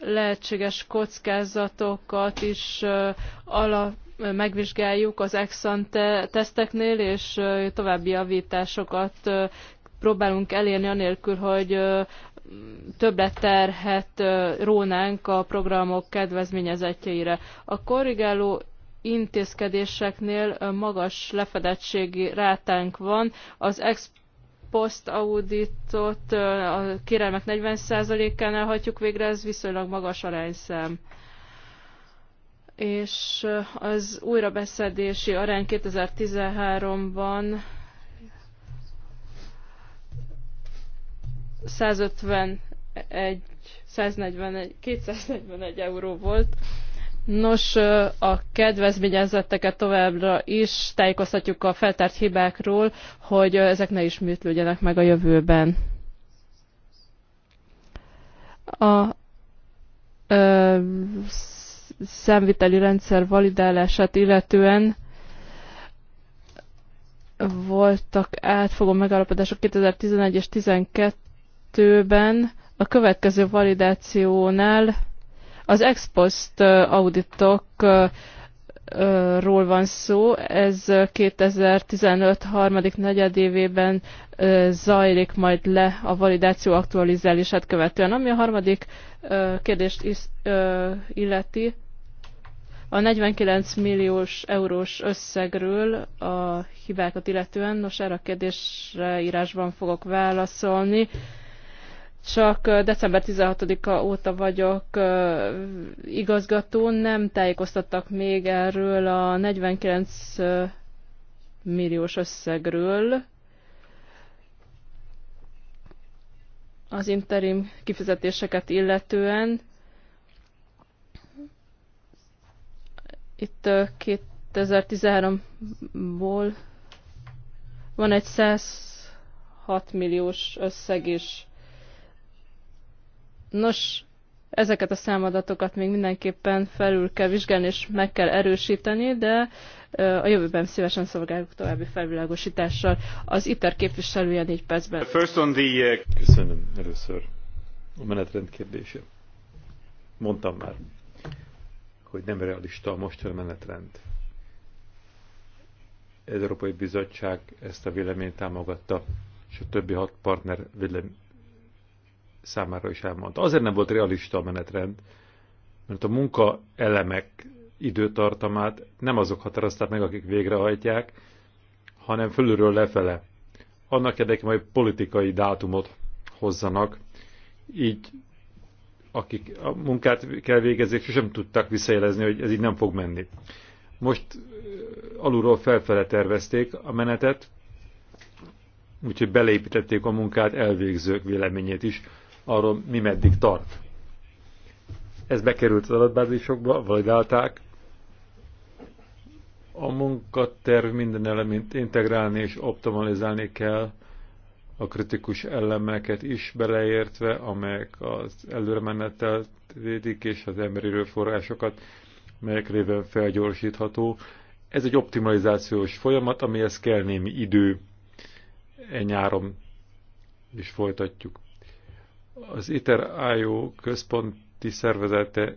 lehetséges kockázatokat is ala, megvizsgáljuk az exxon teszteknél, és további javításokat próbálunk elérni anélkül, hogy többet terhet rónánk a programok kedvezményezetjeire. A korrigáló intézkedéseknél magas lefedettségi rátánk van, az ex posztauditot a kérelmek 40%-án elhagyjuk végre, ez viszonylag magas arányszám és az újrabeszedési arány 2013-ban 151, 141, 241 euró volt, Nos, a kedvezményezetteket továbbra is tájékoztatjuk a feltárt hibákról, hogy ezek ne ismétlődjenek meg a jövőben. A ö, rendszer validálását illetően voltak átfogó megállapodások 2011 és 2012-ben. A következő validációnál az ex post auditok ról van szó. Ez 2015 harmadik negyedévében zajlik majd le a validáció aktualizálását követően. Ami a harmadik kérdést is, illeti, a 49 milliós eurós összegről a hibákat illetően, nos erre a kérdésre írásban fogok válaszolni csak december 16-a óta vagyok igazgató, nem tájékoztattak még erről a 49 milliós összegről. Az interim kifizetéseket illetően. Itt 2013-ból van egy 106 milliós összeg is. Nos, ezeket a számadatokat még mindenképpen felül kell vizsgálni, és meg kell erősíteni, de a jövőben szívesen szolgáljuk további felvilágosítással. Az ITER képviselője négy percben. First on the... Uh, Köszönöm először a menetrend kérdése. Mondtam már, hogy nem realista a mostani menetrend. Az Európai Bizottság ezt a véleményt támogatta, és a többi hat partner számára is elmondta. Azért nem volt realista a menetrend, mert a munka elemek időtartamát nem azok határozták meg, akik végrehajtják, hanem fölülről lefele. Annak érdekében, hogy politikai dátumot hozzanak, így akik a munkát kell végezzék, sosem tudták visszajelezni, hogy ez így nem fog menni. Most alulról felfele tervezték a menetet, úgyhogy beleépítették a munkát elvégzők véleményét is arról mi meddig tart. Ez bekerült az adatbázisokba, validálták. A munkaterv minden elemét integrálni és optimalizálni kell, a kritikus elemeket is beleértve, amelyek az előremenetelt védik és az emberi erőforrásokat, melyek révén felgyorsítható. Ez egy optimalizációs folyamat, amihez kell némi idő, e nyáron is folytatjuk. Az ITER-IO központi szervezete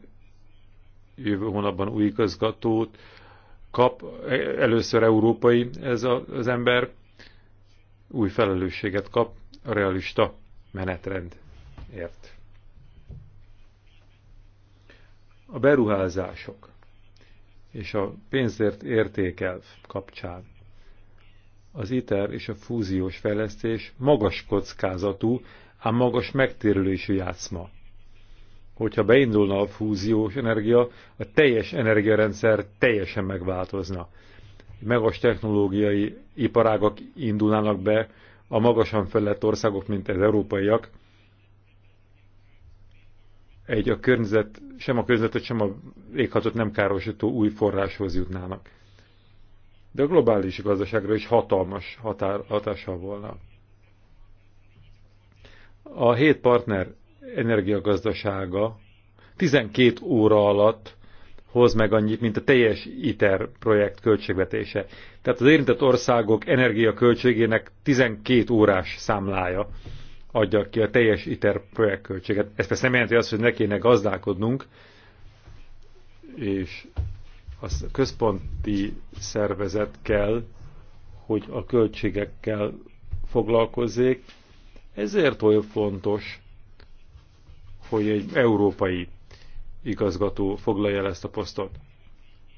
jövő hónapban új igazgatót kap, e, először európai ez az ember, új felelősséget kap a realista menetrendért. A beruházások és a pénzért értékelv kapcsán az ITER és a fúziós fejlesztés magas kockázatú, ám magas megtérülésű játszma. Hogyha beindulna a fúziós energia, a teljes energiarendszer teljesen megváltozna. magas technológiai iparágak indulnának be, a magasan felett országok, mint az európaiak, egy a környezet, sem a környezetet, sem a éghatot nem károsító új forráshoz jutnának. De a globális gazdaságra is hatalmas határ, hatással volna. A hét partner energiagazdasága 12 óra alatt hoz meg annyit, mint a teljes ITER projekt költségvetése. Tehát az érintett országok energiaköltségének 12 órás számlája adja ki a teljes ITER projekt költséget. Ez persze nem jelenti azt, hogy ne kéne gazdálkodnunk, és a központi szervezet kell, hogy a költségekkel foglalkozzék, ezért olyan fontos, hogy egy európai igazgató foglalja el ezt a posztot.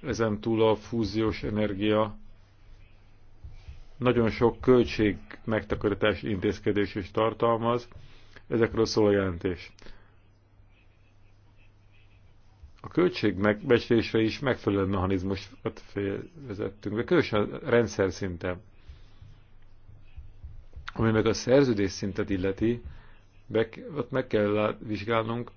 Ezen túl a fúziós energia nagyon sok költség megtakarítás intézkedés is tartalmaz, ezekről szól a jelentés. A költség megbecslésre is megfelelő mechanizmusokat vezettünk be, különösen rendszer szinten. Ami meg a szerződés szintet illeti, be, ott meg kell lát, vizsgálnunk,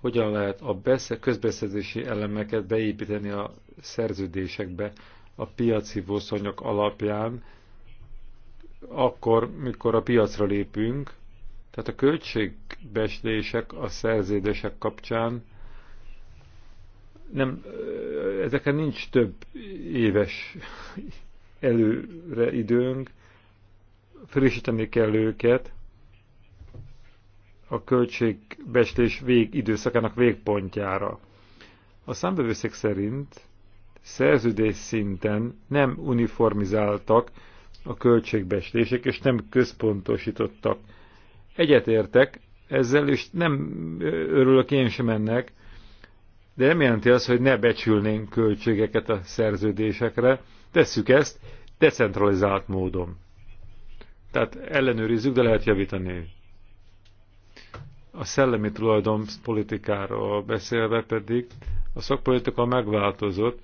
hogyan lehet a besze, közbeszerzési elemeket beépíteni a szerződésekbe a piaci viszonyok alapján, akkor, mikor a piacra lépünk, tehát a költségbeslések a szerződések kapcsán nem, ezeken nincs több éves előre időnk, frissíteni kell őket a költségbestés vég időszakának végpontjára. A számbevőszék szerint szerződés szinten nem uniformizáltak a költségbestések, és nem központosítottak. Egyetértek ezzel, és nem örülök én sem ennek, de nem jelenti az, hogy ne becsülnénk költségeket a szerződésekre. Tesszük ezt decentralizált módon. Tehát ellenőrizzük, de lehet javítani. A szellemi tulajdon politikáról beszélve pedig a szakpolitika megváltozott,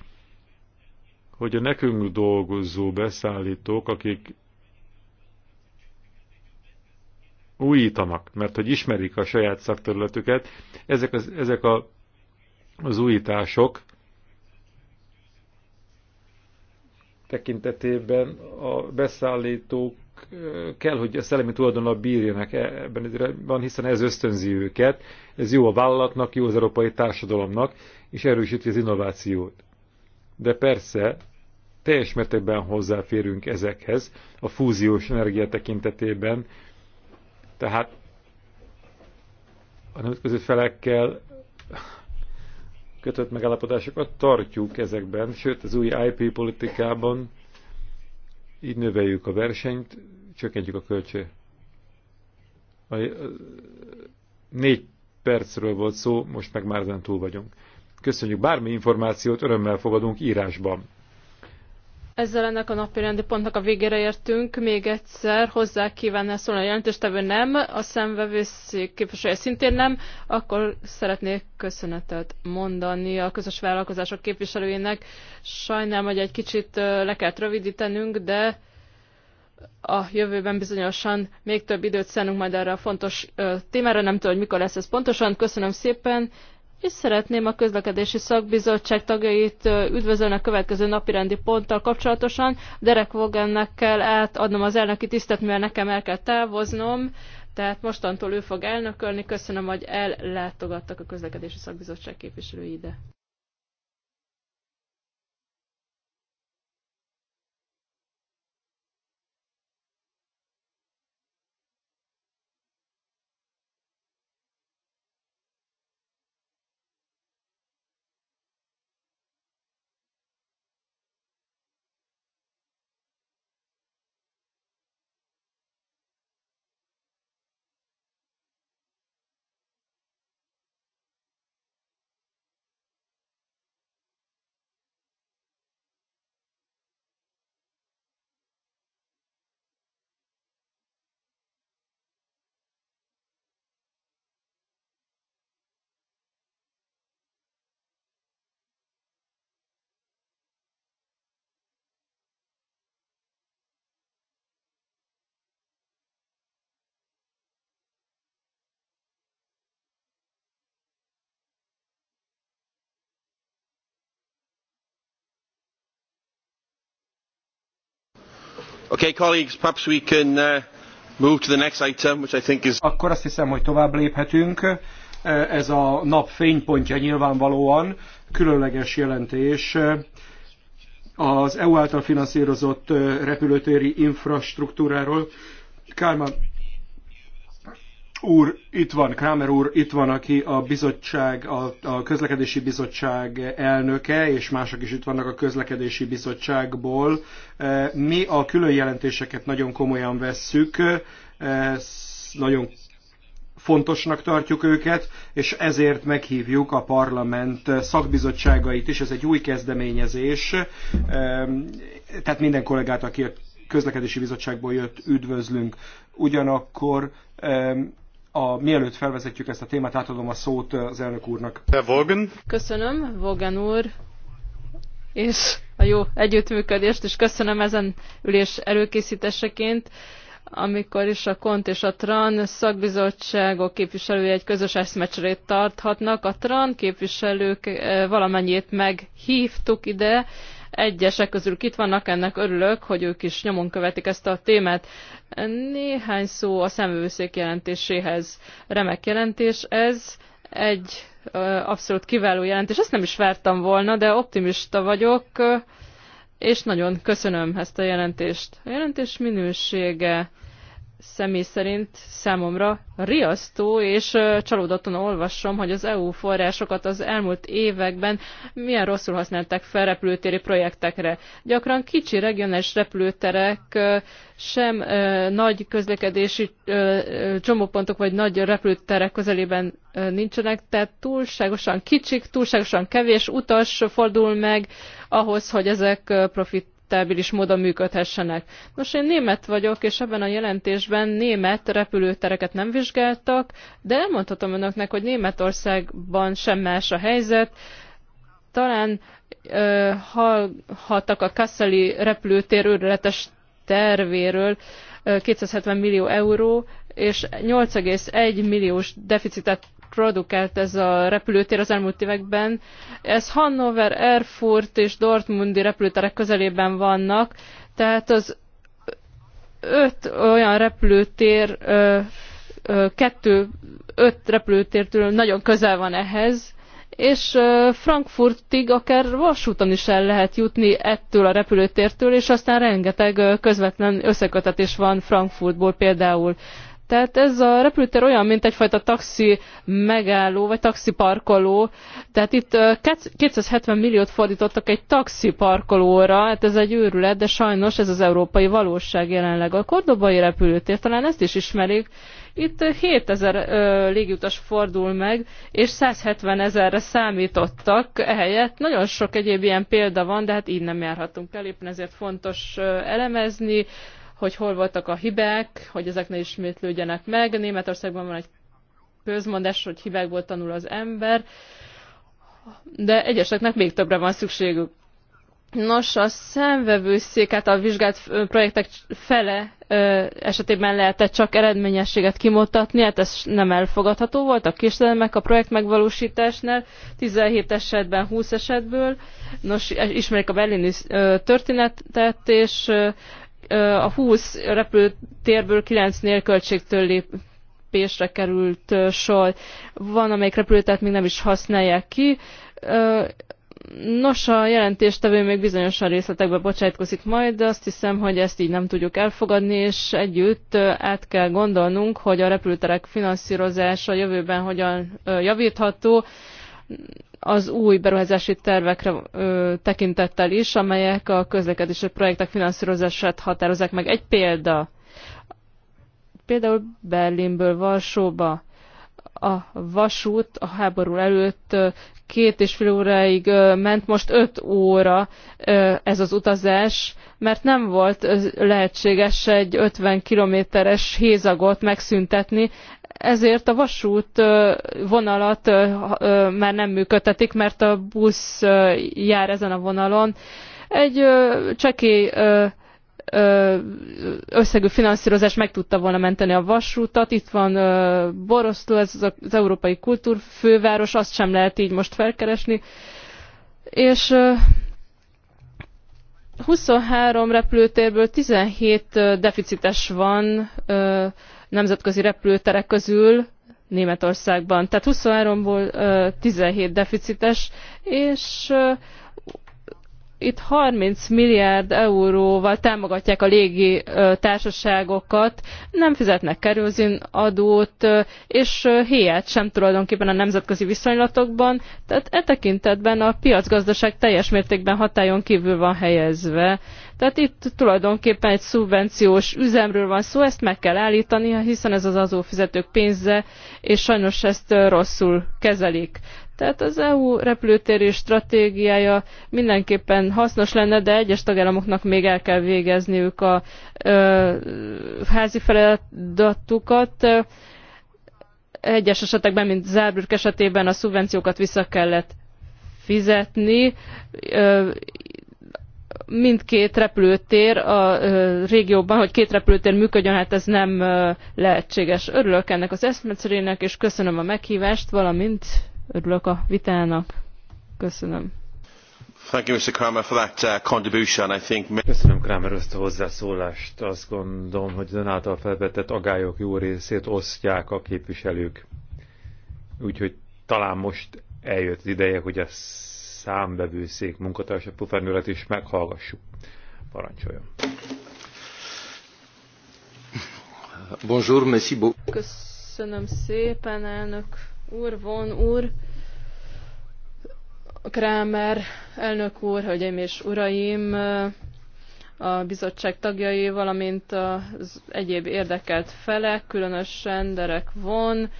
hogy a nekünk dolgozó beszállítók, akik újítanak, mert hogy ismerik a saját szakterületüket, ezek, az, ezek a, az újítások tekintetében a beszállítók kell, hogy a szellemi tulajdonnal bírjanak e- ebben az irányban, hiszen ez ösztönzi őket, ez jó a vállalatnak, jó az európai társadalomnak, és erősíti az innovációt. De persze, teljes mértékben hozzáférünk ezekhez a fúziós energia tekintetében, tehát a nemzetközi felekkel kötött megállapodásokat tartjuk ezekben, sőt az új IP politikában így növeljük a versenyt, csökkentjük a költség. A, a, négy percről volt szó, most meg már ezen túl vagyunk. Köszönjük bármi információt, örömmel fogadunk írásban. Ezzel ennek a napi rendi pontnak a végére értünk. Még egyszer hozzá kívánnál szólni a jelentéstevő nem, a szemvevőszék képviselője szintén nem, akkor szeretnék köszönetet mondani a közös vállalkozások képviselőjének. Sajnálom, hogy egy kicsit le kellett rövidítenünk, de a jövőben bizonyosan még több időt szánunk majd erre a fontos témára, nem tudom, hogy mikor lesz ez pontosan. Köszönöm szépen, és szeretném a közlekedési szakbizottság tagjait üdvözölni a következő napirendi ponttal kapcsolatosan. Derek Vogennek kell átadnom az elnöki tisztet, mivel nekem el kell távoznom, tehát mostantól ő fog elnökölni. Köszönöm, hogy ellátogattak a közlekedési szakbizottság képviselői ide. Okay, colleagues, perhaps we can uh, move to the next item, which I think is... Akkor azt hiszem, hogy tovább léphetünk. Uh, ez a nap fénypontja nyilvánvalóan különleges jelentés uh, az EU által finanszírozott uh, repülőtéri infrastruktúráról. Kálmán úr itt van, Kramer úr itt van, aki a bizottság, a, a közlekedési bizottság elnöke, és mások is itt vannak a közlekedési bizottságból. E, mi a külön jelentéseket nagyon komolyan vesszük, e, nagyon fontosnak tartjuk őket, és ezért meghívjuk a parlament szakbizottságait is, ez egy új kezdeményezés, e, tehát minden kollégát, aki a közlekedési bizottságból jött, üdvözlünk. Ugyanakkor a, mielőtt felvezetjük ezt a témát, átadom a szót az elnök úrnak. Vogan. Köszönöm, Vogan úr, és a jó együttműködést, és köszönöm ezen ülés előkészítéseként amikor is a KONT és a TRAN szakbizottságok képviselői egy közös eszmecserét tarthatnak. A TRAN képviselők valamennyit meghívtuk ide, Egyesek közülük itt vannak, ennek örülök, hogy ők is nyomon követik ezt a témát. Néhány szó a szemvőszék jelentéséhez. Remek jelentés ez. Egy abszolút kiváló jelentés. Ezt nem is vártam volna, de optimista vagyok, és nagyon köszönöm ezt a jelentést. A jelentés minősége személy szerint számomra riasztó, és csalódottan olvasom, hogy az EU forrásokat az elmúlt években milyen rosszul használták fel repülőtéri projektekre. Gyakran kicsi regionális repülőterek sem nagy közlekedési csomópontok vagy nagy repülőterek közelében nincsenek, tehát túlságosan kicsik, túlságosan kevés utas fordul meg ahhoz, hogy ezek profit akceptábilis módon működhessenek. Nos, én német vagyok, és ebben a jelentésben német repülőtereket nem vizsgáltak, de elmondhatom önöknek, hogy Németországban sem más a helyzet. Talán ö, hallhattak a Kasszeli repülőtér őrületes tervéről, 270 millió euró, és 8,1 milliós deficitet produkált ez a repülőtér az elmúlt években. Ez Hannover, Erfurt és Dortmundi repülőterek közelében vannak, tehát az öt olyan repülőtér, kettő, öt repülőtértől nagyon közel van ehhez, és Frankfurtig akár vasúton is el lehet jutni ettől a repülőtértől, és aztán rengeteg közvetlen összekötetés van Frankfurtból például. Tehát ez a repülőtér olyan, mint egyfajta taxi megálló, vagy taxi parkoló. Tehát itt 270 milliót fordítottak egy taxi parkolóra, hát ez egy őrület, de sajnos ez az európai valóság jelenleg. A kordobai repülőtér, talán ezt is ismerik, itt 7000 légiutas fordul meg, és 170 ezerre számítottak ehelyett. Nagyon sok egyéb ilyen példa van, de hát így nem járhatunk el, éppen ezért fontos elemezni, hogy hol voltak a hibák, hogy ezek ne ismétlődjenek meg. Németországban van egy közmondás, hogy hibákból tanul az ember, de egyeseknek még többre van szükségük. Nos, a szemvevőszék a vizsgált projektek fele ö, esetében lehetett csak eredményességet kimutatni, hát ez nem elfogadható volt. A késedelmek a projekt megvalósításnál 17 esetben 20 esetből. Nos, ismerik a berlini történetet, és ö, a 20 repülőtérből 9-nél költségtől lép, pésre került sor. Van, amelyik repülőtet még nem is használják ki. Nos, a jelentéstevő még bizonyosan részletekbe bocsájtkozik majd, de azt hiszem, hogy ezt így nem tudjuk elfogadni, és együtt át kell gondolnunk, hogy a repülőterek finanszírozása jövőben hogyan javítható, az új beruházási tervekre ö, tekintettel is, amelyek a közlekedési projektek finanszírozását határozzák meg. Egy példa, például Berlinből Varsóba a vasút a háború előtt két és fél óráig ment, most öt óra ez az utazás, mert nem volt lehetséges egy 50 kilométeres hézagot megszüntetni, ezért a vasút vonalat már nem működtetik, mert a busz jár ezen a vonalon. Egy csekély összegű finanszírozás meg tudta volna menteni a vasútat. Itt van Borosztó, ez az európai kultúrfőváros, azt sem lehet így most felkeresni. És 23 repülőtérből 17 deficites van, nemzetközi repülőterek közül Németországban. Tehát 23-ból 17 deficites, és itt 30 milliárd euróval támogatják a légi társaságokat, nem fizetnek kerőzin adót, és héját sem tulajdonképpen a nemzetközi viszonylatokban, tehát e tekintetben a piacgazdaság teljes mértékben hatályon kívül van helyezve. Tehát itt tulajdonképpen egy szubvenciós üzemről van szó, ezt meg kell állítani, hiszen ez az azófizetők pénze, és sajnos ezt rosszul kezelik. Tehát az EU repülőtéri stratégiája mindenképpen hasznos lenne, de egyes tagállamoknak még el kell végezniük a ö, házi feladatukat. Egyes esetekben, mint Zárbürk esetében a szubvenciókat vissza kellett fizetni mindkét repülőtér a régióban, hogy két repülőtér működjön, hát ez nem lehetséges. Örülök ennek az eszmecserének, és köszönöm a meghívást, valamint örülök a vitának. Köszönöm. Thank you, Mr. Kramer, for that uh, contribution. I think... Köszönöm Kramer ezt a hozzászólást. Azt gondolom, hogy ön által felvetett agályok jó részét osztják a képviselők. Úgyhogy talán most eljött az ideje, hogy ezt számbevőszék munkatársa Pufernőlet is meghallgassuk. Parancsoljon. Bonjour, merci beaucoup. Köszönöm szépen, elnök úr, von úr, Krámer, elnök úr, hölgyeim és uraim, a bizottság tagjai, valamint az egyéb érdekelt felek, különösen Derek von,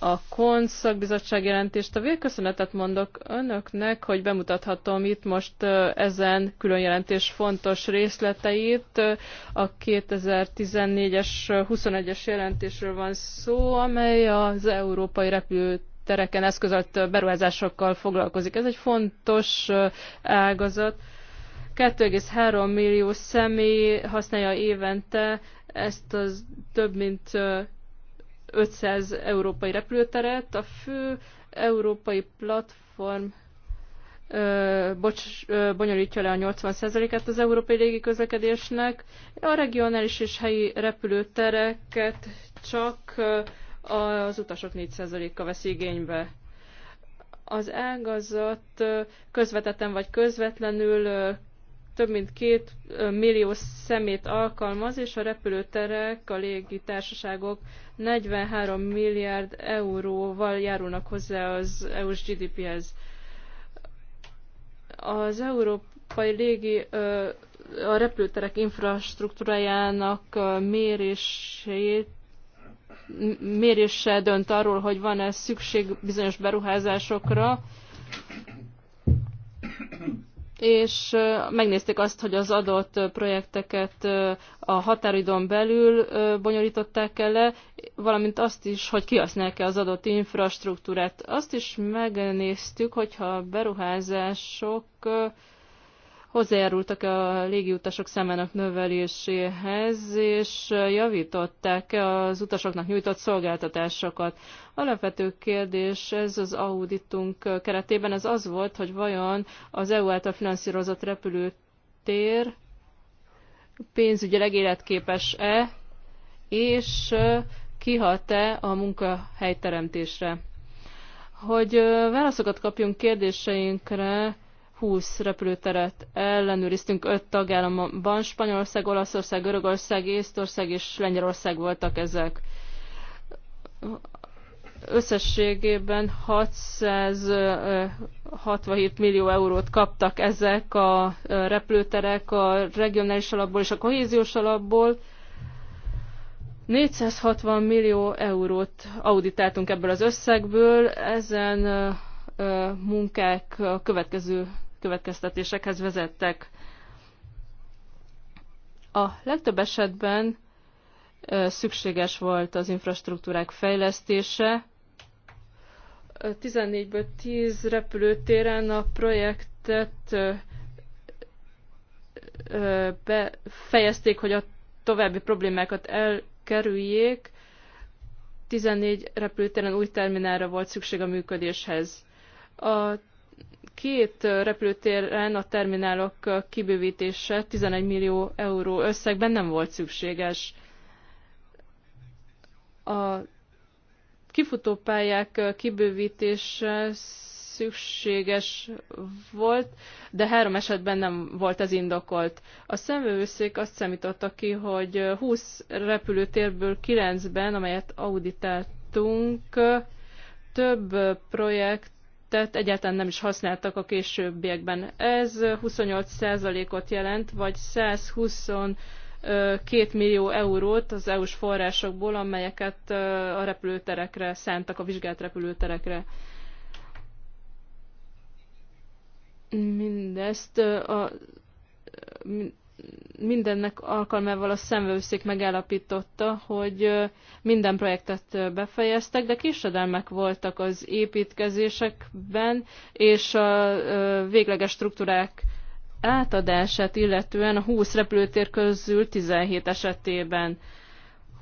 a KON szakbizottság jelentést. A köszönetet mondok önöknek, hogy bemutathatom itt most ezen külön jelentés fontos részleteit. A 2014-es 21-es jelentésről van szó, amely az európai repülőt tereken eszközölt beruházásokkal foglalkozik. Ez egy fontos ágazat. 2,3 millió személy használja évente ezt az több mint 500 európai repülőteret. A fő európai platform ö, bocs, ö, bonyolítja le a 80%-át az európai légi közlekedésnek. A regionális és helyi repülőtereket csak az utasok 4%-a vesz igénybe az ágazat közvetetten vagy közvetlenül több mint két millió szemét alkalmaz, és a repülőterek, a légitársaságok 43 milliárd euróval járulnak hozzá az EU-s GDP-hez. Az európai légi a repülőterek infrastruktúrájának mérését mérése dönt arról, hogy van-e szükség bizonyos beruházásokra, és megnézték azt, hogy az adott projekteket a határidon belül bonyolították el le, valamint azt is, hogy kihasználják-e az adott infrastruktúrát. Azt is megnéztük, hogyha beruházások hozzájárultak a légiutasok számának növeléséhez, és javították az utasoknak nyújtott szolgáltatásokat. Alapvető kérdés ez az auditunk keretében ez az volt, hogy vajon az EU által finanszírozott repülőtér pénzügyileg életképes-e, és kihat-e a munkahelyteremtésre. Hogy válaszokat kapjunk kérdéseinkre, 20 repülőteret ellenőriztünk 5 tagállamban, Spanyolország, Olaszország, Görögország, Észtország és Lengyelország voltak ezek. Összességében 667 millió eurót kaptak ezek a repülőterek a regionális alapból és a kohéziós alapból. 460 millió eurót auditáltunk ebből az összegből, ezen munkák a következő következtetésekhez vezettek. A legtöbb esetben szükséges volt az infrastruktúrák fejlesztése. 14-ből 10 repülőtéren a projektet befejezték, hogy a további problémákat elkerüljék. 14 repülőtéren új terminálra volt szükség a működéshez. A két repülőtéren a terminálok kibővítése 11 millió euró összegben nem volt szükséges. A kifutópályák kibővítése szükséges volt, de három esetben nem volt ez indokolt. A szemvevőszék azt számította ki, hogy 20 repülőtérből 9-ben, amelyet auditáltunk, több projekt tett, egyáltalán nem is használtak a későbbiekben. Ez 28%-ot jelent, vagy 122 millió eurót az EU-s forrásokból, amelyeket a repülőterekre szántak, a vizsgált repülőterekre. Mindezt a mindennek alkalmával a szemvőszék megállapította, hogy minden projektet befejeztek, de késedelmek voltak az építkezésekben, és a végleges struktúrák átadását illetően a 20 repülőtér közül 17 esetében.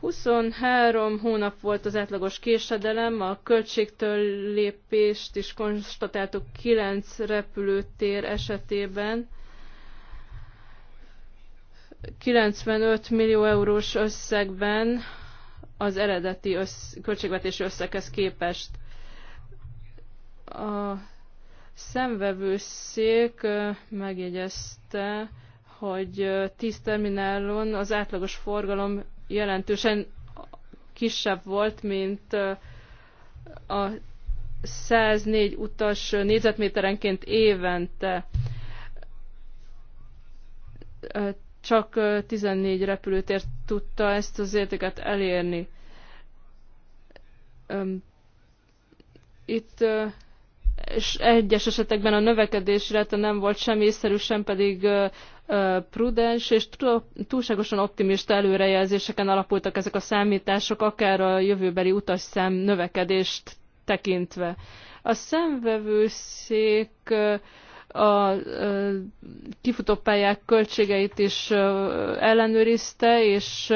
23 hónap volt az átlagos késedelem, a költségtől lépést is konstatáltuk 9 repülőtér esetében, 95 millió eurós összegben az eredeti össz, költségvetési összeghez képest. A szemvevőszék megjegyezte, hogy 10 terminálon az átlagos forgalom jelentősen kisebb volt, mint a 104 utas négyzetméterenként évente csak 14 repülőtért tudta ezt az értéket elérni. Itt és egyes esetekben a növekedésre illetve nem volt sem észszerű, sem pedig prudens, és túlságosan optimista előrejelzéseken alapultak ezek a számítások, akár a jövőbeli utasszám növekedést tekintve. A szemvevőszék a kifutópályák költségeit is ellenőrizte, és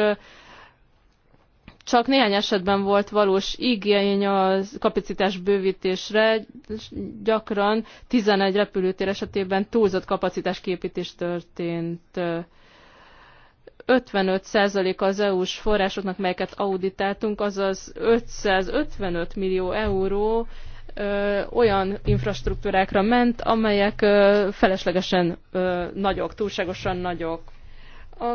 csak néhány esetben volt valós igény a kapacitás bővítésre, gyakran 11 repülőtér esetében túlzott kapacitás képítés történt. 55% az EU-s forrásoknak, melyeket auditáltunk, azaz 555 millió euró, olyan infrastruktúrákra ment, amelyek feleslegesen nagyok, túlságosan nagyok. A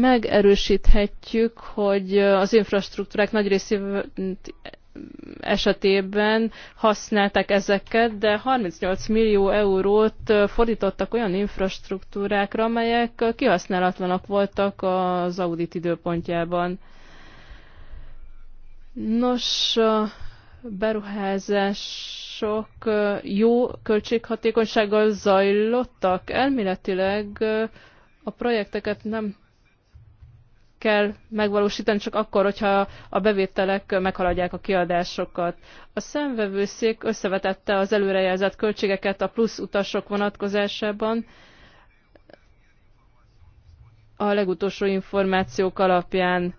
megerősíthetjük, hogy az infrastruktúrák nagy részében esetében használták ezeket, de 38 millió eurót fordítottak olyan infrastruktúrákra, amelyek kihasználatlanak voltak az audit időpontjában. Nos, beruházások jó költséghatékonysággal zajlottak. Elméletileg a projekteket nem kell megvalósítani csak akkor, hogyha a bevételek meghaladják a kiadásokat. A szemvevőszék összevetette az előrejelzett költségeket a plusz utasok vonatkozásában a legutolsó információk alapján.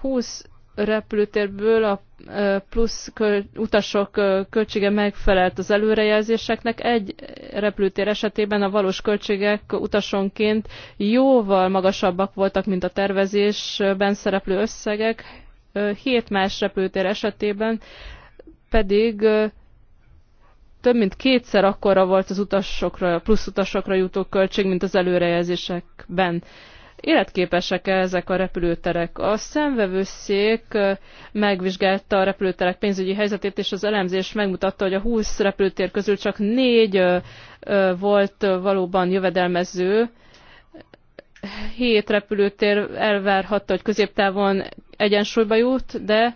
20 repülőtérből a plusz utasok költsége megfelelt az előrejelzéseknek. Egy repülőtér esetében a valós költségek utasonként jóval magasabbak voltak, mint a tervezésben szereplő összegek. Hét más repülőtér esetében pedig több mint kétszer akkora volt az utasokra, plusz utasokra jutó költség, mint az előrejelzésekben. Életképesek -e ezek a repülőterek? A szemvevőszék megvizsgálta a repülőterek pénzügyi helyzetét, és az elemzés megmutatta, hogy a 20 repülőtér közül csak 4 volt valóban jövedelmező, hét repülőtér elvárhatta, hogy középtávon egyensúlyba jut, de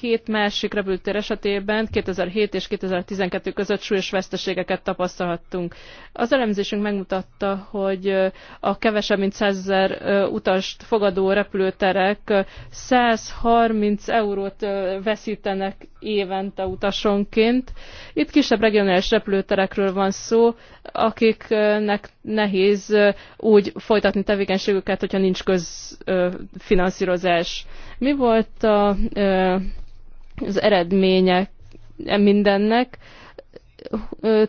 hét másik repülőtér esetében 2007 és 2012 között súlyos veszteségeket tapasztalhattunk. Az elemzésünk megmutatta, hogy a kevesebb mint 100 ezer utast fogadó repülőterek 130 eurót veszítenek évente utasonként. Itt kisebb regionális repülőterekről van szó, akiknek nehéz úgy folytatni tevékenységüket, hogyha nincs közfinanszírozás. Mi volt a az eredménye mindennek.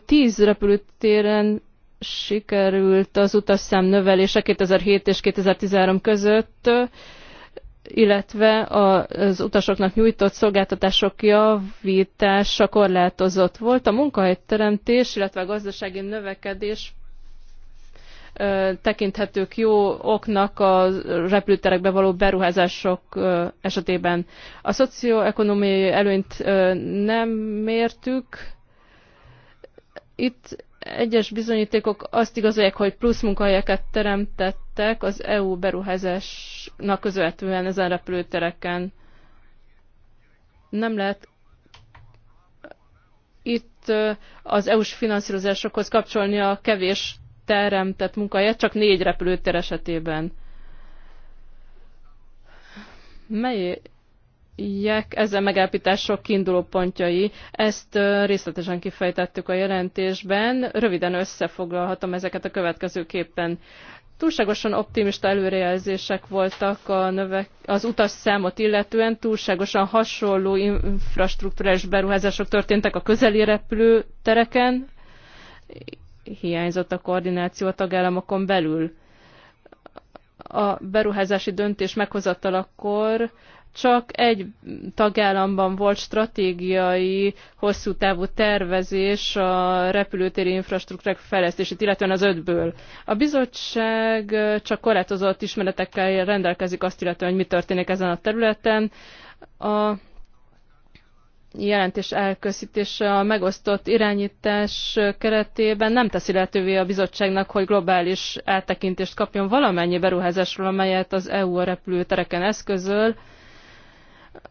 Tíz repülőtéren sikerült az utasszám növelése 2007 és 2013 között, illetve az utasoknak nyújtott szolgáltatások javítása korlátozott volt. A munkahelyteremtés, illetve a gazdasági növekedés tekinthetők jó oknak a repülőterekbe való beruházások esetében. A szocioekonomiai előnyt nem mértük. Itt egyes bizonyítékok azt igazolják, hogy plusz munkahelyeket teremtettek az EU beruházásnak közvetően ezen repülőtereken. Nem lehet itt az EU-s finanszírozásokhoz kapcsolni a kevés teremtett munkahelyet, csak négy repülőtér esetében. Melyek ezen megállapítások kiinduló pontjai? Ezt részletesen kifejtettük a jelentésben. Röviden összefoglalhatom ezeket a következőképpen túlságosan optimista előrejelzések voltak a növek, az utas számot illetően, túlságosan hasonló infrastruktúrás beruházások történtek a közeli repülőtereken, hiányzott a koordináció a tagállamokon belül. A beruházási döntés meghozatalakor csak egy tagállamban volt stratégiai, hosszú távú tervezés a repülőtéri infrastruktúrák fejlesztését, illetően az ötből. A bizottság csak korlátozott ismeretekkel rendelkezik azt illetően, hogy mi történik ezen a területen. A jelentés elkészítése a megosztott irányítás keretében nem teszi lehetővé a bizottságnak, hogy globális áttekintést kapjon valamennyi beruházásról, amelyet az EU a repülőtereken eszközöl.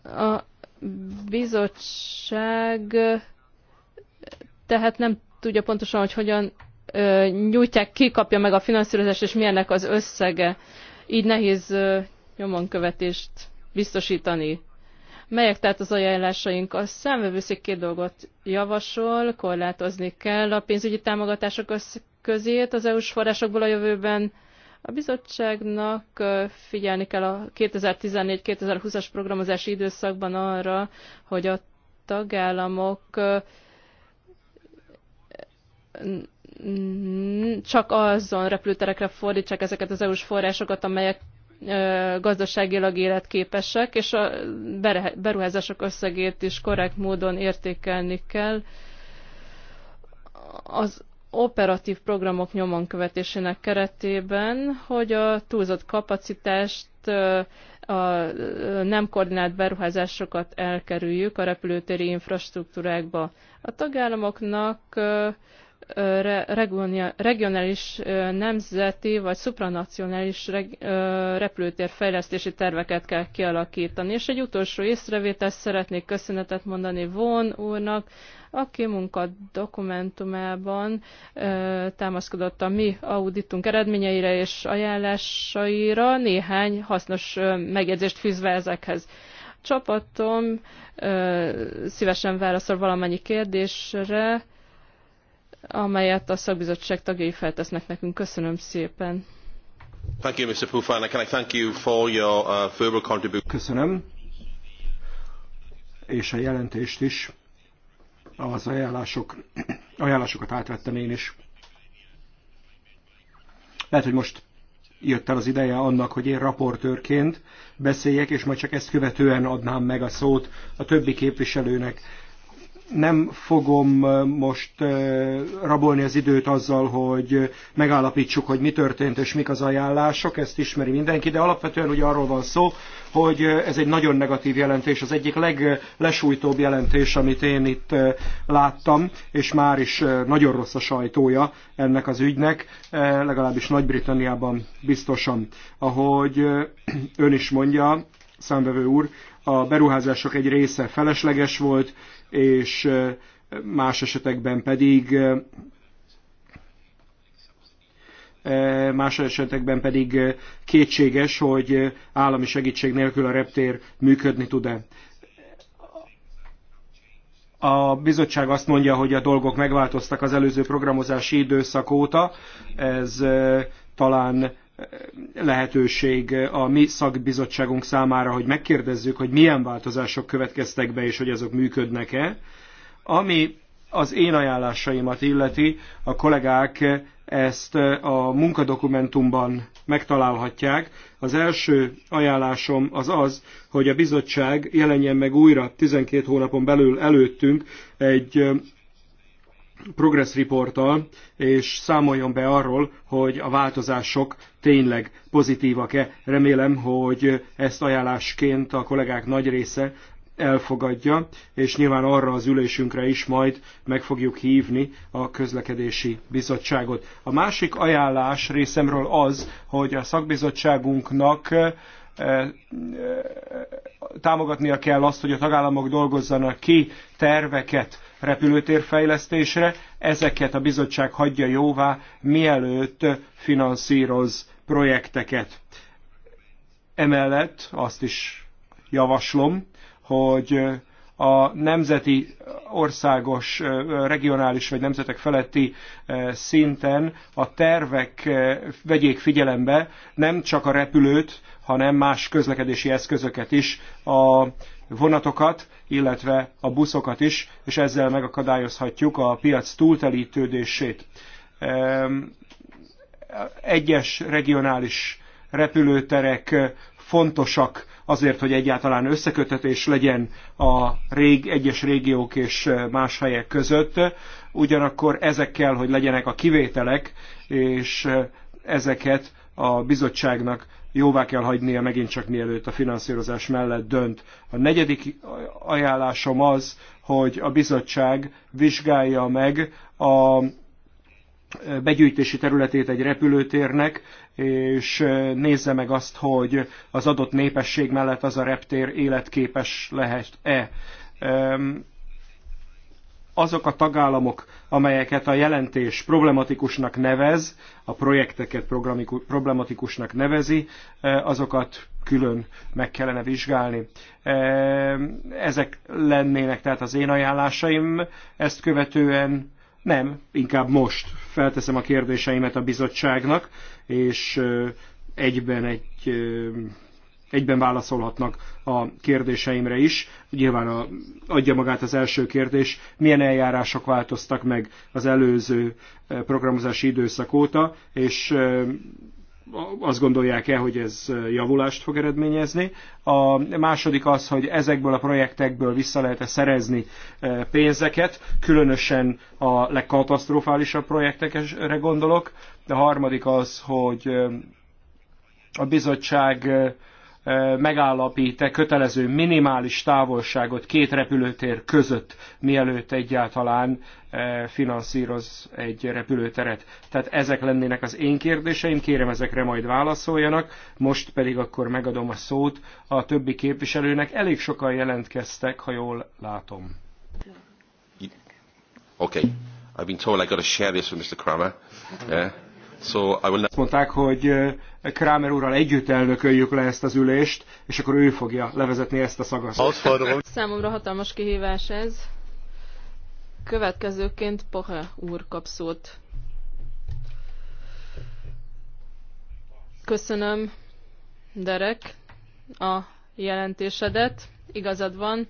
A bizottság tehát nem tudja pontosan, hogy hogyan nyújtják, ki kapja meg a finanszírozást, és milyennek az összege. Így nehéz nyomonkövetést biztosítani. Melyek tehát az ajánlásaink? A számvevőszék két dolgot javasol, korlátozni kell a pénzügyi támogatások közét az EU-s forrásokból a jövőben. A bizottságnak figyelni kell a 2014-2020-as programozási időszakban arra, hogy a tagállamok csak azon repülőterekre fordítsák ezeket az EU-s forrásokat, amelyek gazdaságilag életképesek, és a beruházások összegét is korrekt módon értékelni kell. Az operatív programok nyomon követésének keretében, hogy a túlzott kapacitást, a nem koordinált beruházásokat elkerüljük a repülőtéri infrastruktúrákba. A tagállamoknak regionális, nemzeti vagy szupranacionális repülőtér fejlesztési terveket kell kialakítani. És egy utolsó észrevétel szeretnék köszönetet mondani Von úrnak, aki munka dokumentumában támaszkodott a mi auditunk eredményeire és ajánlásaira, néhány hasznos megjegyzést fűzve ezekhez csapatom szívesen válaszol valamennyi kérdésre, amelyet a szakbizottság tagjai feltesznek nekünk. Köszönöm szépen. Thank you, Mr. Can I thank you for your uh, verbal contribution? Köszönöm. És a jelentést is. Az ajánlások, ajánlásokat átvettem én is. Lehet, hogy most jött el az ideje annak, hogy én raportőrként beszéljek, és majd csak ezt követően adnám meg a szót a többi képviselőnek nem fogom most rabolni az időt azzal, hogy megállapítsuk, hogy mi történt és mik az ajánlások, ezt ismeri mindenki, de alapvetően ugye arról van szó, hogy ez egy nagyon negatív jelentés, az egyik leglesújtóbb jelentés, amit én itt láttam, és már is nagyon rossz a sajtója ennek az ügynek, legalábbis Nagy-Britanniában biztosan. Ahogy ön is mondja, számvevő úr, a beruházások egy része felesleges volt, és más esetekben pedig más esetekben pedig kétséges, hogy állami segítség nélkül a reptér működni tud-e. A bizottság azt mondja, hogy a dolgok megváltoztak az előző programozási időszak óta, ez talán lehetőség a mi szakbizottságunk számára, hogy megkérdezzük, hogy milyen változások következtek be, és hogy azok működnek-e. Ami az én ajánlásaimat illeti, a kollégák ezt a munkadokumentumban megtalálhatják. Az első ajánlásom az az, hogy a bizottság jelenjen meg újra 12 hónapon belül előttünk egy progress reporttal, és számoljon be arról, hogy a változások tényleg pozitívak-e. Remélem, hogy ezt ajánlásként a kollégák nagy része elfogadja, és nyilván arra az ülésünkre is majd meg fogjuk hívni a közlekedési bizottságot. A másik ajánlás részemről az, hogy a szakbizottságunknak eh, eh, eh, támogatnia kell azt, hogy a tagállamok dolgozzanak ki terveket repülőtérfejlesztésre, ezeket a bizottság hagyja jóvá, mielőtt finanszíroz projekteket. Emellett azt is javaslom, hogy a nemzeti, országos, regionális vagy nemzetek feletti szinten a tervek vegyék figyelembe nem csak a repülőt, hanem más közlekedési eszközöket is a vonatokat, illetve a buszokat is, és ezzel megakadályozhatjuk a piac túltelítődését. Ehm, egyes regionális repülőterek fontosak azért, hogy egyáltalán összekötetés legyen a rég, egyes régiók és más helyek között. Ugyanakkor ezek kell, hogy legyenek a kivételek, és ezeket a bizottságnak jóvá kell hagynia megint csak mielőtt a finanszírozás mellett dönt. A negyedik ajánlásom az, hogy a bizottság vizsgálja meg a begyűjtési területét egy repülőtérnek, és nézze meg azt, hogy az adott népesség mellett az a reptér életképes lehet-e azok a tagállamok, amelyeket a jelentés problematikusnak nevez, a projekteket problematikusnak nevezi, e, azokat külön meg kellene vizsgálni. E, ezek lennének tehát az én ajánlásaim, ezt követően nem, inkább most felteszem a kérdéseimet a bizottságnak, és e, egyben egy egyben válaszolhatnak a kérdéseimre is. Nyilván a, adja magát az első kérdés, milyen eljárások változtak meg az előző eh, programozási időszak óta, és eh, azt gondolják-e, hogy ez eh, javulást fog eredményezni. A második az, hogy ezekből a projektekből vissza lehet-e szerezni pénzeket, különösen a legkatasztrofálisabb projektekre gondolok. A harmadik az, hogy a bizottság megállapít-e kötelező minimális távolságot két repülőtér között, mielőtt egyáltalán finanszíroz egy repülőteret. Tehát ezek lennének az én kérdéseim, kérem ezekre majd válaszoljanak, most pedig akkor megadom a szót a többi képviselőnek. Elég sokan jelentkeztek, ha jól látom. Okay. I've been told I got to share this with Mr. Kramer. Yeah. So I will... Azt mondták, hogy Kramer úrral együtt elnököljük le ezt az ülést, és akkor ő fogja levezetni ezt a szagaszt. Számomra hatalmas kihívás ez. Következőként Pohe úr kap szót. Köszönöm, Derek, a jelentésedet. Igazad van.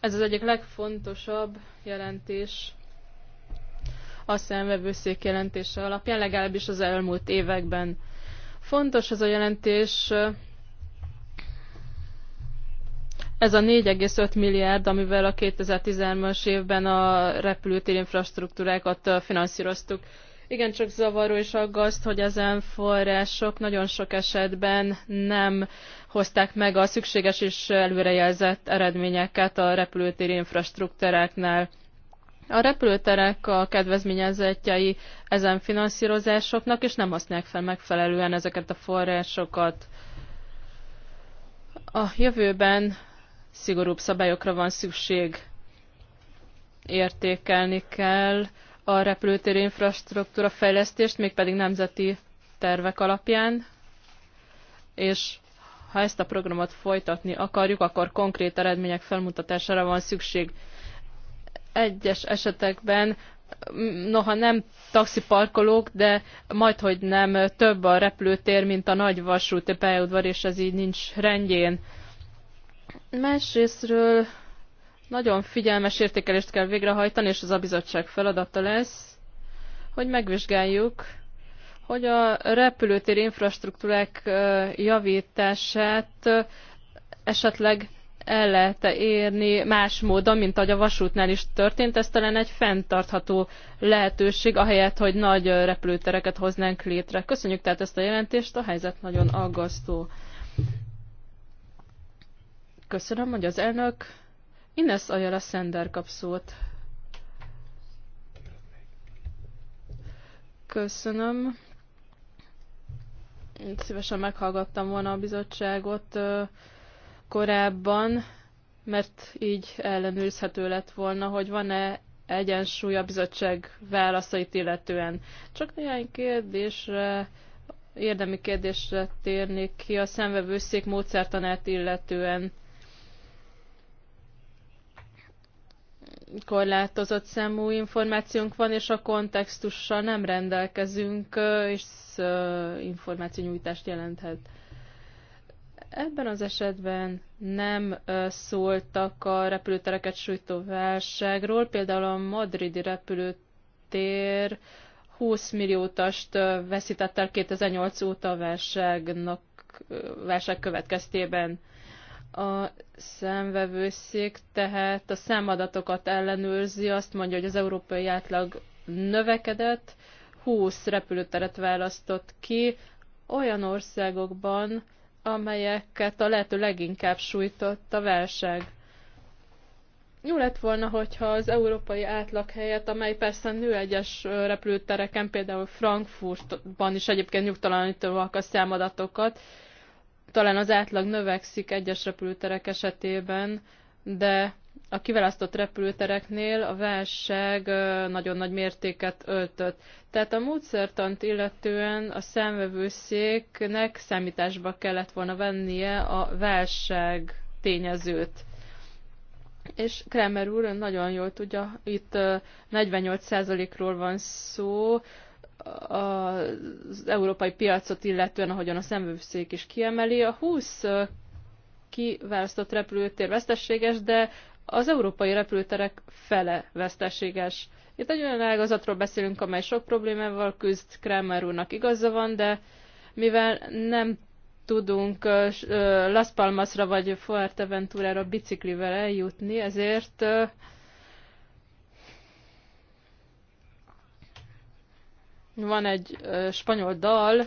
Ez az egyik legfontosabb jelentés a szemvevőszék jelentése alapján, legalábbis az elmúlt években. Fontos ez a jelentés, ez a 4,5 milliárd, amivel a 2013-as évben a repülőtér infrastruktúrákat finanszíroztuk. Igen, csak zavaró és aggaszt, hogy ezen források nagyon sok esetben nem hozták meg a szükséges és előrejelzett eredményeket a repülőtéri infrastruktúráknál. A repülőterek a kedvezményezettjei ezen finanszírozásoknak, és nem használják fel megfelelően ezeket a forrásokat. A jövőben szigorúbb szabályokra van szükség. Értékelni kell a repülőtér infrastruktúra fejlesztést, mégpedig nemzeti tervek alapján, és ha ezt a programot folytatni akarjuk, akkor konkrét eredmények felmutatására van szükség egyes esetekben noha nem taxiparkolók, de majdhogy nem több a repülőtér, mint a nagy vasúti pályaudvar, és ez így nincs rendjén. Másrésztről nagyon figyelmes értékelést kell végrehajtani, és az a bizottság feladata lesz, hogy megvizsgáljuk, hogy a repülőtér infrastruktúrák javítását esetleg el lehet -e érni más módon, mint ahogy a vasútnál is történt. Ez talán egy fenntartható lehetőség, ahelyett, hogy nagy repülőtereket hoznánk létre. Köszönjük tehát ezt a jelentést, a helyzet nagyon aggasztó. Köszönöm, hogy az elnök Ines Ajala Szender kap szót. Köszönöm. Én szívesen meghallgattam volna a bizottságot korábban, mert így ellenőrizhető lett volna, hogy van-e egyensúly a bizottság válaszait illetően. Csak néhány kérdésre, érdemi kérdésre térnék ki a szemvevőszék módszertanát illetően. korlátozott szemú információnk van, és a kontextussal nem rendelkezünk, és információnyújtást jelenthet. Ebben az esetben nem szóltak a repülőtereket sújtó válságról, például a madridi repülőtér 20 millió utast veszített el 2008 óta a válságnak, válság következtében. A szemvevőszék tehát a számadatokat ellenőrzi, azt mondja, hogy az európai átlag növekedett, 20 repülőteret választott ki olyan országokban, amelyeket a lehető leginkább sújtott a válság. Jó lett volna, hogyha az európai átlag helyett, amely persze nő egyes repülőtereken, például Frankfurtban is egyébként nyugtalanítóak a számadatokat, talán az átlag növekszik egyes repülőterek esetében, de a kiválasztott repülőtereknél a válság nagyon nagy mértéket öltött. Tehát a módszertant illetően a számvevőszéknek számításba kellett volna vennie a válság tényezőt. És Kramer úr nagyon jól tudja, itt 48%-ról van szó, az európai piacot illetően, ahogyan a szemvőszék is kiemeli, a 20 kiválasztott repülőtér veszteséges, de az európai repülőterek fele veszteséges. Itt egy olyan ágazatról beszélünk, amely sok problémával küzd, Kramer úrnak igaza van, de mivel nem tudunk Las Palmasra vagy Fuerteventurára biciklivel eljutni, ezért van egy spanyol dal,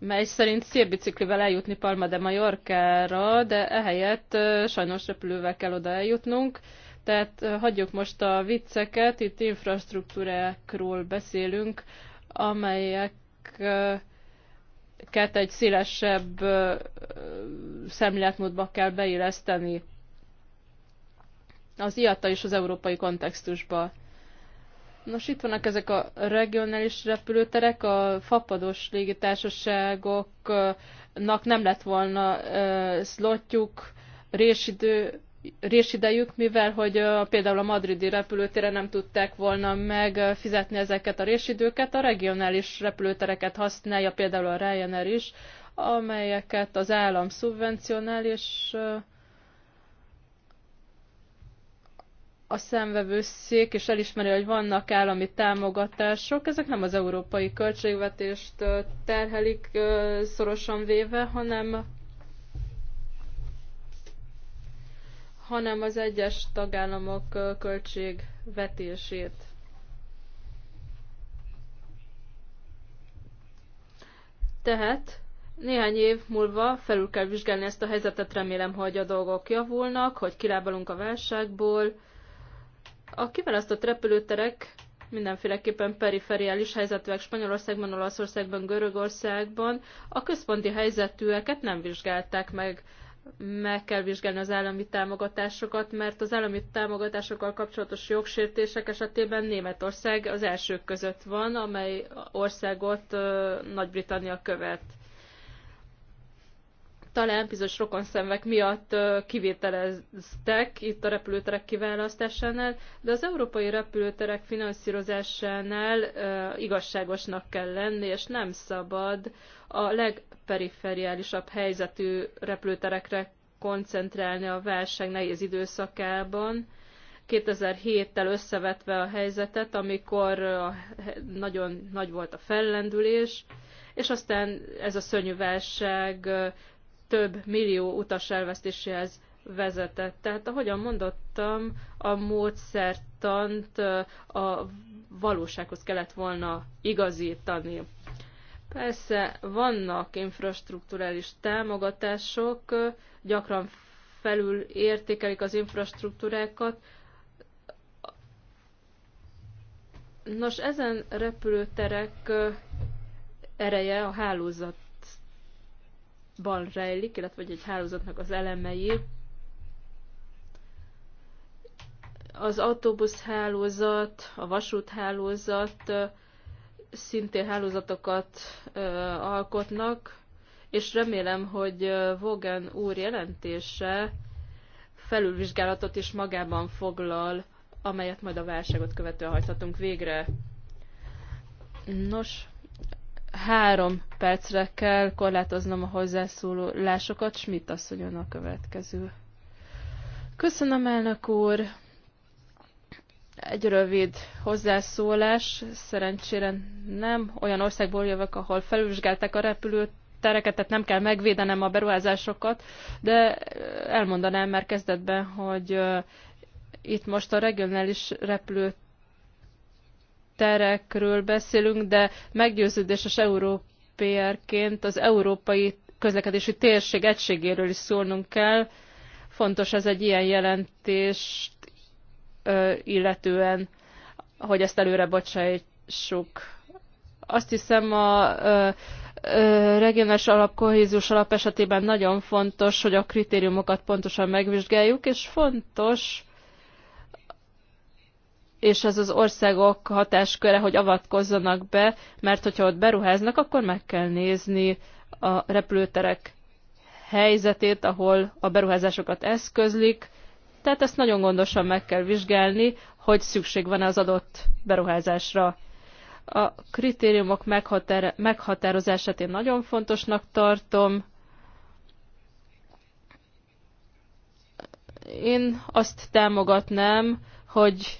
mely szerint szélbiciklivel eljutni Palma de Mallorca-ra, de ehelyett sajnos repülővel kell oda eljutnunk. Tehát hagyjuk most a vicceket, itt infrastruktúrákról beszélünk, amelyeket egy szélesebb szemléletmódba kell beilleszteni. Az IATA is az európai kontextusba. Nos, itt vannak ezek a regionális repülőterek, a fapados légitársaságoknak nem lett volna szlotjuk, résidő, résidejük, mivel hogy például a madridi repülőtére nem tudták volna megfizetni ezeket a résidőket, a regionális repülőtereket használja például a Ryanair is, amelyeket az állam szubvencionál, és a szemvevőszék és elismeri, hogy vannak állami támogatások, ezek nem az európai költségvetést terhelik szorosan véve, hanem hanem az egyes tagállamok költségvetését. Tehát néhány év múlva felül kell vizsgálni ezt a helyzetet, remélem, hogy a dolgok javulnak, hogy kilábalunk a válságból, a kiválasztott repülőterek mindenféleképpen periferiális helyzetűek Spanyolországban, Olaszországban, Görögországban. A központi helyzetűeket nem vizsgálták meg. Meg kell vizsgálni az állami támogatásokat, mert az állami támogatásokkal kapcsolatos jogsértések esetében Németország az elsők között van, amely országot Nagy-Britannia követ talán bizonyos rokonszenvek miatt kivételeztek itt a repülőterek kiválasztásánál, de az európai repülőterek finanszírozásánál igazságosnak kell lenni, és nem szabad a legperiferiálisabb helyzetű repülőterekre koncentrálni a válság nehéz időszakában. 2007-tel összevetve a helyzetet, amikor nagyon nagy volt a fellendülés, és aztán ez a szörnyű válság több millió utas elvesztéséhez vezetett. Tehát ahogyan mondottam, a módszertant a valósághoz kellett volna igazítani. Persze vannak infrastruktúrális támogatások, gyakran felül értékelik az infrastruktúrákat. Nos, ezen repülőterek ereje a hálózat ban rejlik, illetve egy hálózatnak az elemei. Az autóbuszhálózat, a vasúthálózat szintén hálózatokat alkotnak, és remélem, hogy Vogan úr jelentése felülvizsgálatot is magában foglal, amelyet majd a válságot követően hajthatunk végre. Nos, három percre kell korlátoznom a hozzászólásokat. Schmidt hogy a következő. Köszönöm, elnök úr! Egy rövid hozzászólás. Szerencsére nem olyan országból jövök, ahol felülvizsgálták a repülőt, tereket, tehát nem kell megvédenem a beruházásokat, de elmondanám már kezdetben, hogy itt most a regionális repülőt terekről beszélünk, de meggyőződéses európérként az európai közlekedési térség egységéről is szólnunk kell. Fontos ez egy ilyen jelentést illetően, hogy ezt előre bocsájtsuk. Azt hiszem a regionális alap, alap esetében nagyon fontos, hogy a kritériumokat pontosan megvizsgáljuk, és fontos, és ez az országok hatásköre, hogy avatkozzanak be, mert hogyha ott beruháznak, akkor meg kell nézni a repülőterek helyzetét, ahol a beruházásokat eszközlik, tehát ezt nagyon gondosan meg kell vizsgálni, hogy szükség van az adott beruházásra. A kritériumok meghatározását én nagyon fontosnak tartom. Én azt támogatnám, hogy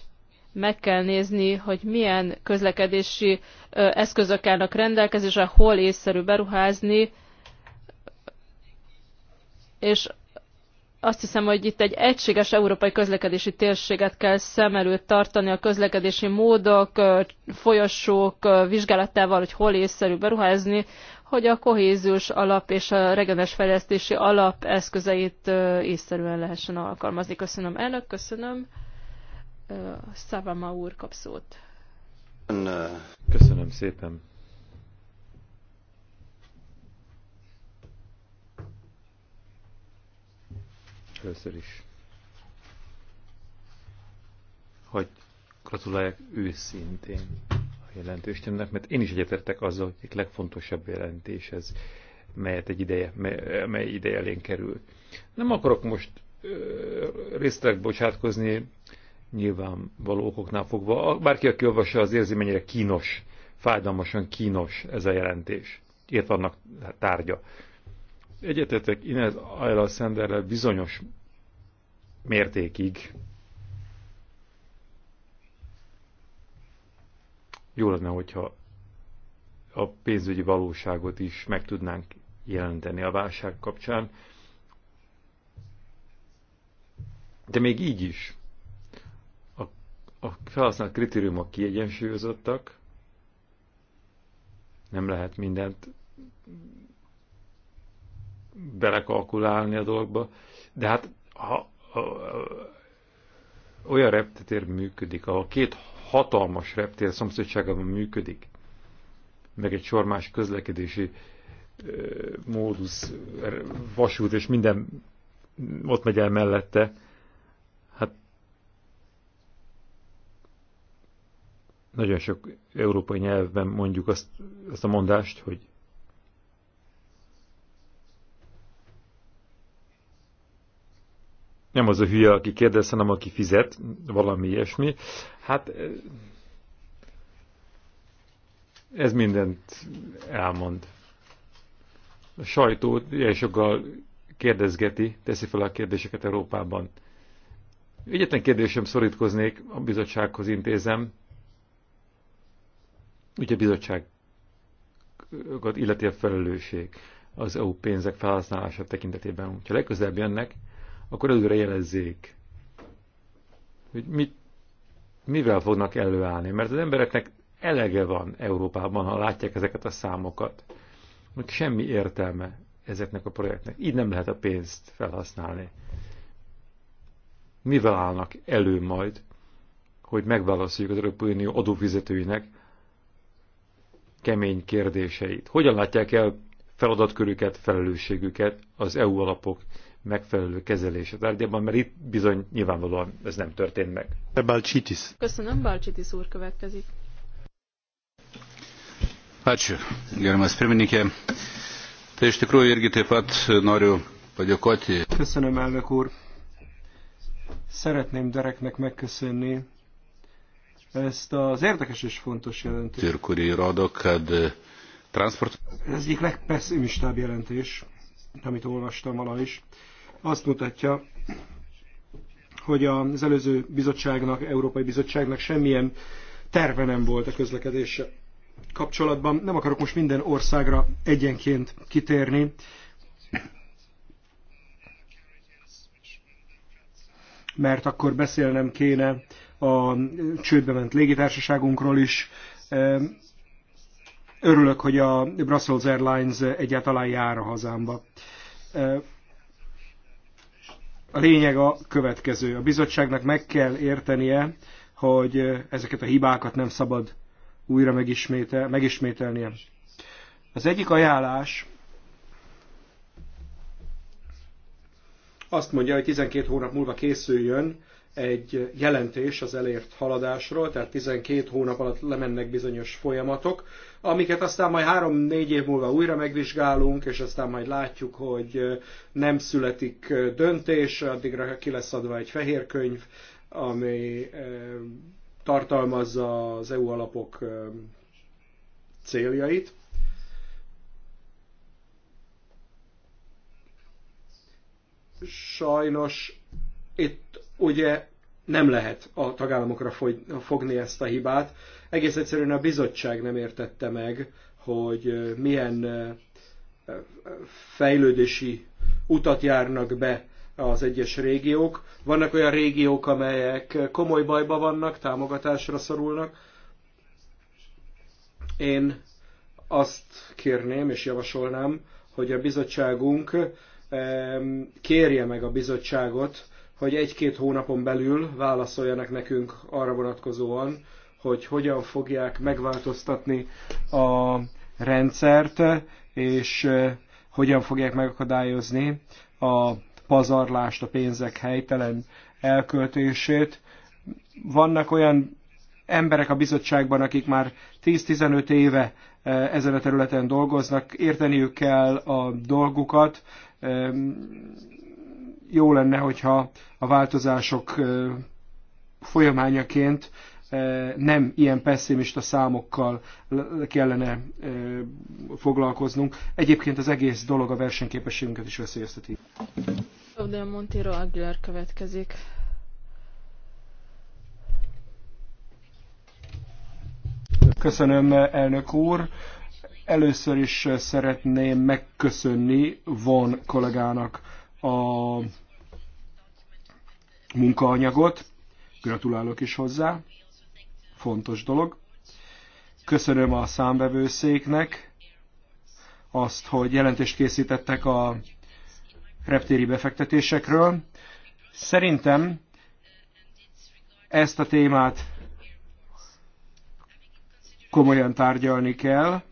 meg kell nézni, hogy milyen közlekedési eszközök állnak rendelkezésre, hol észszerű beruházni, és azt hiszem, hogy itt egy egységes európai közlekedési térséget kell szem előtt tartani a közlekedési módok, folyosók vizsgálatával, hogy hol észszerű beruházni, hogy a kohéziós alap és a regionális fejlesztési alap eszközeit észszerűen lehessen alkalmazni. Köszönöm elnök, köszönöm. Szavama úr kap szót. Köszönöm szépen. Először is. Hogy gratuláljak őszintén a jelentőstemnek, mert én is egyetértek azzal, hogy egy legfontosabb jelentés ez, melyet egy ideje, mely, mely ideje elén kerül. Nem akarok most részletek bocsátkozni Nyilván való okoknál fogva. Bárki, aki olvassa, az érzi, mennyire kínos, fájdalmasan kínos ez a jelentés, illetve vannak tárgya. Egyetetek Inez Ayla Szenderrel bizonyos mértékig. Jó lenne, hogyha a pénzügyi valóságot is meg tudnánk jelenteni a válság kapcsán. De még így is a felhasznált kritériumok kiegyensúlyozottak, nem lehet mindent belekalkulálni a dolgba, de hát ha, ha, ha olyan reptér működik, ahol két hatalmas reptér szomszédságában működik, meg egy sor más közlekedési ö, módusz, er, vasút, és minden ott megy el mellette, Nagyon sok európai nyelvben mondjuk azt, azt a mondást, hogy nem az a hülye, aki kérdez, hanem aki fizet, valami ilyesmi. Hát eh, ez mindent elmond. A sajtó ilyen sokkal kérdezgeti, teszi fel a kérdéseket Európában. Egyetlen kérdésem szorítkoznék, a bizottsághoz intézem ugye bizottságokat illeti a felelősség az EU pénzek felhasználása tekintetében. Ha legközelebb jönnek, akkor előre jelezzék, hogy mit, mivel fognak előállni. Mert az embereknek elege van Európában, ha látják ezeket a számokat. Hogy semmi értelme ezeknek a projektnek. Így nem lehet a pénzt felhasználni. Mivel állnak elő majd, hogy megválaszoljuk az Európai Unió adófizetőinek kemény kérdéseit. Hogyan látják el feladatkörüket, felelősségüket az EU alapok megfelelő kezelése tárgyában, mert itt bizony nyilvánvalóan ez nem történt meg. Balcsitis. Köszönöm, Balcsitis úr következik. Ačiū, gerbiamas pirmininkė. Tai iš tikrųjų irgi taip pat noriu padėkoti. Köszönöm, elnök úr. Szeretném Dereknek megköszönni ezt az érdekes és fontos jelentést. Türkuri radokad hát, transport. Ez egyik legpesszimistább jelentés, amit olvastam vala is. Azt mutatja, hogy az előző bizottságnak, Európai Bizottságnak semmilyen terve nem volt a közlekedése kapcsolatban. Nem akarok most minden országra egyenként kitérni. Mert akkor beszélnem kéne a csődbe ment légitársaságunkról is. Örülök, hogy a Brussels Airlines egyáltalán jár a hazámba. A lényeg a következő. A bizottságnak meg kell értenie, hogy ezeket a hibákat nem szabad újra megismétel, megismételnie. Az egyik ajánlás azt mondja, hogy 12 hónap múlva készüljön egy jelentés az elért haladásról, tehát 12 hónap alatt lemennek bizonyos folyamatok, amiket aztán majd 3-4 év múlva újra megvizsgálunk, és aztán majd látjuk, hogy nem születik döntés, addigra ki lesz adva egy fehér könyv, ami tartalmazza az EU alapok céljait. Sajnos itt ugye nem lehet a tagállamokra fogni ezt a hibát. Egész egyszerűen a bizottság nem értette meg, hogy milyen fejlődési utat járnak be az egyes régiók. Vannak olyan régiók, amelyek komoly bajba vannak, támogatásra szorulnak. Én azt kérném és javasolnám, hogy a bizottságunk kérje meg a bizottságot, hogy egy-két hónapon belül válaszoljanak nekünk arra vonatkozóan, hogy hogyan fogják megváltoztatni a rendszert, és hogyan fogják megakadályozni a pazarlást, a pénzek helytelen elköltését. Vannak olyan emberek a bizottságban, akik már 10-15 éve ezen a területen dolgoznak, érteniük kell a dolgukat, jó lenne, hogyha a változások folyamányaként nem ilyen pessimista számokkal kellene foglalkoznunk. Egyébként az egész dolog a versenyképességünket is veszélyezteti. De Montero Aguilar következik. Köszönöm, elnök úr. Először is szeretném megköszönni von kollégának a munkaanyagot. Gratulálok is hozzá. Fontos dolog. Köszönöm a számvevőszéknek azt, hogy jelentést készítettek a reptéri befektetésekről. Szerintem ezt a témát komolyan tárgyalni kell,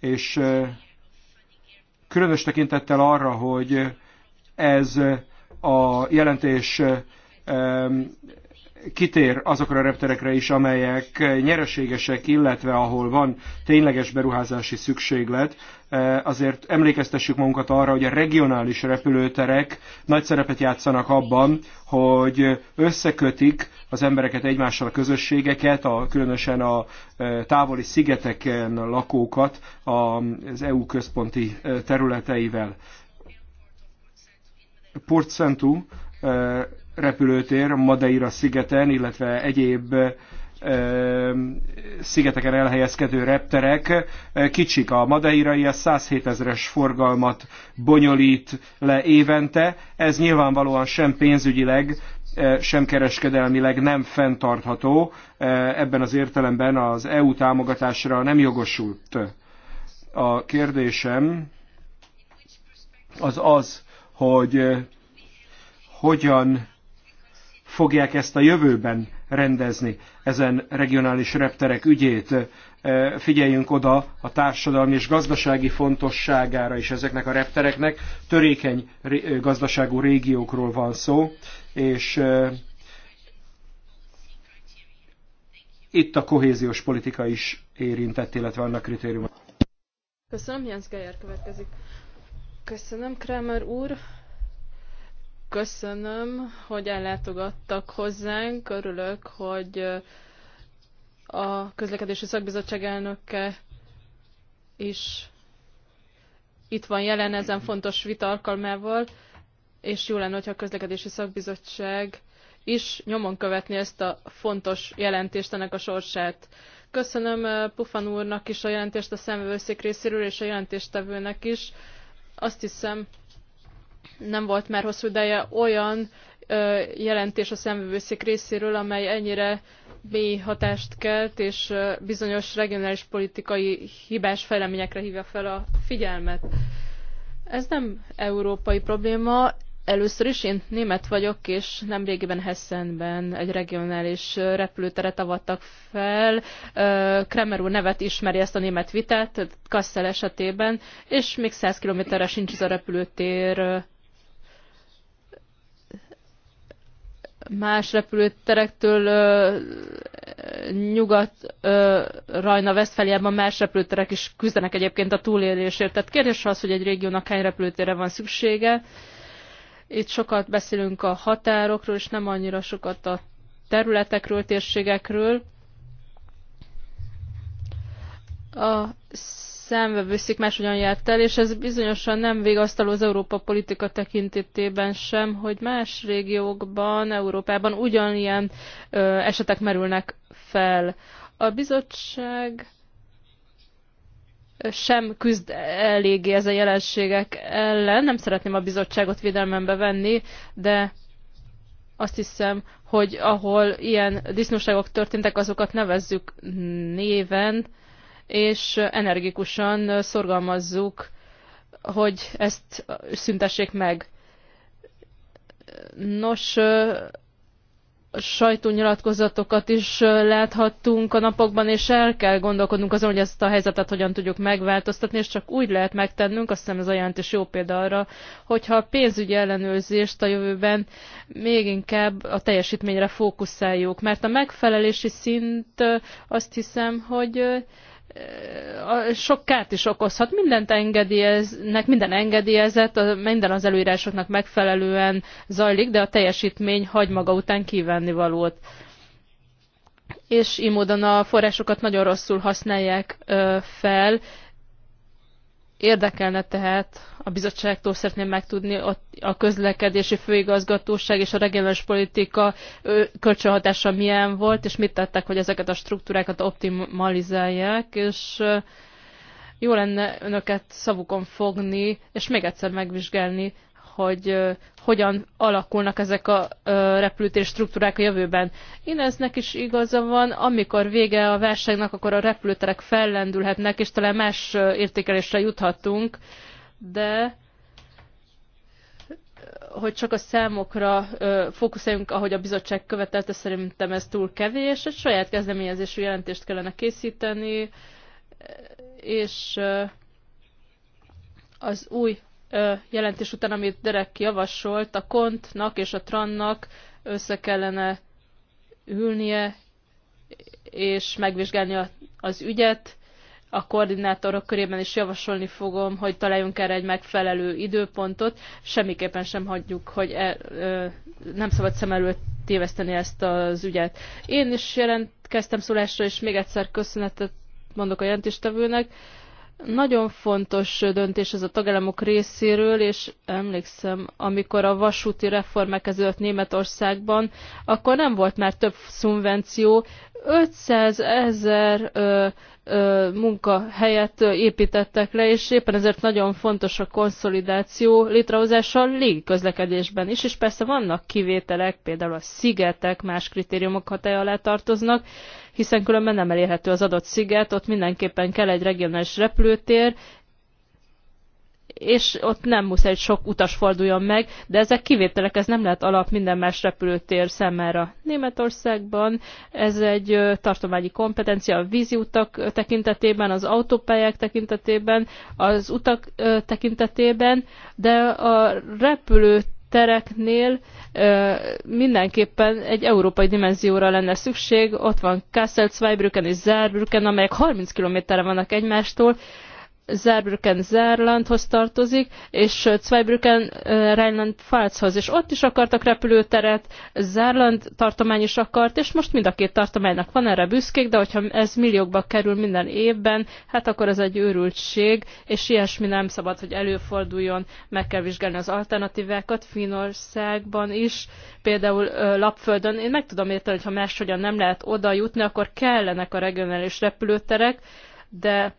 és különös tekintettel arra, hogy ez a jelentés kitér azokra a repterekre is, amelyek nyereségesek, illetve ahol van tényleges beruházási szükséglet. Azért emlékeztessük magunkat arra, hogy a regionális repülőterek nagy szerepet játszanak abban, hogy összekötik az embereket egymással, a közösségeket, a, különösen a távoli szigeteken lakókat az EU központi területeivel. Port Santu eh, repülőtér Madeira szigeten, illetve egyéb eh, szigeteken elhelyezkedő repterek eh, kicsik. A madeirai a 107 ezeres forgalmat bonyolít le évente. Ez nyilvánvalóan sem pénzügyileg, sem kereskedelmileg nem fenntartható. Ebben az értelemben az EU támogatásra nem jogosult. A kérdésem az az, hogy eh, hogyan fogják ezt a jövőben rendezni, ezen regionális repterek ügyét. Eh, figyeljünk oda a társadalmi és gazdasági fontosságára is ezeknek a reptereknek. Törékeny eh, gazdaságú régiókról van szó, és itt a kohéziós politika is érintett, illetve annak kritériuma. Köszönöm, Jens Geyer következik. Köszönöm, Kramer úr. Köszönöm, hogy ellátogattak hozzánk. Örülök, hogy a közlekedési szakbizottság elnöke is itt van jelen ezen fontos vita alkalmával, és jó lenne, hogyha a közlekedési szakbizottság is nyomon követni ezt a fontos jelentést, ennek a sorsát. Köszönöm Pufan úrnak is a jelentést a szemvőszék részéről, és a jelentéstevőnek is. Azt hiszem, nem volt már hosszú ideje olyan ö, jelentés a szemvevőszék részéről, amely ennyire mély hatást kelt, és ö, bizonyos regionális politikai hibás fejleményekre hívja fel a figyelmet. Ez nem európai probléma, Először is én német vagyok, és nemrégiben Hessenben egy regionális repülőteret avattak fel. Kremer úr nevet ismeri ezt a német vitát, Kassel esetében, és még 100 kilométerre sincs ez a repülőtér más repülőterektől Nyugat-Rajna-Vesztfáliában más repülőterek is küzdenek egyébként a túlélésért. Tehát kérdés az, hogy egy régiónak hány repülőtérre van szüksége, itt sokat beszélünk a határokról, és nem annyira sokat a területekről, térségekről. A számvevőszik máshogyan járt el, és ez bizonyosan nem végasztaló az Európa politika tekintetében sem, hogy más régiókban, Európában ugyanilyen ö, esetek merülnek fel. A bizottság sem küzd eléggé a jelenségek ellen. Nem szeretném a bizottságot védelmembe venni, de azt hiszem, hogy ahol ilyen disznóságok történtek, azokat nevezzük néven, és energikusan szorgalmazzuk, hogy ezt szüntessék meg. Nos, sajtónyilatkozatokat is láthattunk a napokban, és el kell gondolkodnunk azon, hogy ezt a helyzetet hogyan tudjuk megváltoztatni, és csak úgy lehet megtennünk, azt hiszem ez a jelentés jó példa arra, hogyha a pénzügyi ellenőrzést a jövőben még inkább a teljesítményre fókuszáljuk, mert a megfelelési szint azt hiszem, hogy sok kárt is okozhat. Mindent engedélyeznek, minden engedélyezett, minden az előírásoknak megfelelően zajlik, de a teljesítmény hagy maga után kívánni valót. És így módon a forrásokat nagyon rosszul használják fel. Érdekelne tehát, a bizottságtól szeretném megtudni a közlekedési főigazgatóság és a regionális politika kölcsönhatása milyen volt, és mit tettek, hogy ezeket a struktúrákat optimalizálják, és jó lenne önöket szavukon fogni, és még egyszer megvizsgálni, hogy hogyan alakulnak ezek a repülőtéri struktúrák a jövőben. Ineznek is igaza van, amikor vége a versenynek, akkor a repülőterek fellendülhetnek, és talán más értékelésre juthatunk, de hogy csak a számokra ö, fókuszáljunk, ahogy a bizottság követelte, szerintem ez túl kevés. Egy saját kezdeményezésű jelentést kellene készíteni, és ö, az új ö, jelentés után, amit Derek javasolt, a Kontnak és a Trannak össze kellene ülnie, és megvizsgálni a, az ügyet, a koordinátorok körében is javasolni fogom, hogy találjunk erre egy megfelelő időpontot. Semmiképpen sem hagyjuk, hogy e, e, nem szabad szem előtt téveszteni ezt az ügyet. Én is jelentkeztem szólásra, és még egyszer köszönetet mondok a jelentéstevőnek. Nagyon fontos döntés ez a tagállamok részéről, és emlékszem, amikor a vasúti reform kezdődött Németországban, akkor nem volt már több szubvenció, 500 ezer munkahelyet építettek le, és éppen ezért nagyon fontos a konszolidáció létrehozása a légiközlekedésben is, és persze vannak kivételek, például a szigetek más kritériumok hatája alá tartoznak, hiszen különben nem elérhető az adott sziget, ott mindenképpen kell egy regionális repülőtér, és ott nem muszáj, hogy sok utas forduljon meg, de ezek kivételek, ez nem lehet alap minden más repülőtér szemmelre. Németországban ez egy tartományi kompetencia a vízi utak tekintetében, az autópályák tekintetében, az utak tekintetében, de a repülőtereknél tereknél mindenképpen egy európai dimenzióra lenne szükség. Ott van Kassel, Zweibrücken és Zárbrücken, amelyek 30 kilométerre vannak egymástól, Zerbrücken Zerlandhoz tartozik, és Zweibrücken Rheinland-Pfalzhoz, és ott is akartak repülőteret, Zerland tartomány is akart, és most mind a két tartománynak van erre büszkék, de hogyha ez milliókba kerül minden évben, hát akkor ez egy őrültség, és ilyesmi nem szabad, hogy előforduljon, meg kell vizsgálni az alternatívákat Finországban is, például Lapföldön, én meg tudom érteni, hogyha máshogyan nem lehet oda jutni, akkor kellenek a regionális repülőterek, de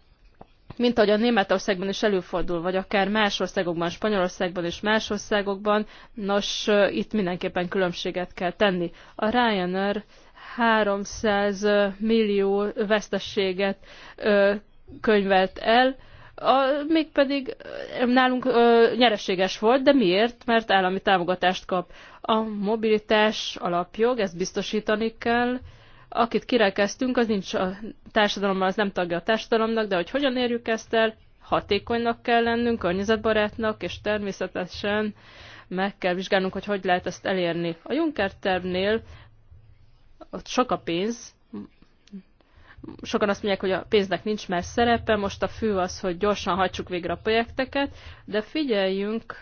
mint ahogy a Németországban is előfordul, vagy akár más országokban, Spanyolországban és más országokban, nos, itt mindenképpen különbséget kell tenni. A Ryanair 300 millió vesztességet könyvelt el, a, mégpedig nálunk ö, nyereséges volt, de miért? Mert állami támogatást kap. A mobilitás alapjog, ezt biztosítani kell, akit kirekeztünk, az nincs a társadalomban, az nem tagja a társadalomnak, de hogy hogyan érjük ezt el, hatékonynak kell lennünk, környezetbarátnak, és természetesen meg kell vizsgálnunk, hogy hogy lehet ezt elérni. A Juncker tervnél ott sok a pénz, sokan azt mondják, hogy a pénznek nincs más szerepe, most a fő az, hogy gyorsan hagyjuk végre a projekteket, de figyeljünk,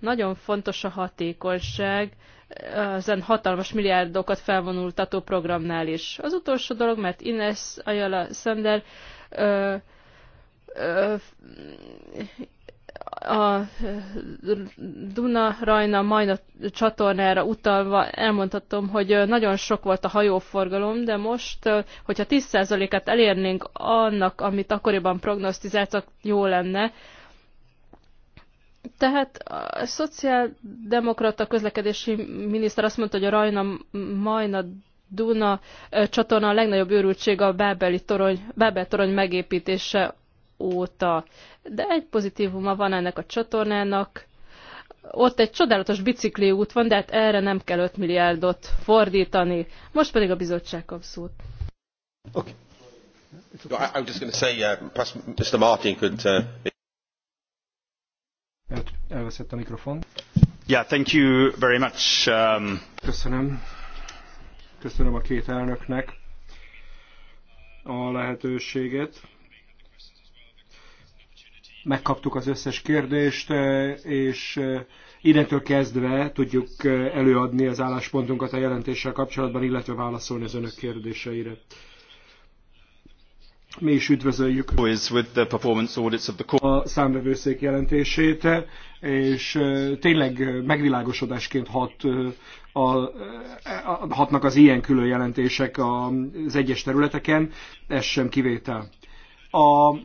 nagyon fontos a hatékonyság, ezen hatalmas milliárdokat felvonultató programnál is. Az utolsó dolog, mert Ines Ayala Sender ö, a Duna Rajna Majna csatornára utalva elmondhatom, hogy nagyon sok volt a hajóforgalom, de most, hogyha 10%-át elérnénk annak, amit akkoriban prognosztizáltak, jó lenne, tehát a szociáldemokrata közlekedési miniszter azt mondta, hogy a Rajna Majna Duna csatorna a legnagyobb őrültség a Bábeli torony, Bábel torony megépítése óta. De egy pozitívuma van ennek a csatornának. Ott egy csodálatos bicikliút van, de hát erre nem kell 5 milliárdot fordítani. Most pedig a bizottság kap szót. Okay. I, I was just going to say, uh, perhaps Mr. Martin could uh, elveszett a mikrofon. Yeah, thank you very much. Um... Köszönöm. Köszönöm a két elnöknek a lehetőséget. Megkaptuk az összes kérdést, eh, és eh, innentől kezdve tudjuk eh, előadni az álláspontunkat a jelentéssel kapcsolatban, illetve válaszolni az önök kérdéseire. Mi is üdvözöljük a számvevőszék jelentését, és tényleg megvilágosodásként hat a, hatnak az ilyen külön jelentések az egyes területeken, ez sem kivétel. A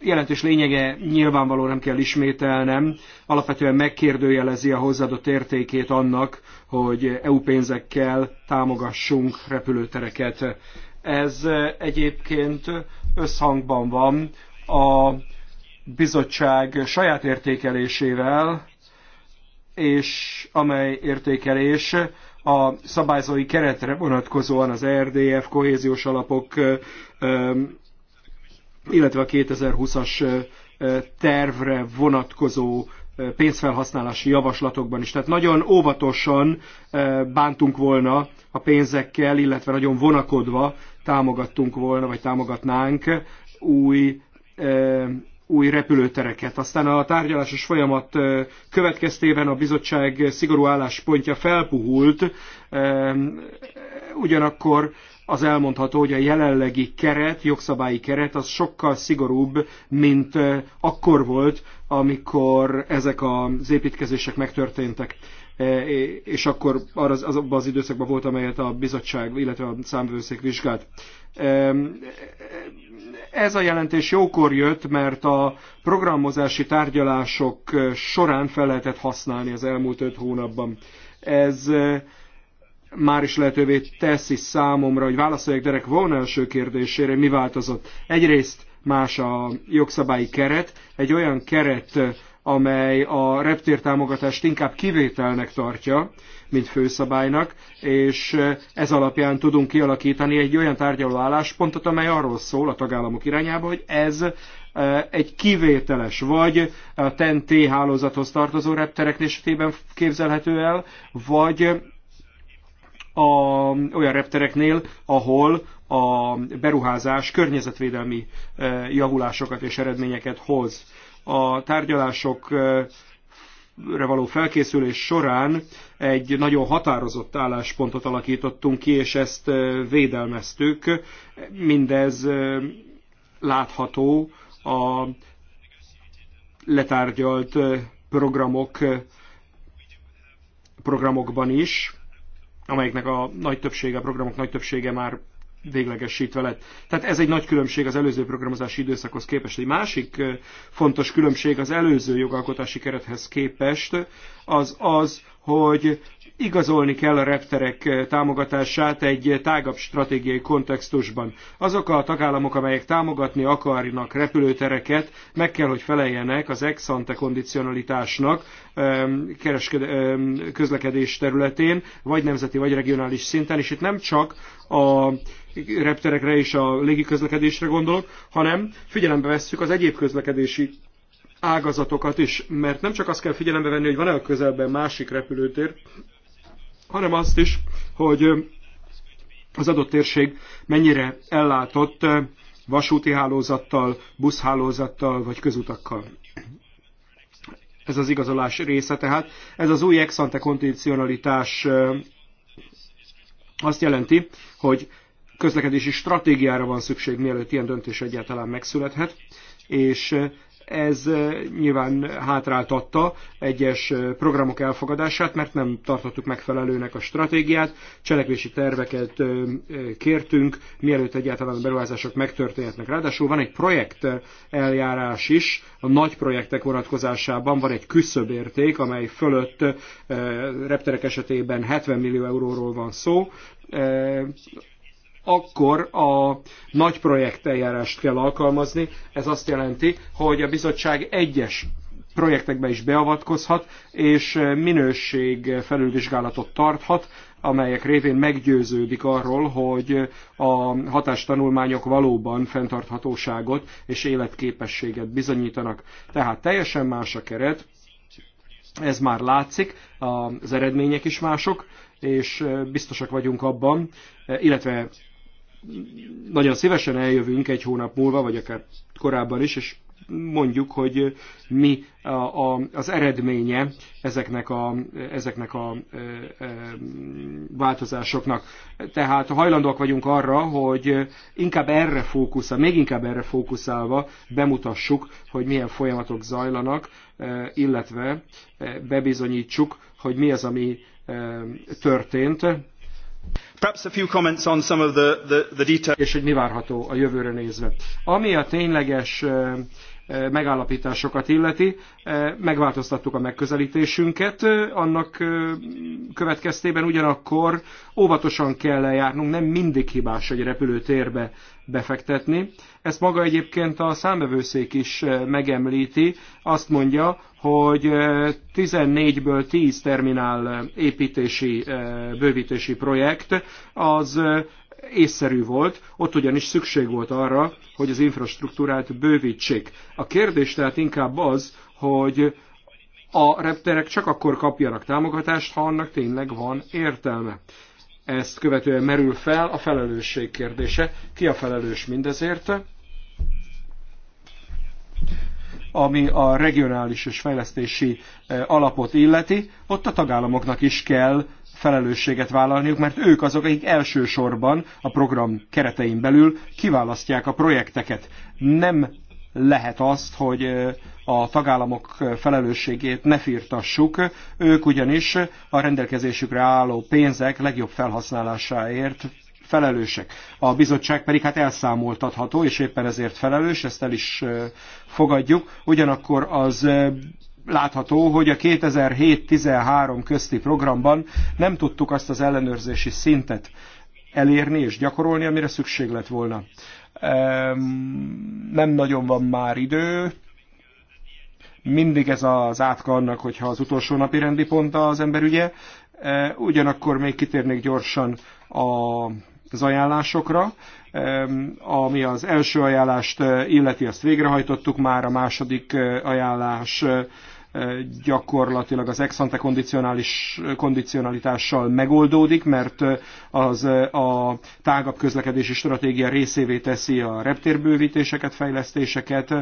jelentés lényege nyilvánvaló nem kell ismételnem, alapvetően megkérdőjelezi a hozzáadott értékét annak, hogy EU pénzekkel támogassunk repülőtereket. Ez eh, egyébként összhangban van a bizottság saját értékelésével, és amely értékelés a szabályzói keretre vonatkozóan az e RDF kohéziós alapok, eh, illetve a 2020-as eh, tervre vonatkozó pénzfelhasználási javaslatokban is. Tehát nagyon óvatosan eh, bántunk volna a pénzekkel, illetve nagyon vonakodva támogattunk volna, vagy támogatnánk új eh, új repülőtereket. Aztán a tárgyalásos folyamat eh, következtében a bizottság szigorú álláspontja felpuhult, ugyanakkor az elmondható, hogy a jelenlegi keret, jogszabályi keret az sokkal szigorúbb, mint akkor volt, amikor ezek az építkezések megtörténtek, e, és akkor az, abban az időszakban volt, amelyet a bizottság, illetve a számvőszék vizsgált. E, ez a jelentés jókor jött, mert a programozási tárgyalások során fel lehetett használni az elmúlt öt hónapban. Ez e, már is lehetővé teszi számomra, hogy válaszoljak Derek Vaughan első kérdésére, mi változott. Egyrészt más a jogszabályi keret, egy olyan keret, amely a reptértámogatást inkább kivételnek tartja, mint főszabálynak, és ez alapján tudunk kialakítani egy olyan tárgyaló álláspontot, amely arról szól a tagállamok irányába, hogy ez e, egy kivételes, vagy a TNT hálózathoz tartozó repterek esetében képzelhető el, vagy a, olyan reptereknél, ahol a beruházás környezetvédelmi e, javulásokat és eredményeket hoz. A tárgyalások való felkészülés során egy nagyon határozott álláspontot alakítottunk ki, és ezt e, védelmeztük. Mindez e, látható a letárgyalt programok, programokban is, amelyeknek a nagy többsége, a programok nagy többsége már véglegesítve lett. Tehát ez egy nagy különbség az előző programozási időszakhoz képest. Egy másik fontos különbség az előző jogalkotási kerethez képest az az, hogy igazolni kell a repterek eh, támogatását egy tágabb stratégiai kontextusban. Azok a tagállamok, amelyek támogatni akarnak repülőtereket, meg kell, hogy feleljenek az ex ante kondicionalitásnak közlekedés területén, vagy nemzeti, vagy regionális szinten, és itt nem csak a repterekre és a légiközlekedésre gondolok, hanem figyelembe vesszük az egyéb közlekedési ágazatokat is, mert nem csak azt kell figyelembe venni, hogy van-e a közelben másik repülőtér, hanem azt is, hogy az adott térség mennyire ellátott vasúti hálózattal, buszhálózattal vagy közutakkal. Ez az igazolás része tehát. Ez az új exante kondicionalitás azt jelenti, hogy közlekedési stratégiára van szükség, mielőtt ilyen döntés egyáltalán megszülethet, és ez nyilván hátráltatta egyes programok elfogadását, mert nem tartottuk megfelelőnek a stratégiát, cselekvési terveket kértünk, mielőtt egyáltalán a beruházások megtörténhetnek. Ráadásul van egy projekt eljárás is, a nagy projektek vonatkozásában van egy küszöbérték, amely fölött repterek esetében 70 millió euróról van szó, akkor a nagy projekteljárást eljárást kell alkalmazni. Ez azt jelenti, hogy a bizottság egyes projektekbe is beavatkozhat, és minőség felülvizsgálatot tarthat, amelyek révén meggyőződik arról, hogy a hatástanulmányok valóban fenntarthatóságot és életképességet bizonyítanak. Tehát teljesen más a keret, ez már látszik, az eredmények is mások, és biztosak vagyunk abban, illetve nagyon szívesen eljövünk egy hónap múlva, vagy akár korábban is, és mondjuk, hogy mi a, a, az eredménye ezeknek a, ezeknek a e, e, változásoknak. Tehát hajlandóak vagyunk arra, hogy inkább erre fókuszál, még inkább erre fókuszálva bemutassuk, hogy milyen folyamatok zajlanak, e, illetve e, bebizonyítsuk, hogy mi az, ami e, történt, és hogy mi várható a jövőre nézve. Ami a tényleges megállapításokat illeti, megváltoztattuk a megközelítésünket, annak következtében ugyanakkor óvatosan kell lejárnunk, nem mindig hibás egy repülőtérbe befektetni. Ezt maga egyébként a számbevőszék is eh, megemlíti. Azt mondja, hogy 14-ből eh, 10 terminál eh, építési, bővítési projekt az észszerű volt, ott ugyanis szükség volt arra, hogy az infrastruktúrát bővítsék. A kérdés tehát inkább az, hogy a repterek csak akkor kapjanak támogatást, ha annak tényleg van értelme ezt követően merül fel a felelősség kérdése. Ki a felelős mindezért? Ami a regionális és fejlesztési eh, alapot illeti, ott a tagállamoknak is kell felelősséget vállalniuk, mert ők azok, akik elsősorban a program keretein belül kiválasztják a projekteket. Nem lehet azt, hogy a tagállamok felelősségét ne firtassuk, ők ugyanis a rendelkezésükre álló pénzek legjobb felhasználásáért felelősek. A bizottság pedig hát elszámoltatható, és éppen ezért felelős, ezt el is fogadjuk. Ugyanakkor az látható, hogy a 2007-13 közti programban nem tudtuk azt az ellenőrzési szintet elérni és gyakorolni, amire szükség lett volna nem nagyon van már idő, mindig ez az átka annak, hogyha az utolsó napi rendi pont az ember ügye. Ugyanakkor még kitérnék gyorsan az ajánlásokra. Ami az első ajánlást eh, illeti, azt végrehajtottuk már, a második eh, ajánlás eh, gyakorlatilag az ex-ante kondicionális kondicionalitással megoldódik, mert az a tágabb közlekedési stratégia részévé teszi a reptérbővítéseket, fejlesztéseket,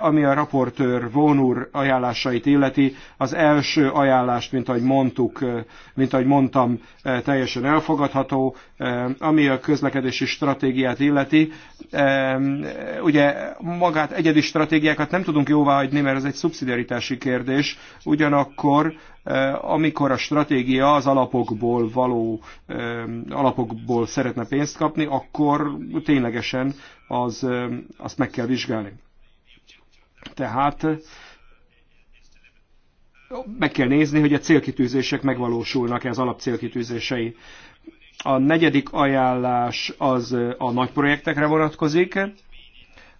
ami a raportőr Vónur ajánlásait illeti. Az első ajánlást, mint ahogy mondtuk, mint ahogy mondtam, teljesen elfogadható, ami a közlekedési stratégiát illeti. Ugye magát egyedi stratégiákat nem tudunk jóváhagyni, mert ez egy szubszidiaritási kérdés, kérdés. Ugyanakkor eh, amikor a stratégia az alapokból való eh, alapokból szeretne pénzt kapni, akkor ténylegesen az, eh, azt meg kell vizsgálni. Tehát meg kell nézni, hogy a célkitűzések megvalósulnak-e az célkitűzései. A negyedik ajánlás az a nagy projektekre vonatkozik.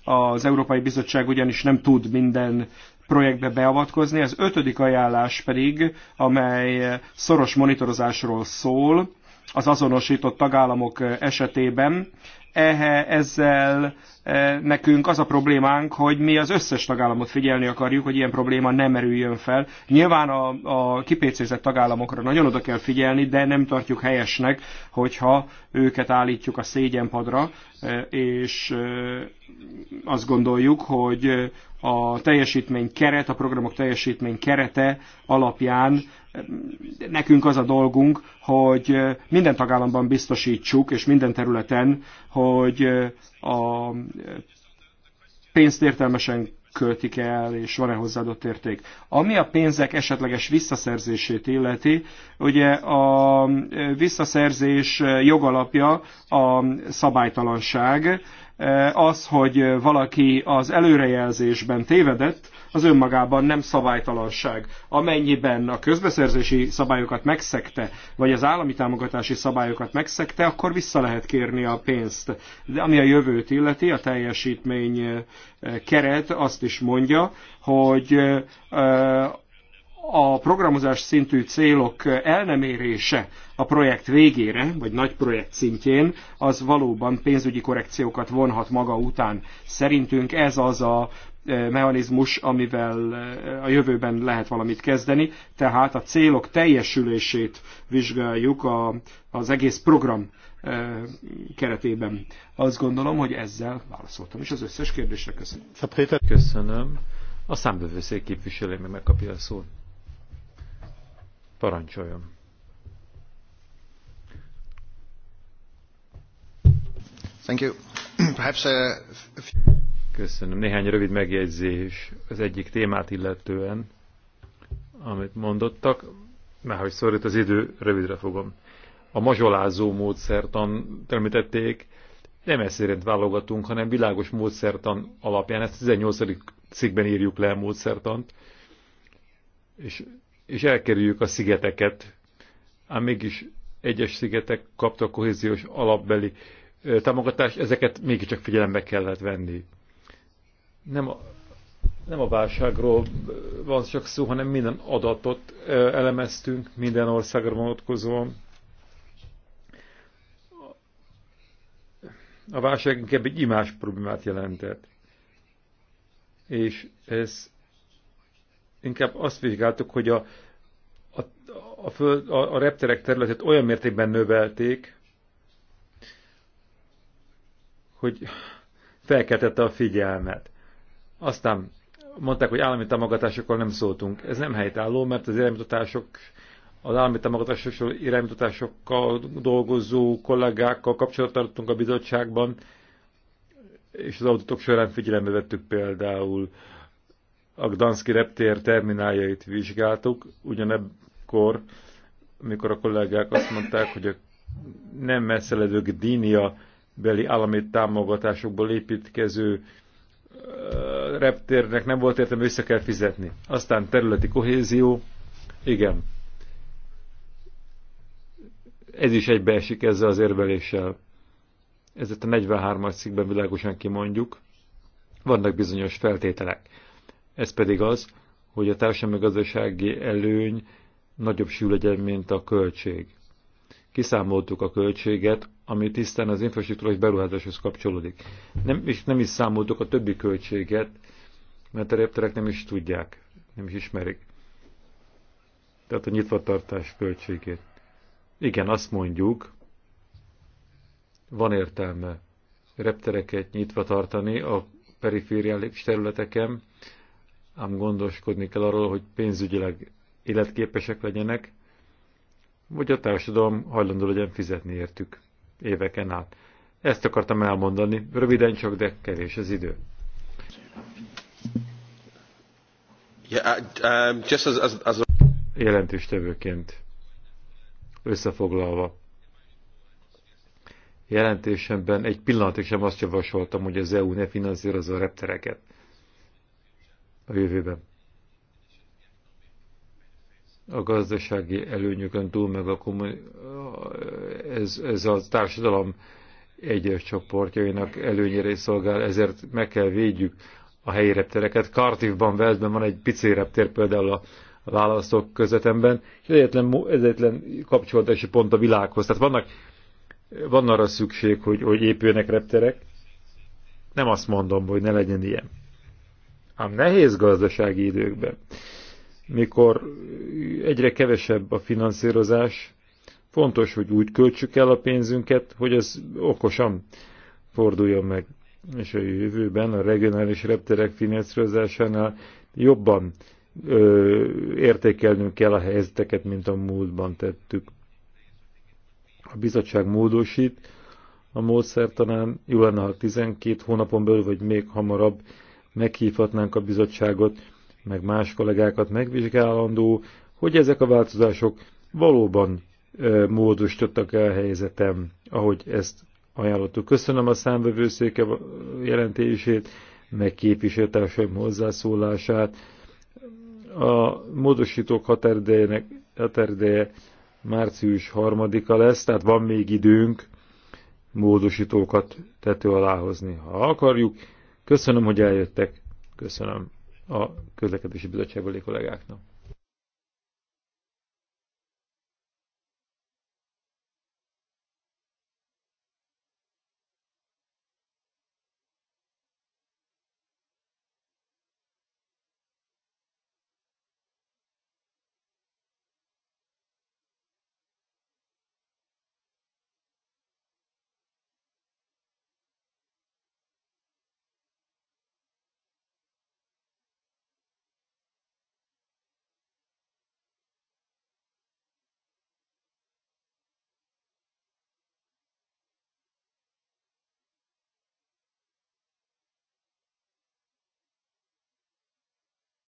Az Európai Bizottság ugyanis nem tud minden projektbe beavatkozni. Az ötödik ajánlás pedig, amely szoros monitorozásról szól, az azonosított tagállamok esetében ezzel e, nekünk az a problémánk, hogy mi az összes tagállamot figyelni akarjuk, hogy ilyen probléma nem merüljön fel. Nyilván a, a kipécézett tagállamokra nagyon oda kell figyelni, de nem tartjuk helyesnek, hogyha őket állítjuk a szégyenpadra, e, és e, azt gondoljuk, hogy a teljesítmény keret, a programok teljesítmény kerete alapján nekünk az a dolgunk, hogy minden tagállamban biztosítsuk, és minden területen, hogy a pénzt értelmesen költik el, és van-e hozzáadott érték. Ami a pénzek esetleges visszaszerzését illeti, ugye a visszaszerzés jogalapja a szabálytalanság, Eh, az, hogy eh, valaki az előrejelzésben tévedett, az önmagában nem szabálytalanság. Amennyiben a közbeszerzési szabályokat megszegte, vagy az állami támogatási szabályokat megszegte, akkor vissza lehet kérni a pénzt. De ami a jövőt illeti, a teljesítmény eh, keret azt is mondja, hogy a programozás szintű célok el nem érése a projekt végére, vagy nagy projekt szintjén, az valóban pénzügyi korrekciókat vonhat maga után. Szerintünk ez az a e, mechanizmus, amivel e, a jövőben lehet valamit kezdeni, tehát a célok teljesülését vizsgáljuk a, az egész program e, keretében. Azt gondolom, hogy ezzel válaszoltam is az összes kérdésre. Köszönöm. Köszönöm. A számbevőszék képviselő meg megkapja a szót. Parancsoljon. Thank you. Perhaps, a uh, Köszönöm. Néhány rövid megjegyzés az egyik témát illetően, amit mondottak, mert hogy szorít az idő, rövidre fogom. A mazsolázó módszertan termítették, nem ezt szerint válogatunk, hanem világos módszertan alapján, ezt 18. cikkben írjuk le a módszertant, és és elkerüljük a szigeteket. Ám mégis egyes szigetek kaptak kohéziós alapbeli támogatást, ezeket mégiscsak figyelembe kellett venni. Nem a, nem a válságról van csak szó, hanem minden adatot elemeztünk, minden országra vonatkozóan. A válság inkább egy imás problémát jelentett. És ez inkább azt vizsgáltuk, hogy a, a, a, föld, a, a repterek területét olyan mértékben növelték, hogy felkeltette a figyelmet. Aztán mondták, hogy állami támogatásokkal nem szóltunk. Ez nem helytálló, mert az iránymutatások, az állami támogatásokkal, iránymutatásokkal dolgozó kollégákkal kapcsolatot tartunk a bizottságban, és az autók során figyelembe vettük például a Gdanszki reptér termináljait vizsgáltuk, ugyanekkor, amikor a kollégák azt mondták, hogy a nem messzeledő Gdínia beli állami támogatásokból építkező reptérnek nem volt értelme, vissza kell fizetni. Aztán területi kohézió, igen. Ez is egybeesik ezzel az érveléssel. Ezt a 43-as cikkben világosan kimondjuk. Vannak bizonyos feltételek ez pedig az, hogy a társadalmi gazdasági előny nagyobb sül legyen, mint a költség. Kiszámoltuk a költséget, ami tisztán az infrastruktúrás beruházáshoz kapcsolódik. Nem, és nem is számoltuk a többi költséget, mert a repterek nem is tudják, nem is ismerik. Tehát a nyitvatartás költségét. Igen, azt mondjuk, van értelme reptereket nyitva tartani a perifériális területeken, ám gondoskodni kell arról, hogy pénzügyileg életképesek legyenek, vagy a társadalom hajlandó legyen fizetni értük éveken át. Ezt akartam elmondani, röviden csak, de kevés az idő. Um, Jelentéstevőként összefoglalva. Jelentésemben egy pillanatig sem azt javasoltam, hogy az EU ne finanszírozza a reptereket a jövőben. A gazdasági előnyökön túl meg a kommun... ez, ez a társadalom egyes csoportjainak előnyére is szolgál, ezért meg kell védjük a helyi reptereket. Cardiffban, Velszben van egy pici reptér például a választók közvetemben, és egyetlen, egyetlen kapcsolatási pont a világhoz. Tehát vannak, van arra szükség, hogy, hogy épülnek repterek. Nem azt mondom, hogy ne legyen ilyen. Ám nehéz gazdasági időkben, mikor egyre kevesebb a finanszírozás, fontos, hogy úgy költsük el a pénzünket, hogy ez okosan forduljon meg. És a jövőben a regionális repterek finanszírozásánál jobban ö, értékelnünk kell a helyzeteket, mint a múltban tettük. A bizottság módosít a módszertanán, jó lenne, ha 12 hónapon belül, vagy még hamarabb meghívhatnánk a bizottságot, meg más kollégákat megvizsgálandó, hogy ezek a változások valóban módosítottak el helyzetem, ahogy ezt ajánlottuk. Köszönöm a számvevőszéke jelentését, meg képviselőtársaim hozzászólását. A módosítók határidejének határideje március harmadika lesz, tehát van még időnk módosítókat tető alá hozni, ha akarjuk Köszönöm, hogy eljöttek. Köszönöm a közlekedési bizottságból kollégáknak.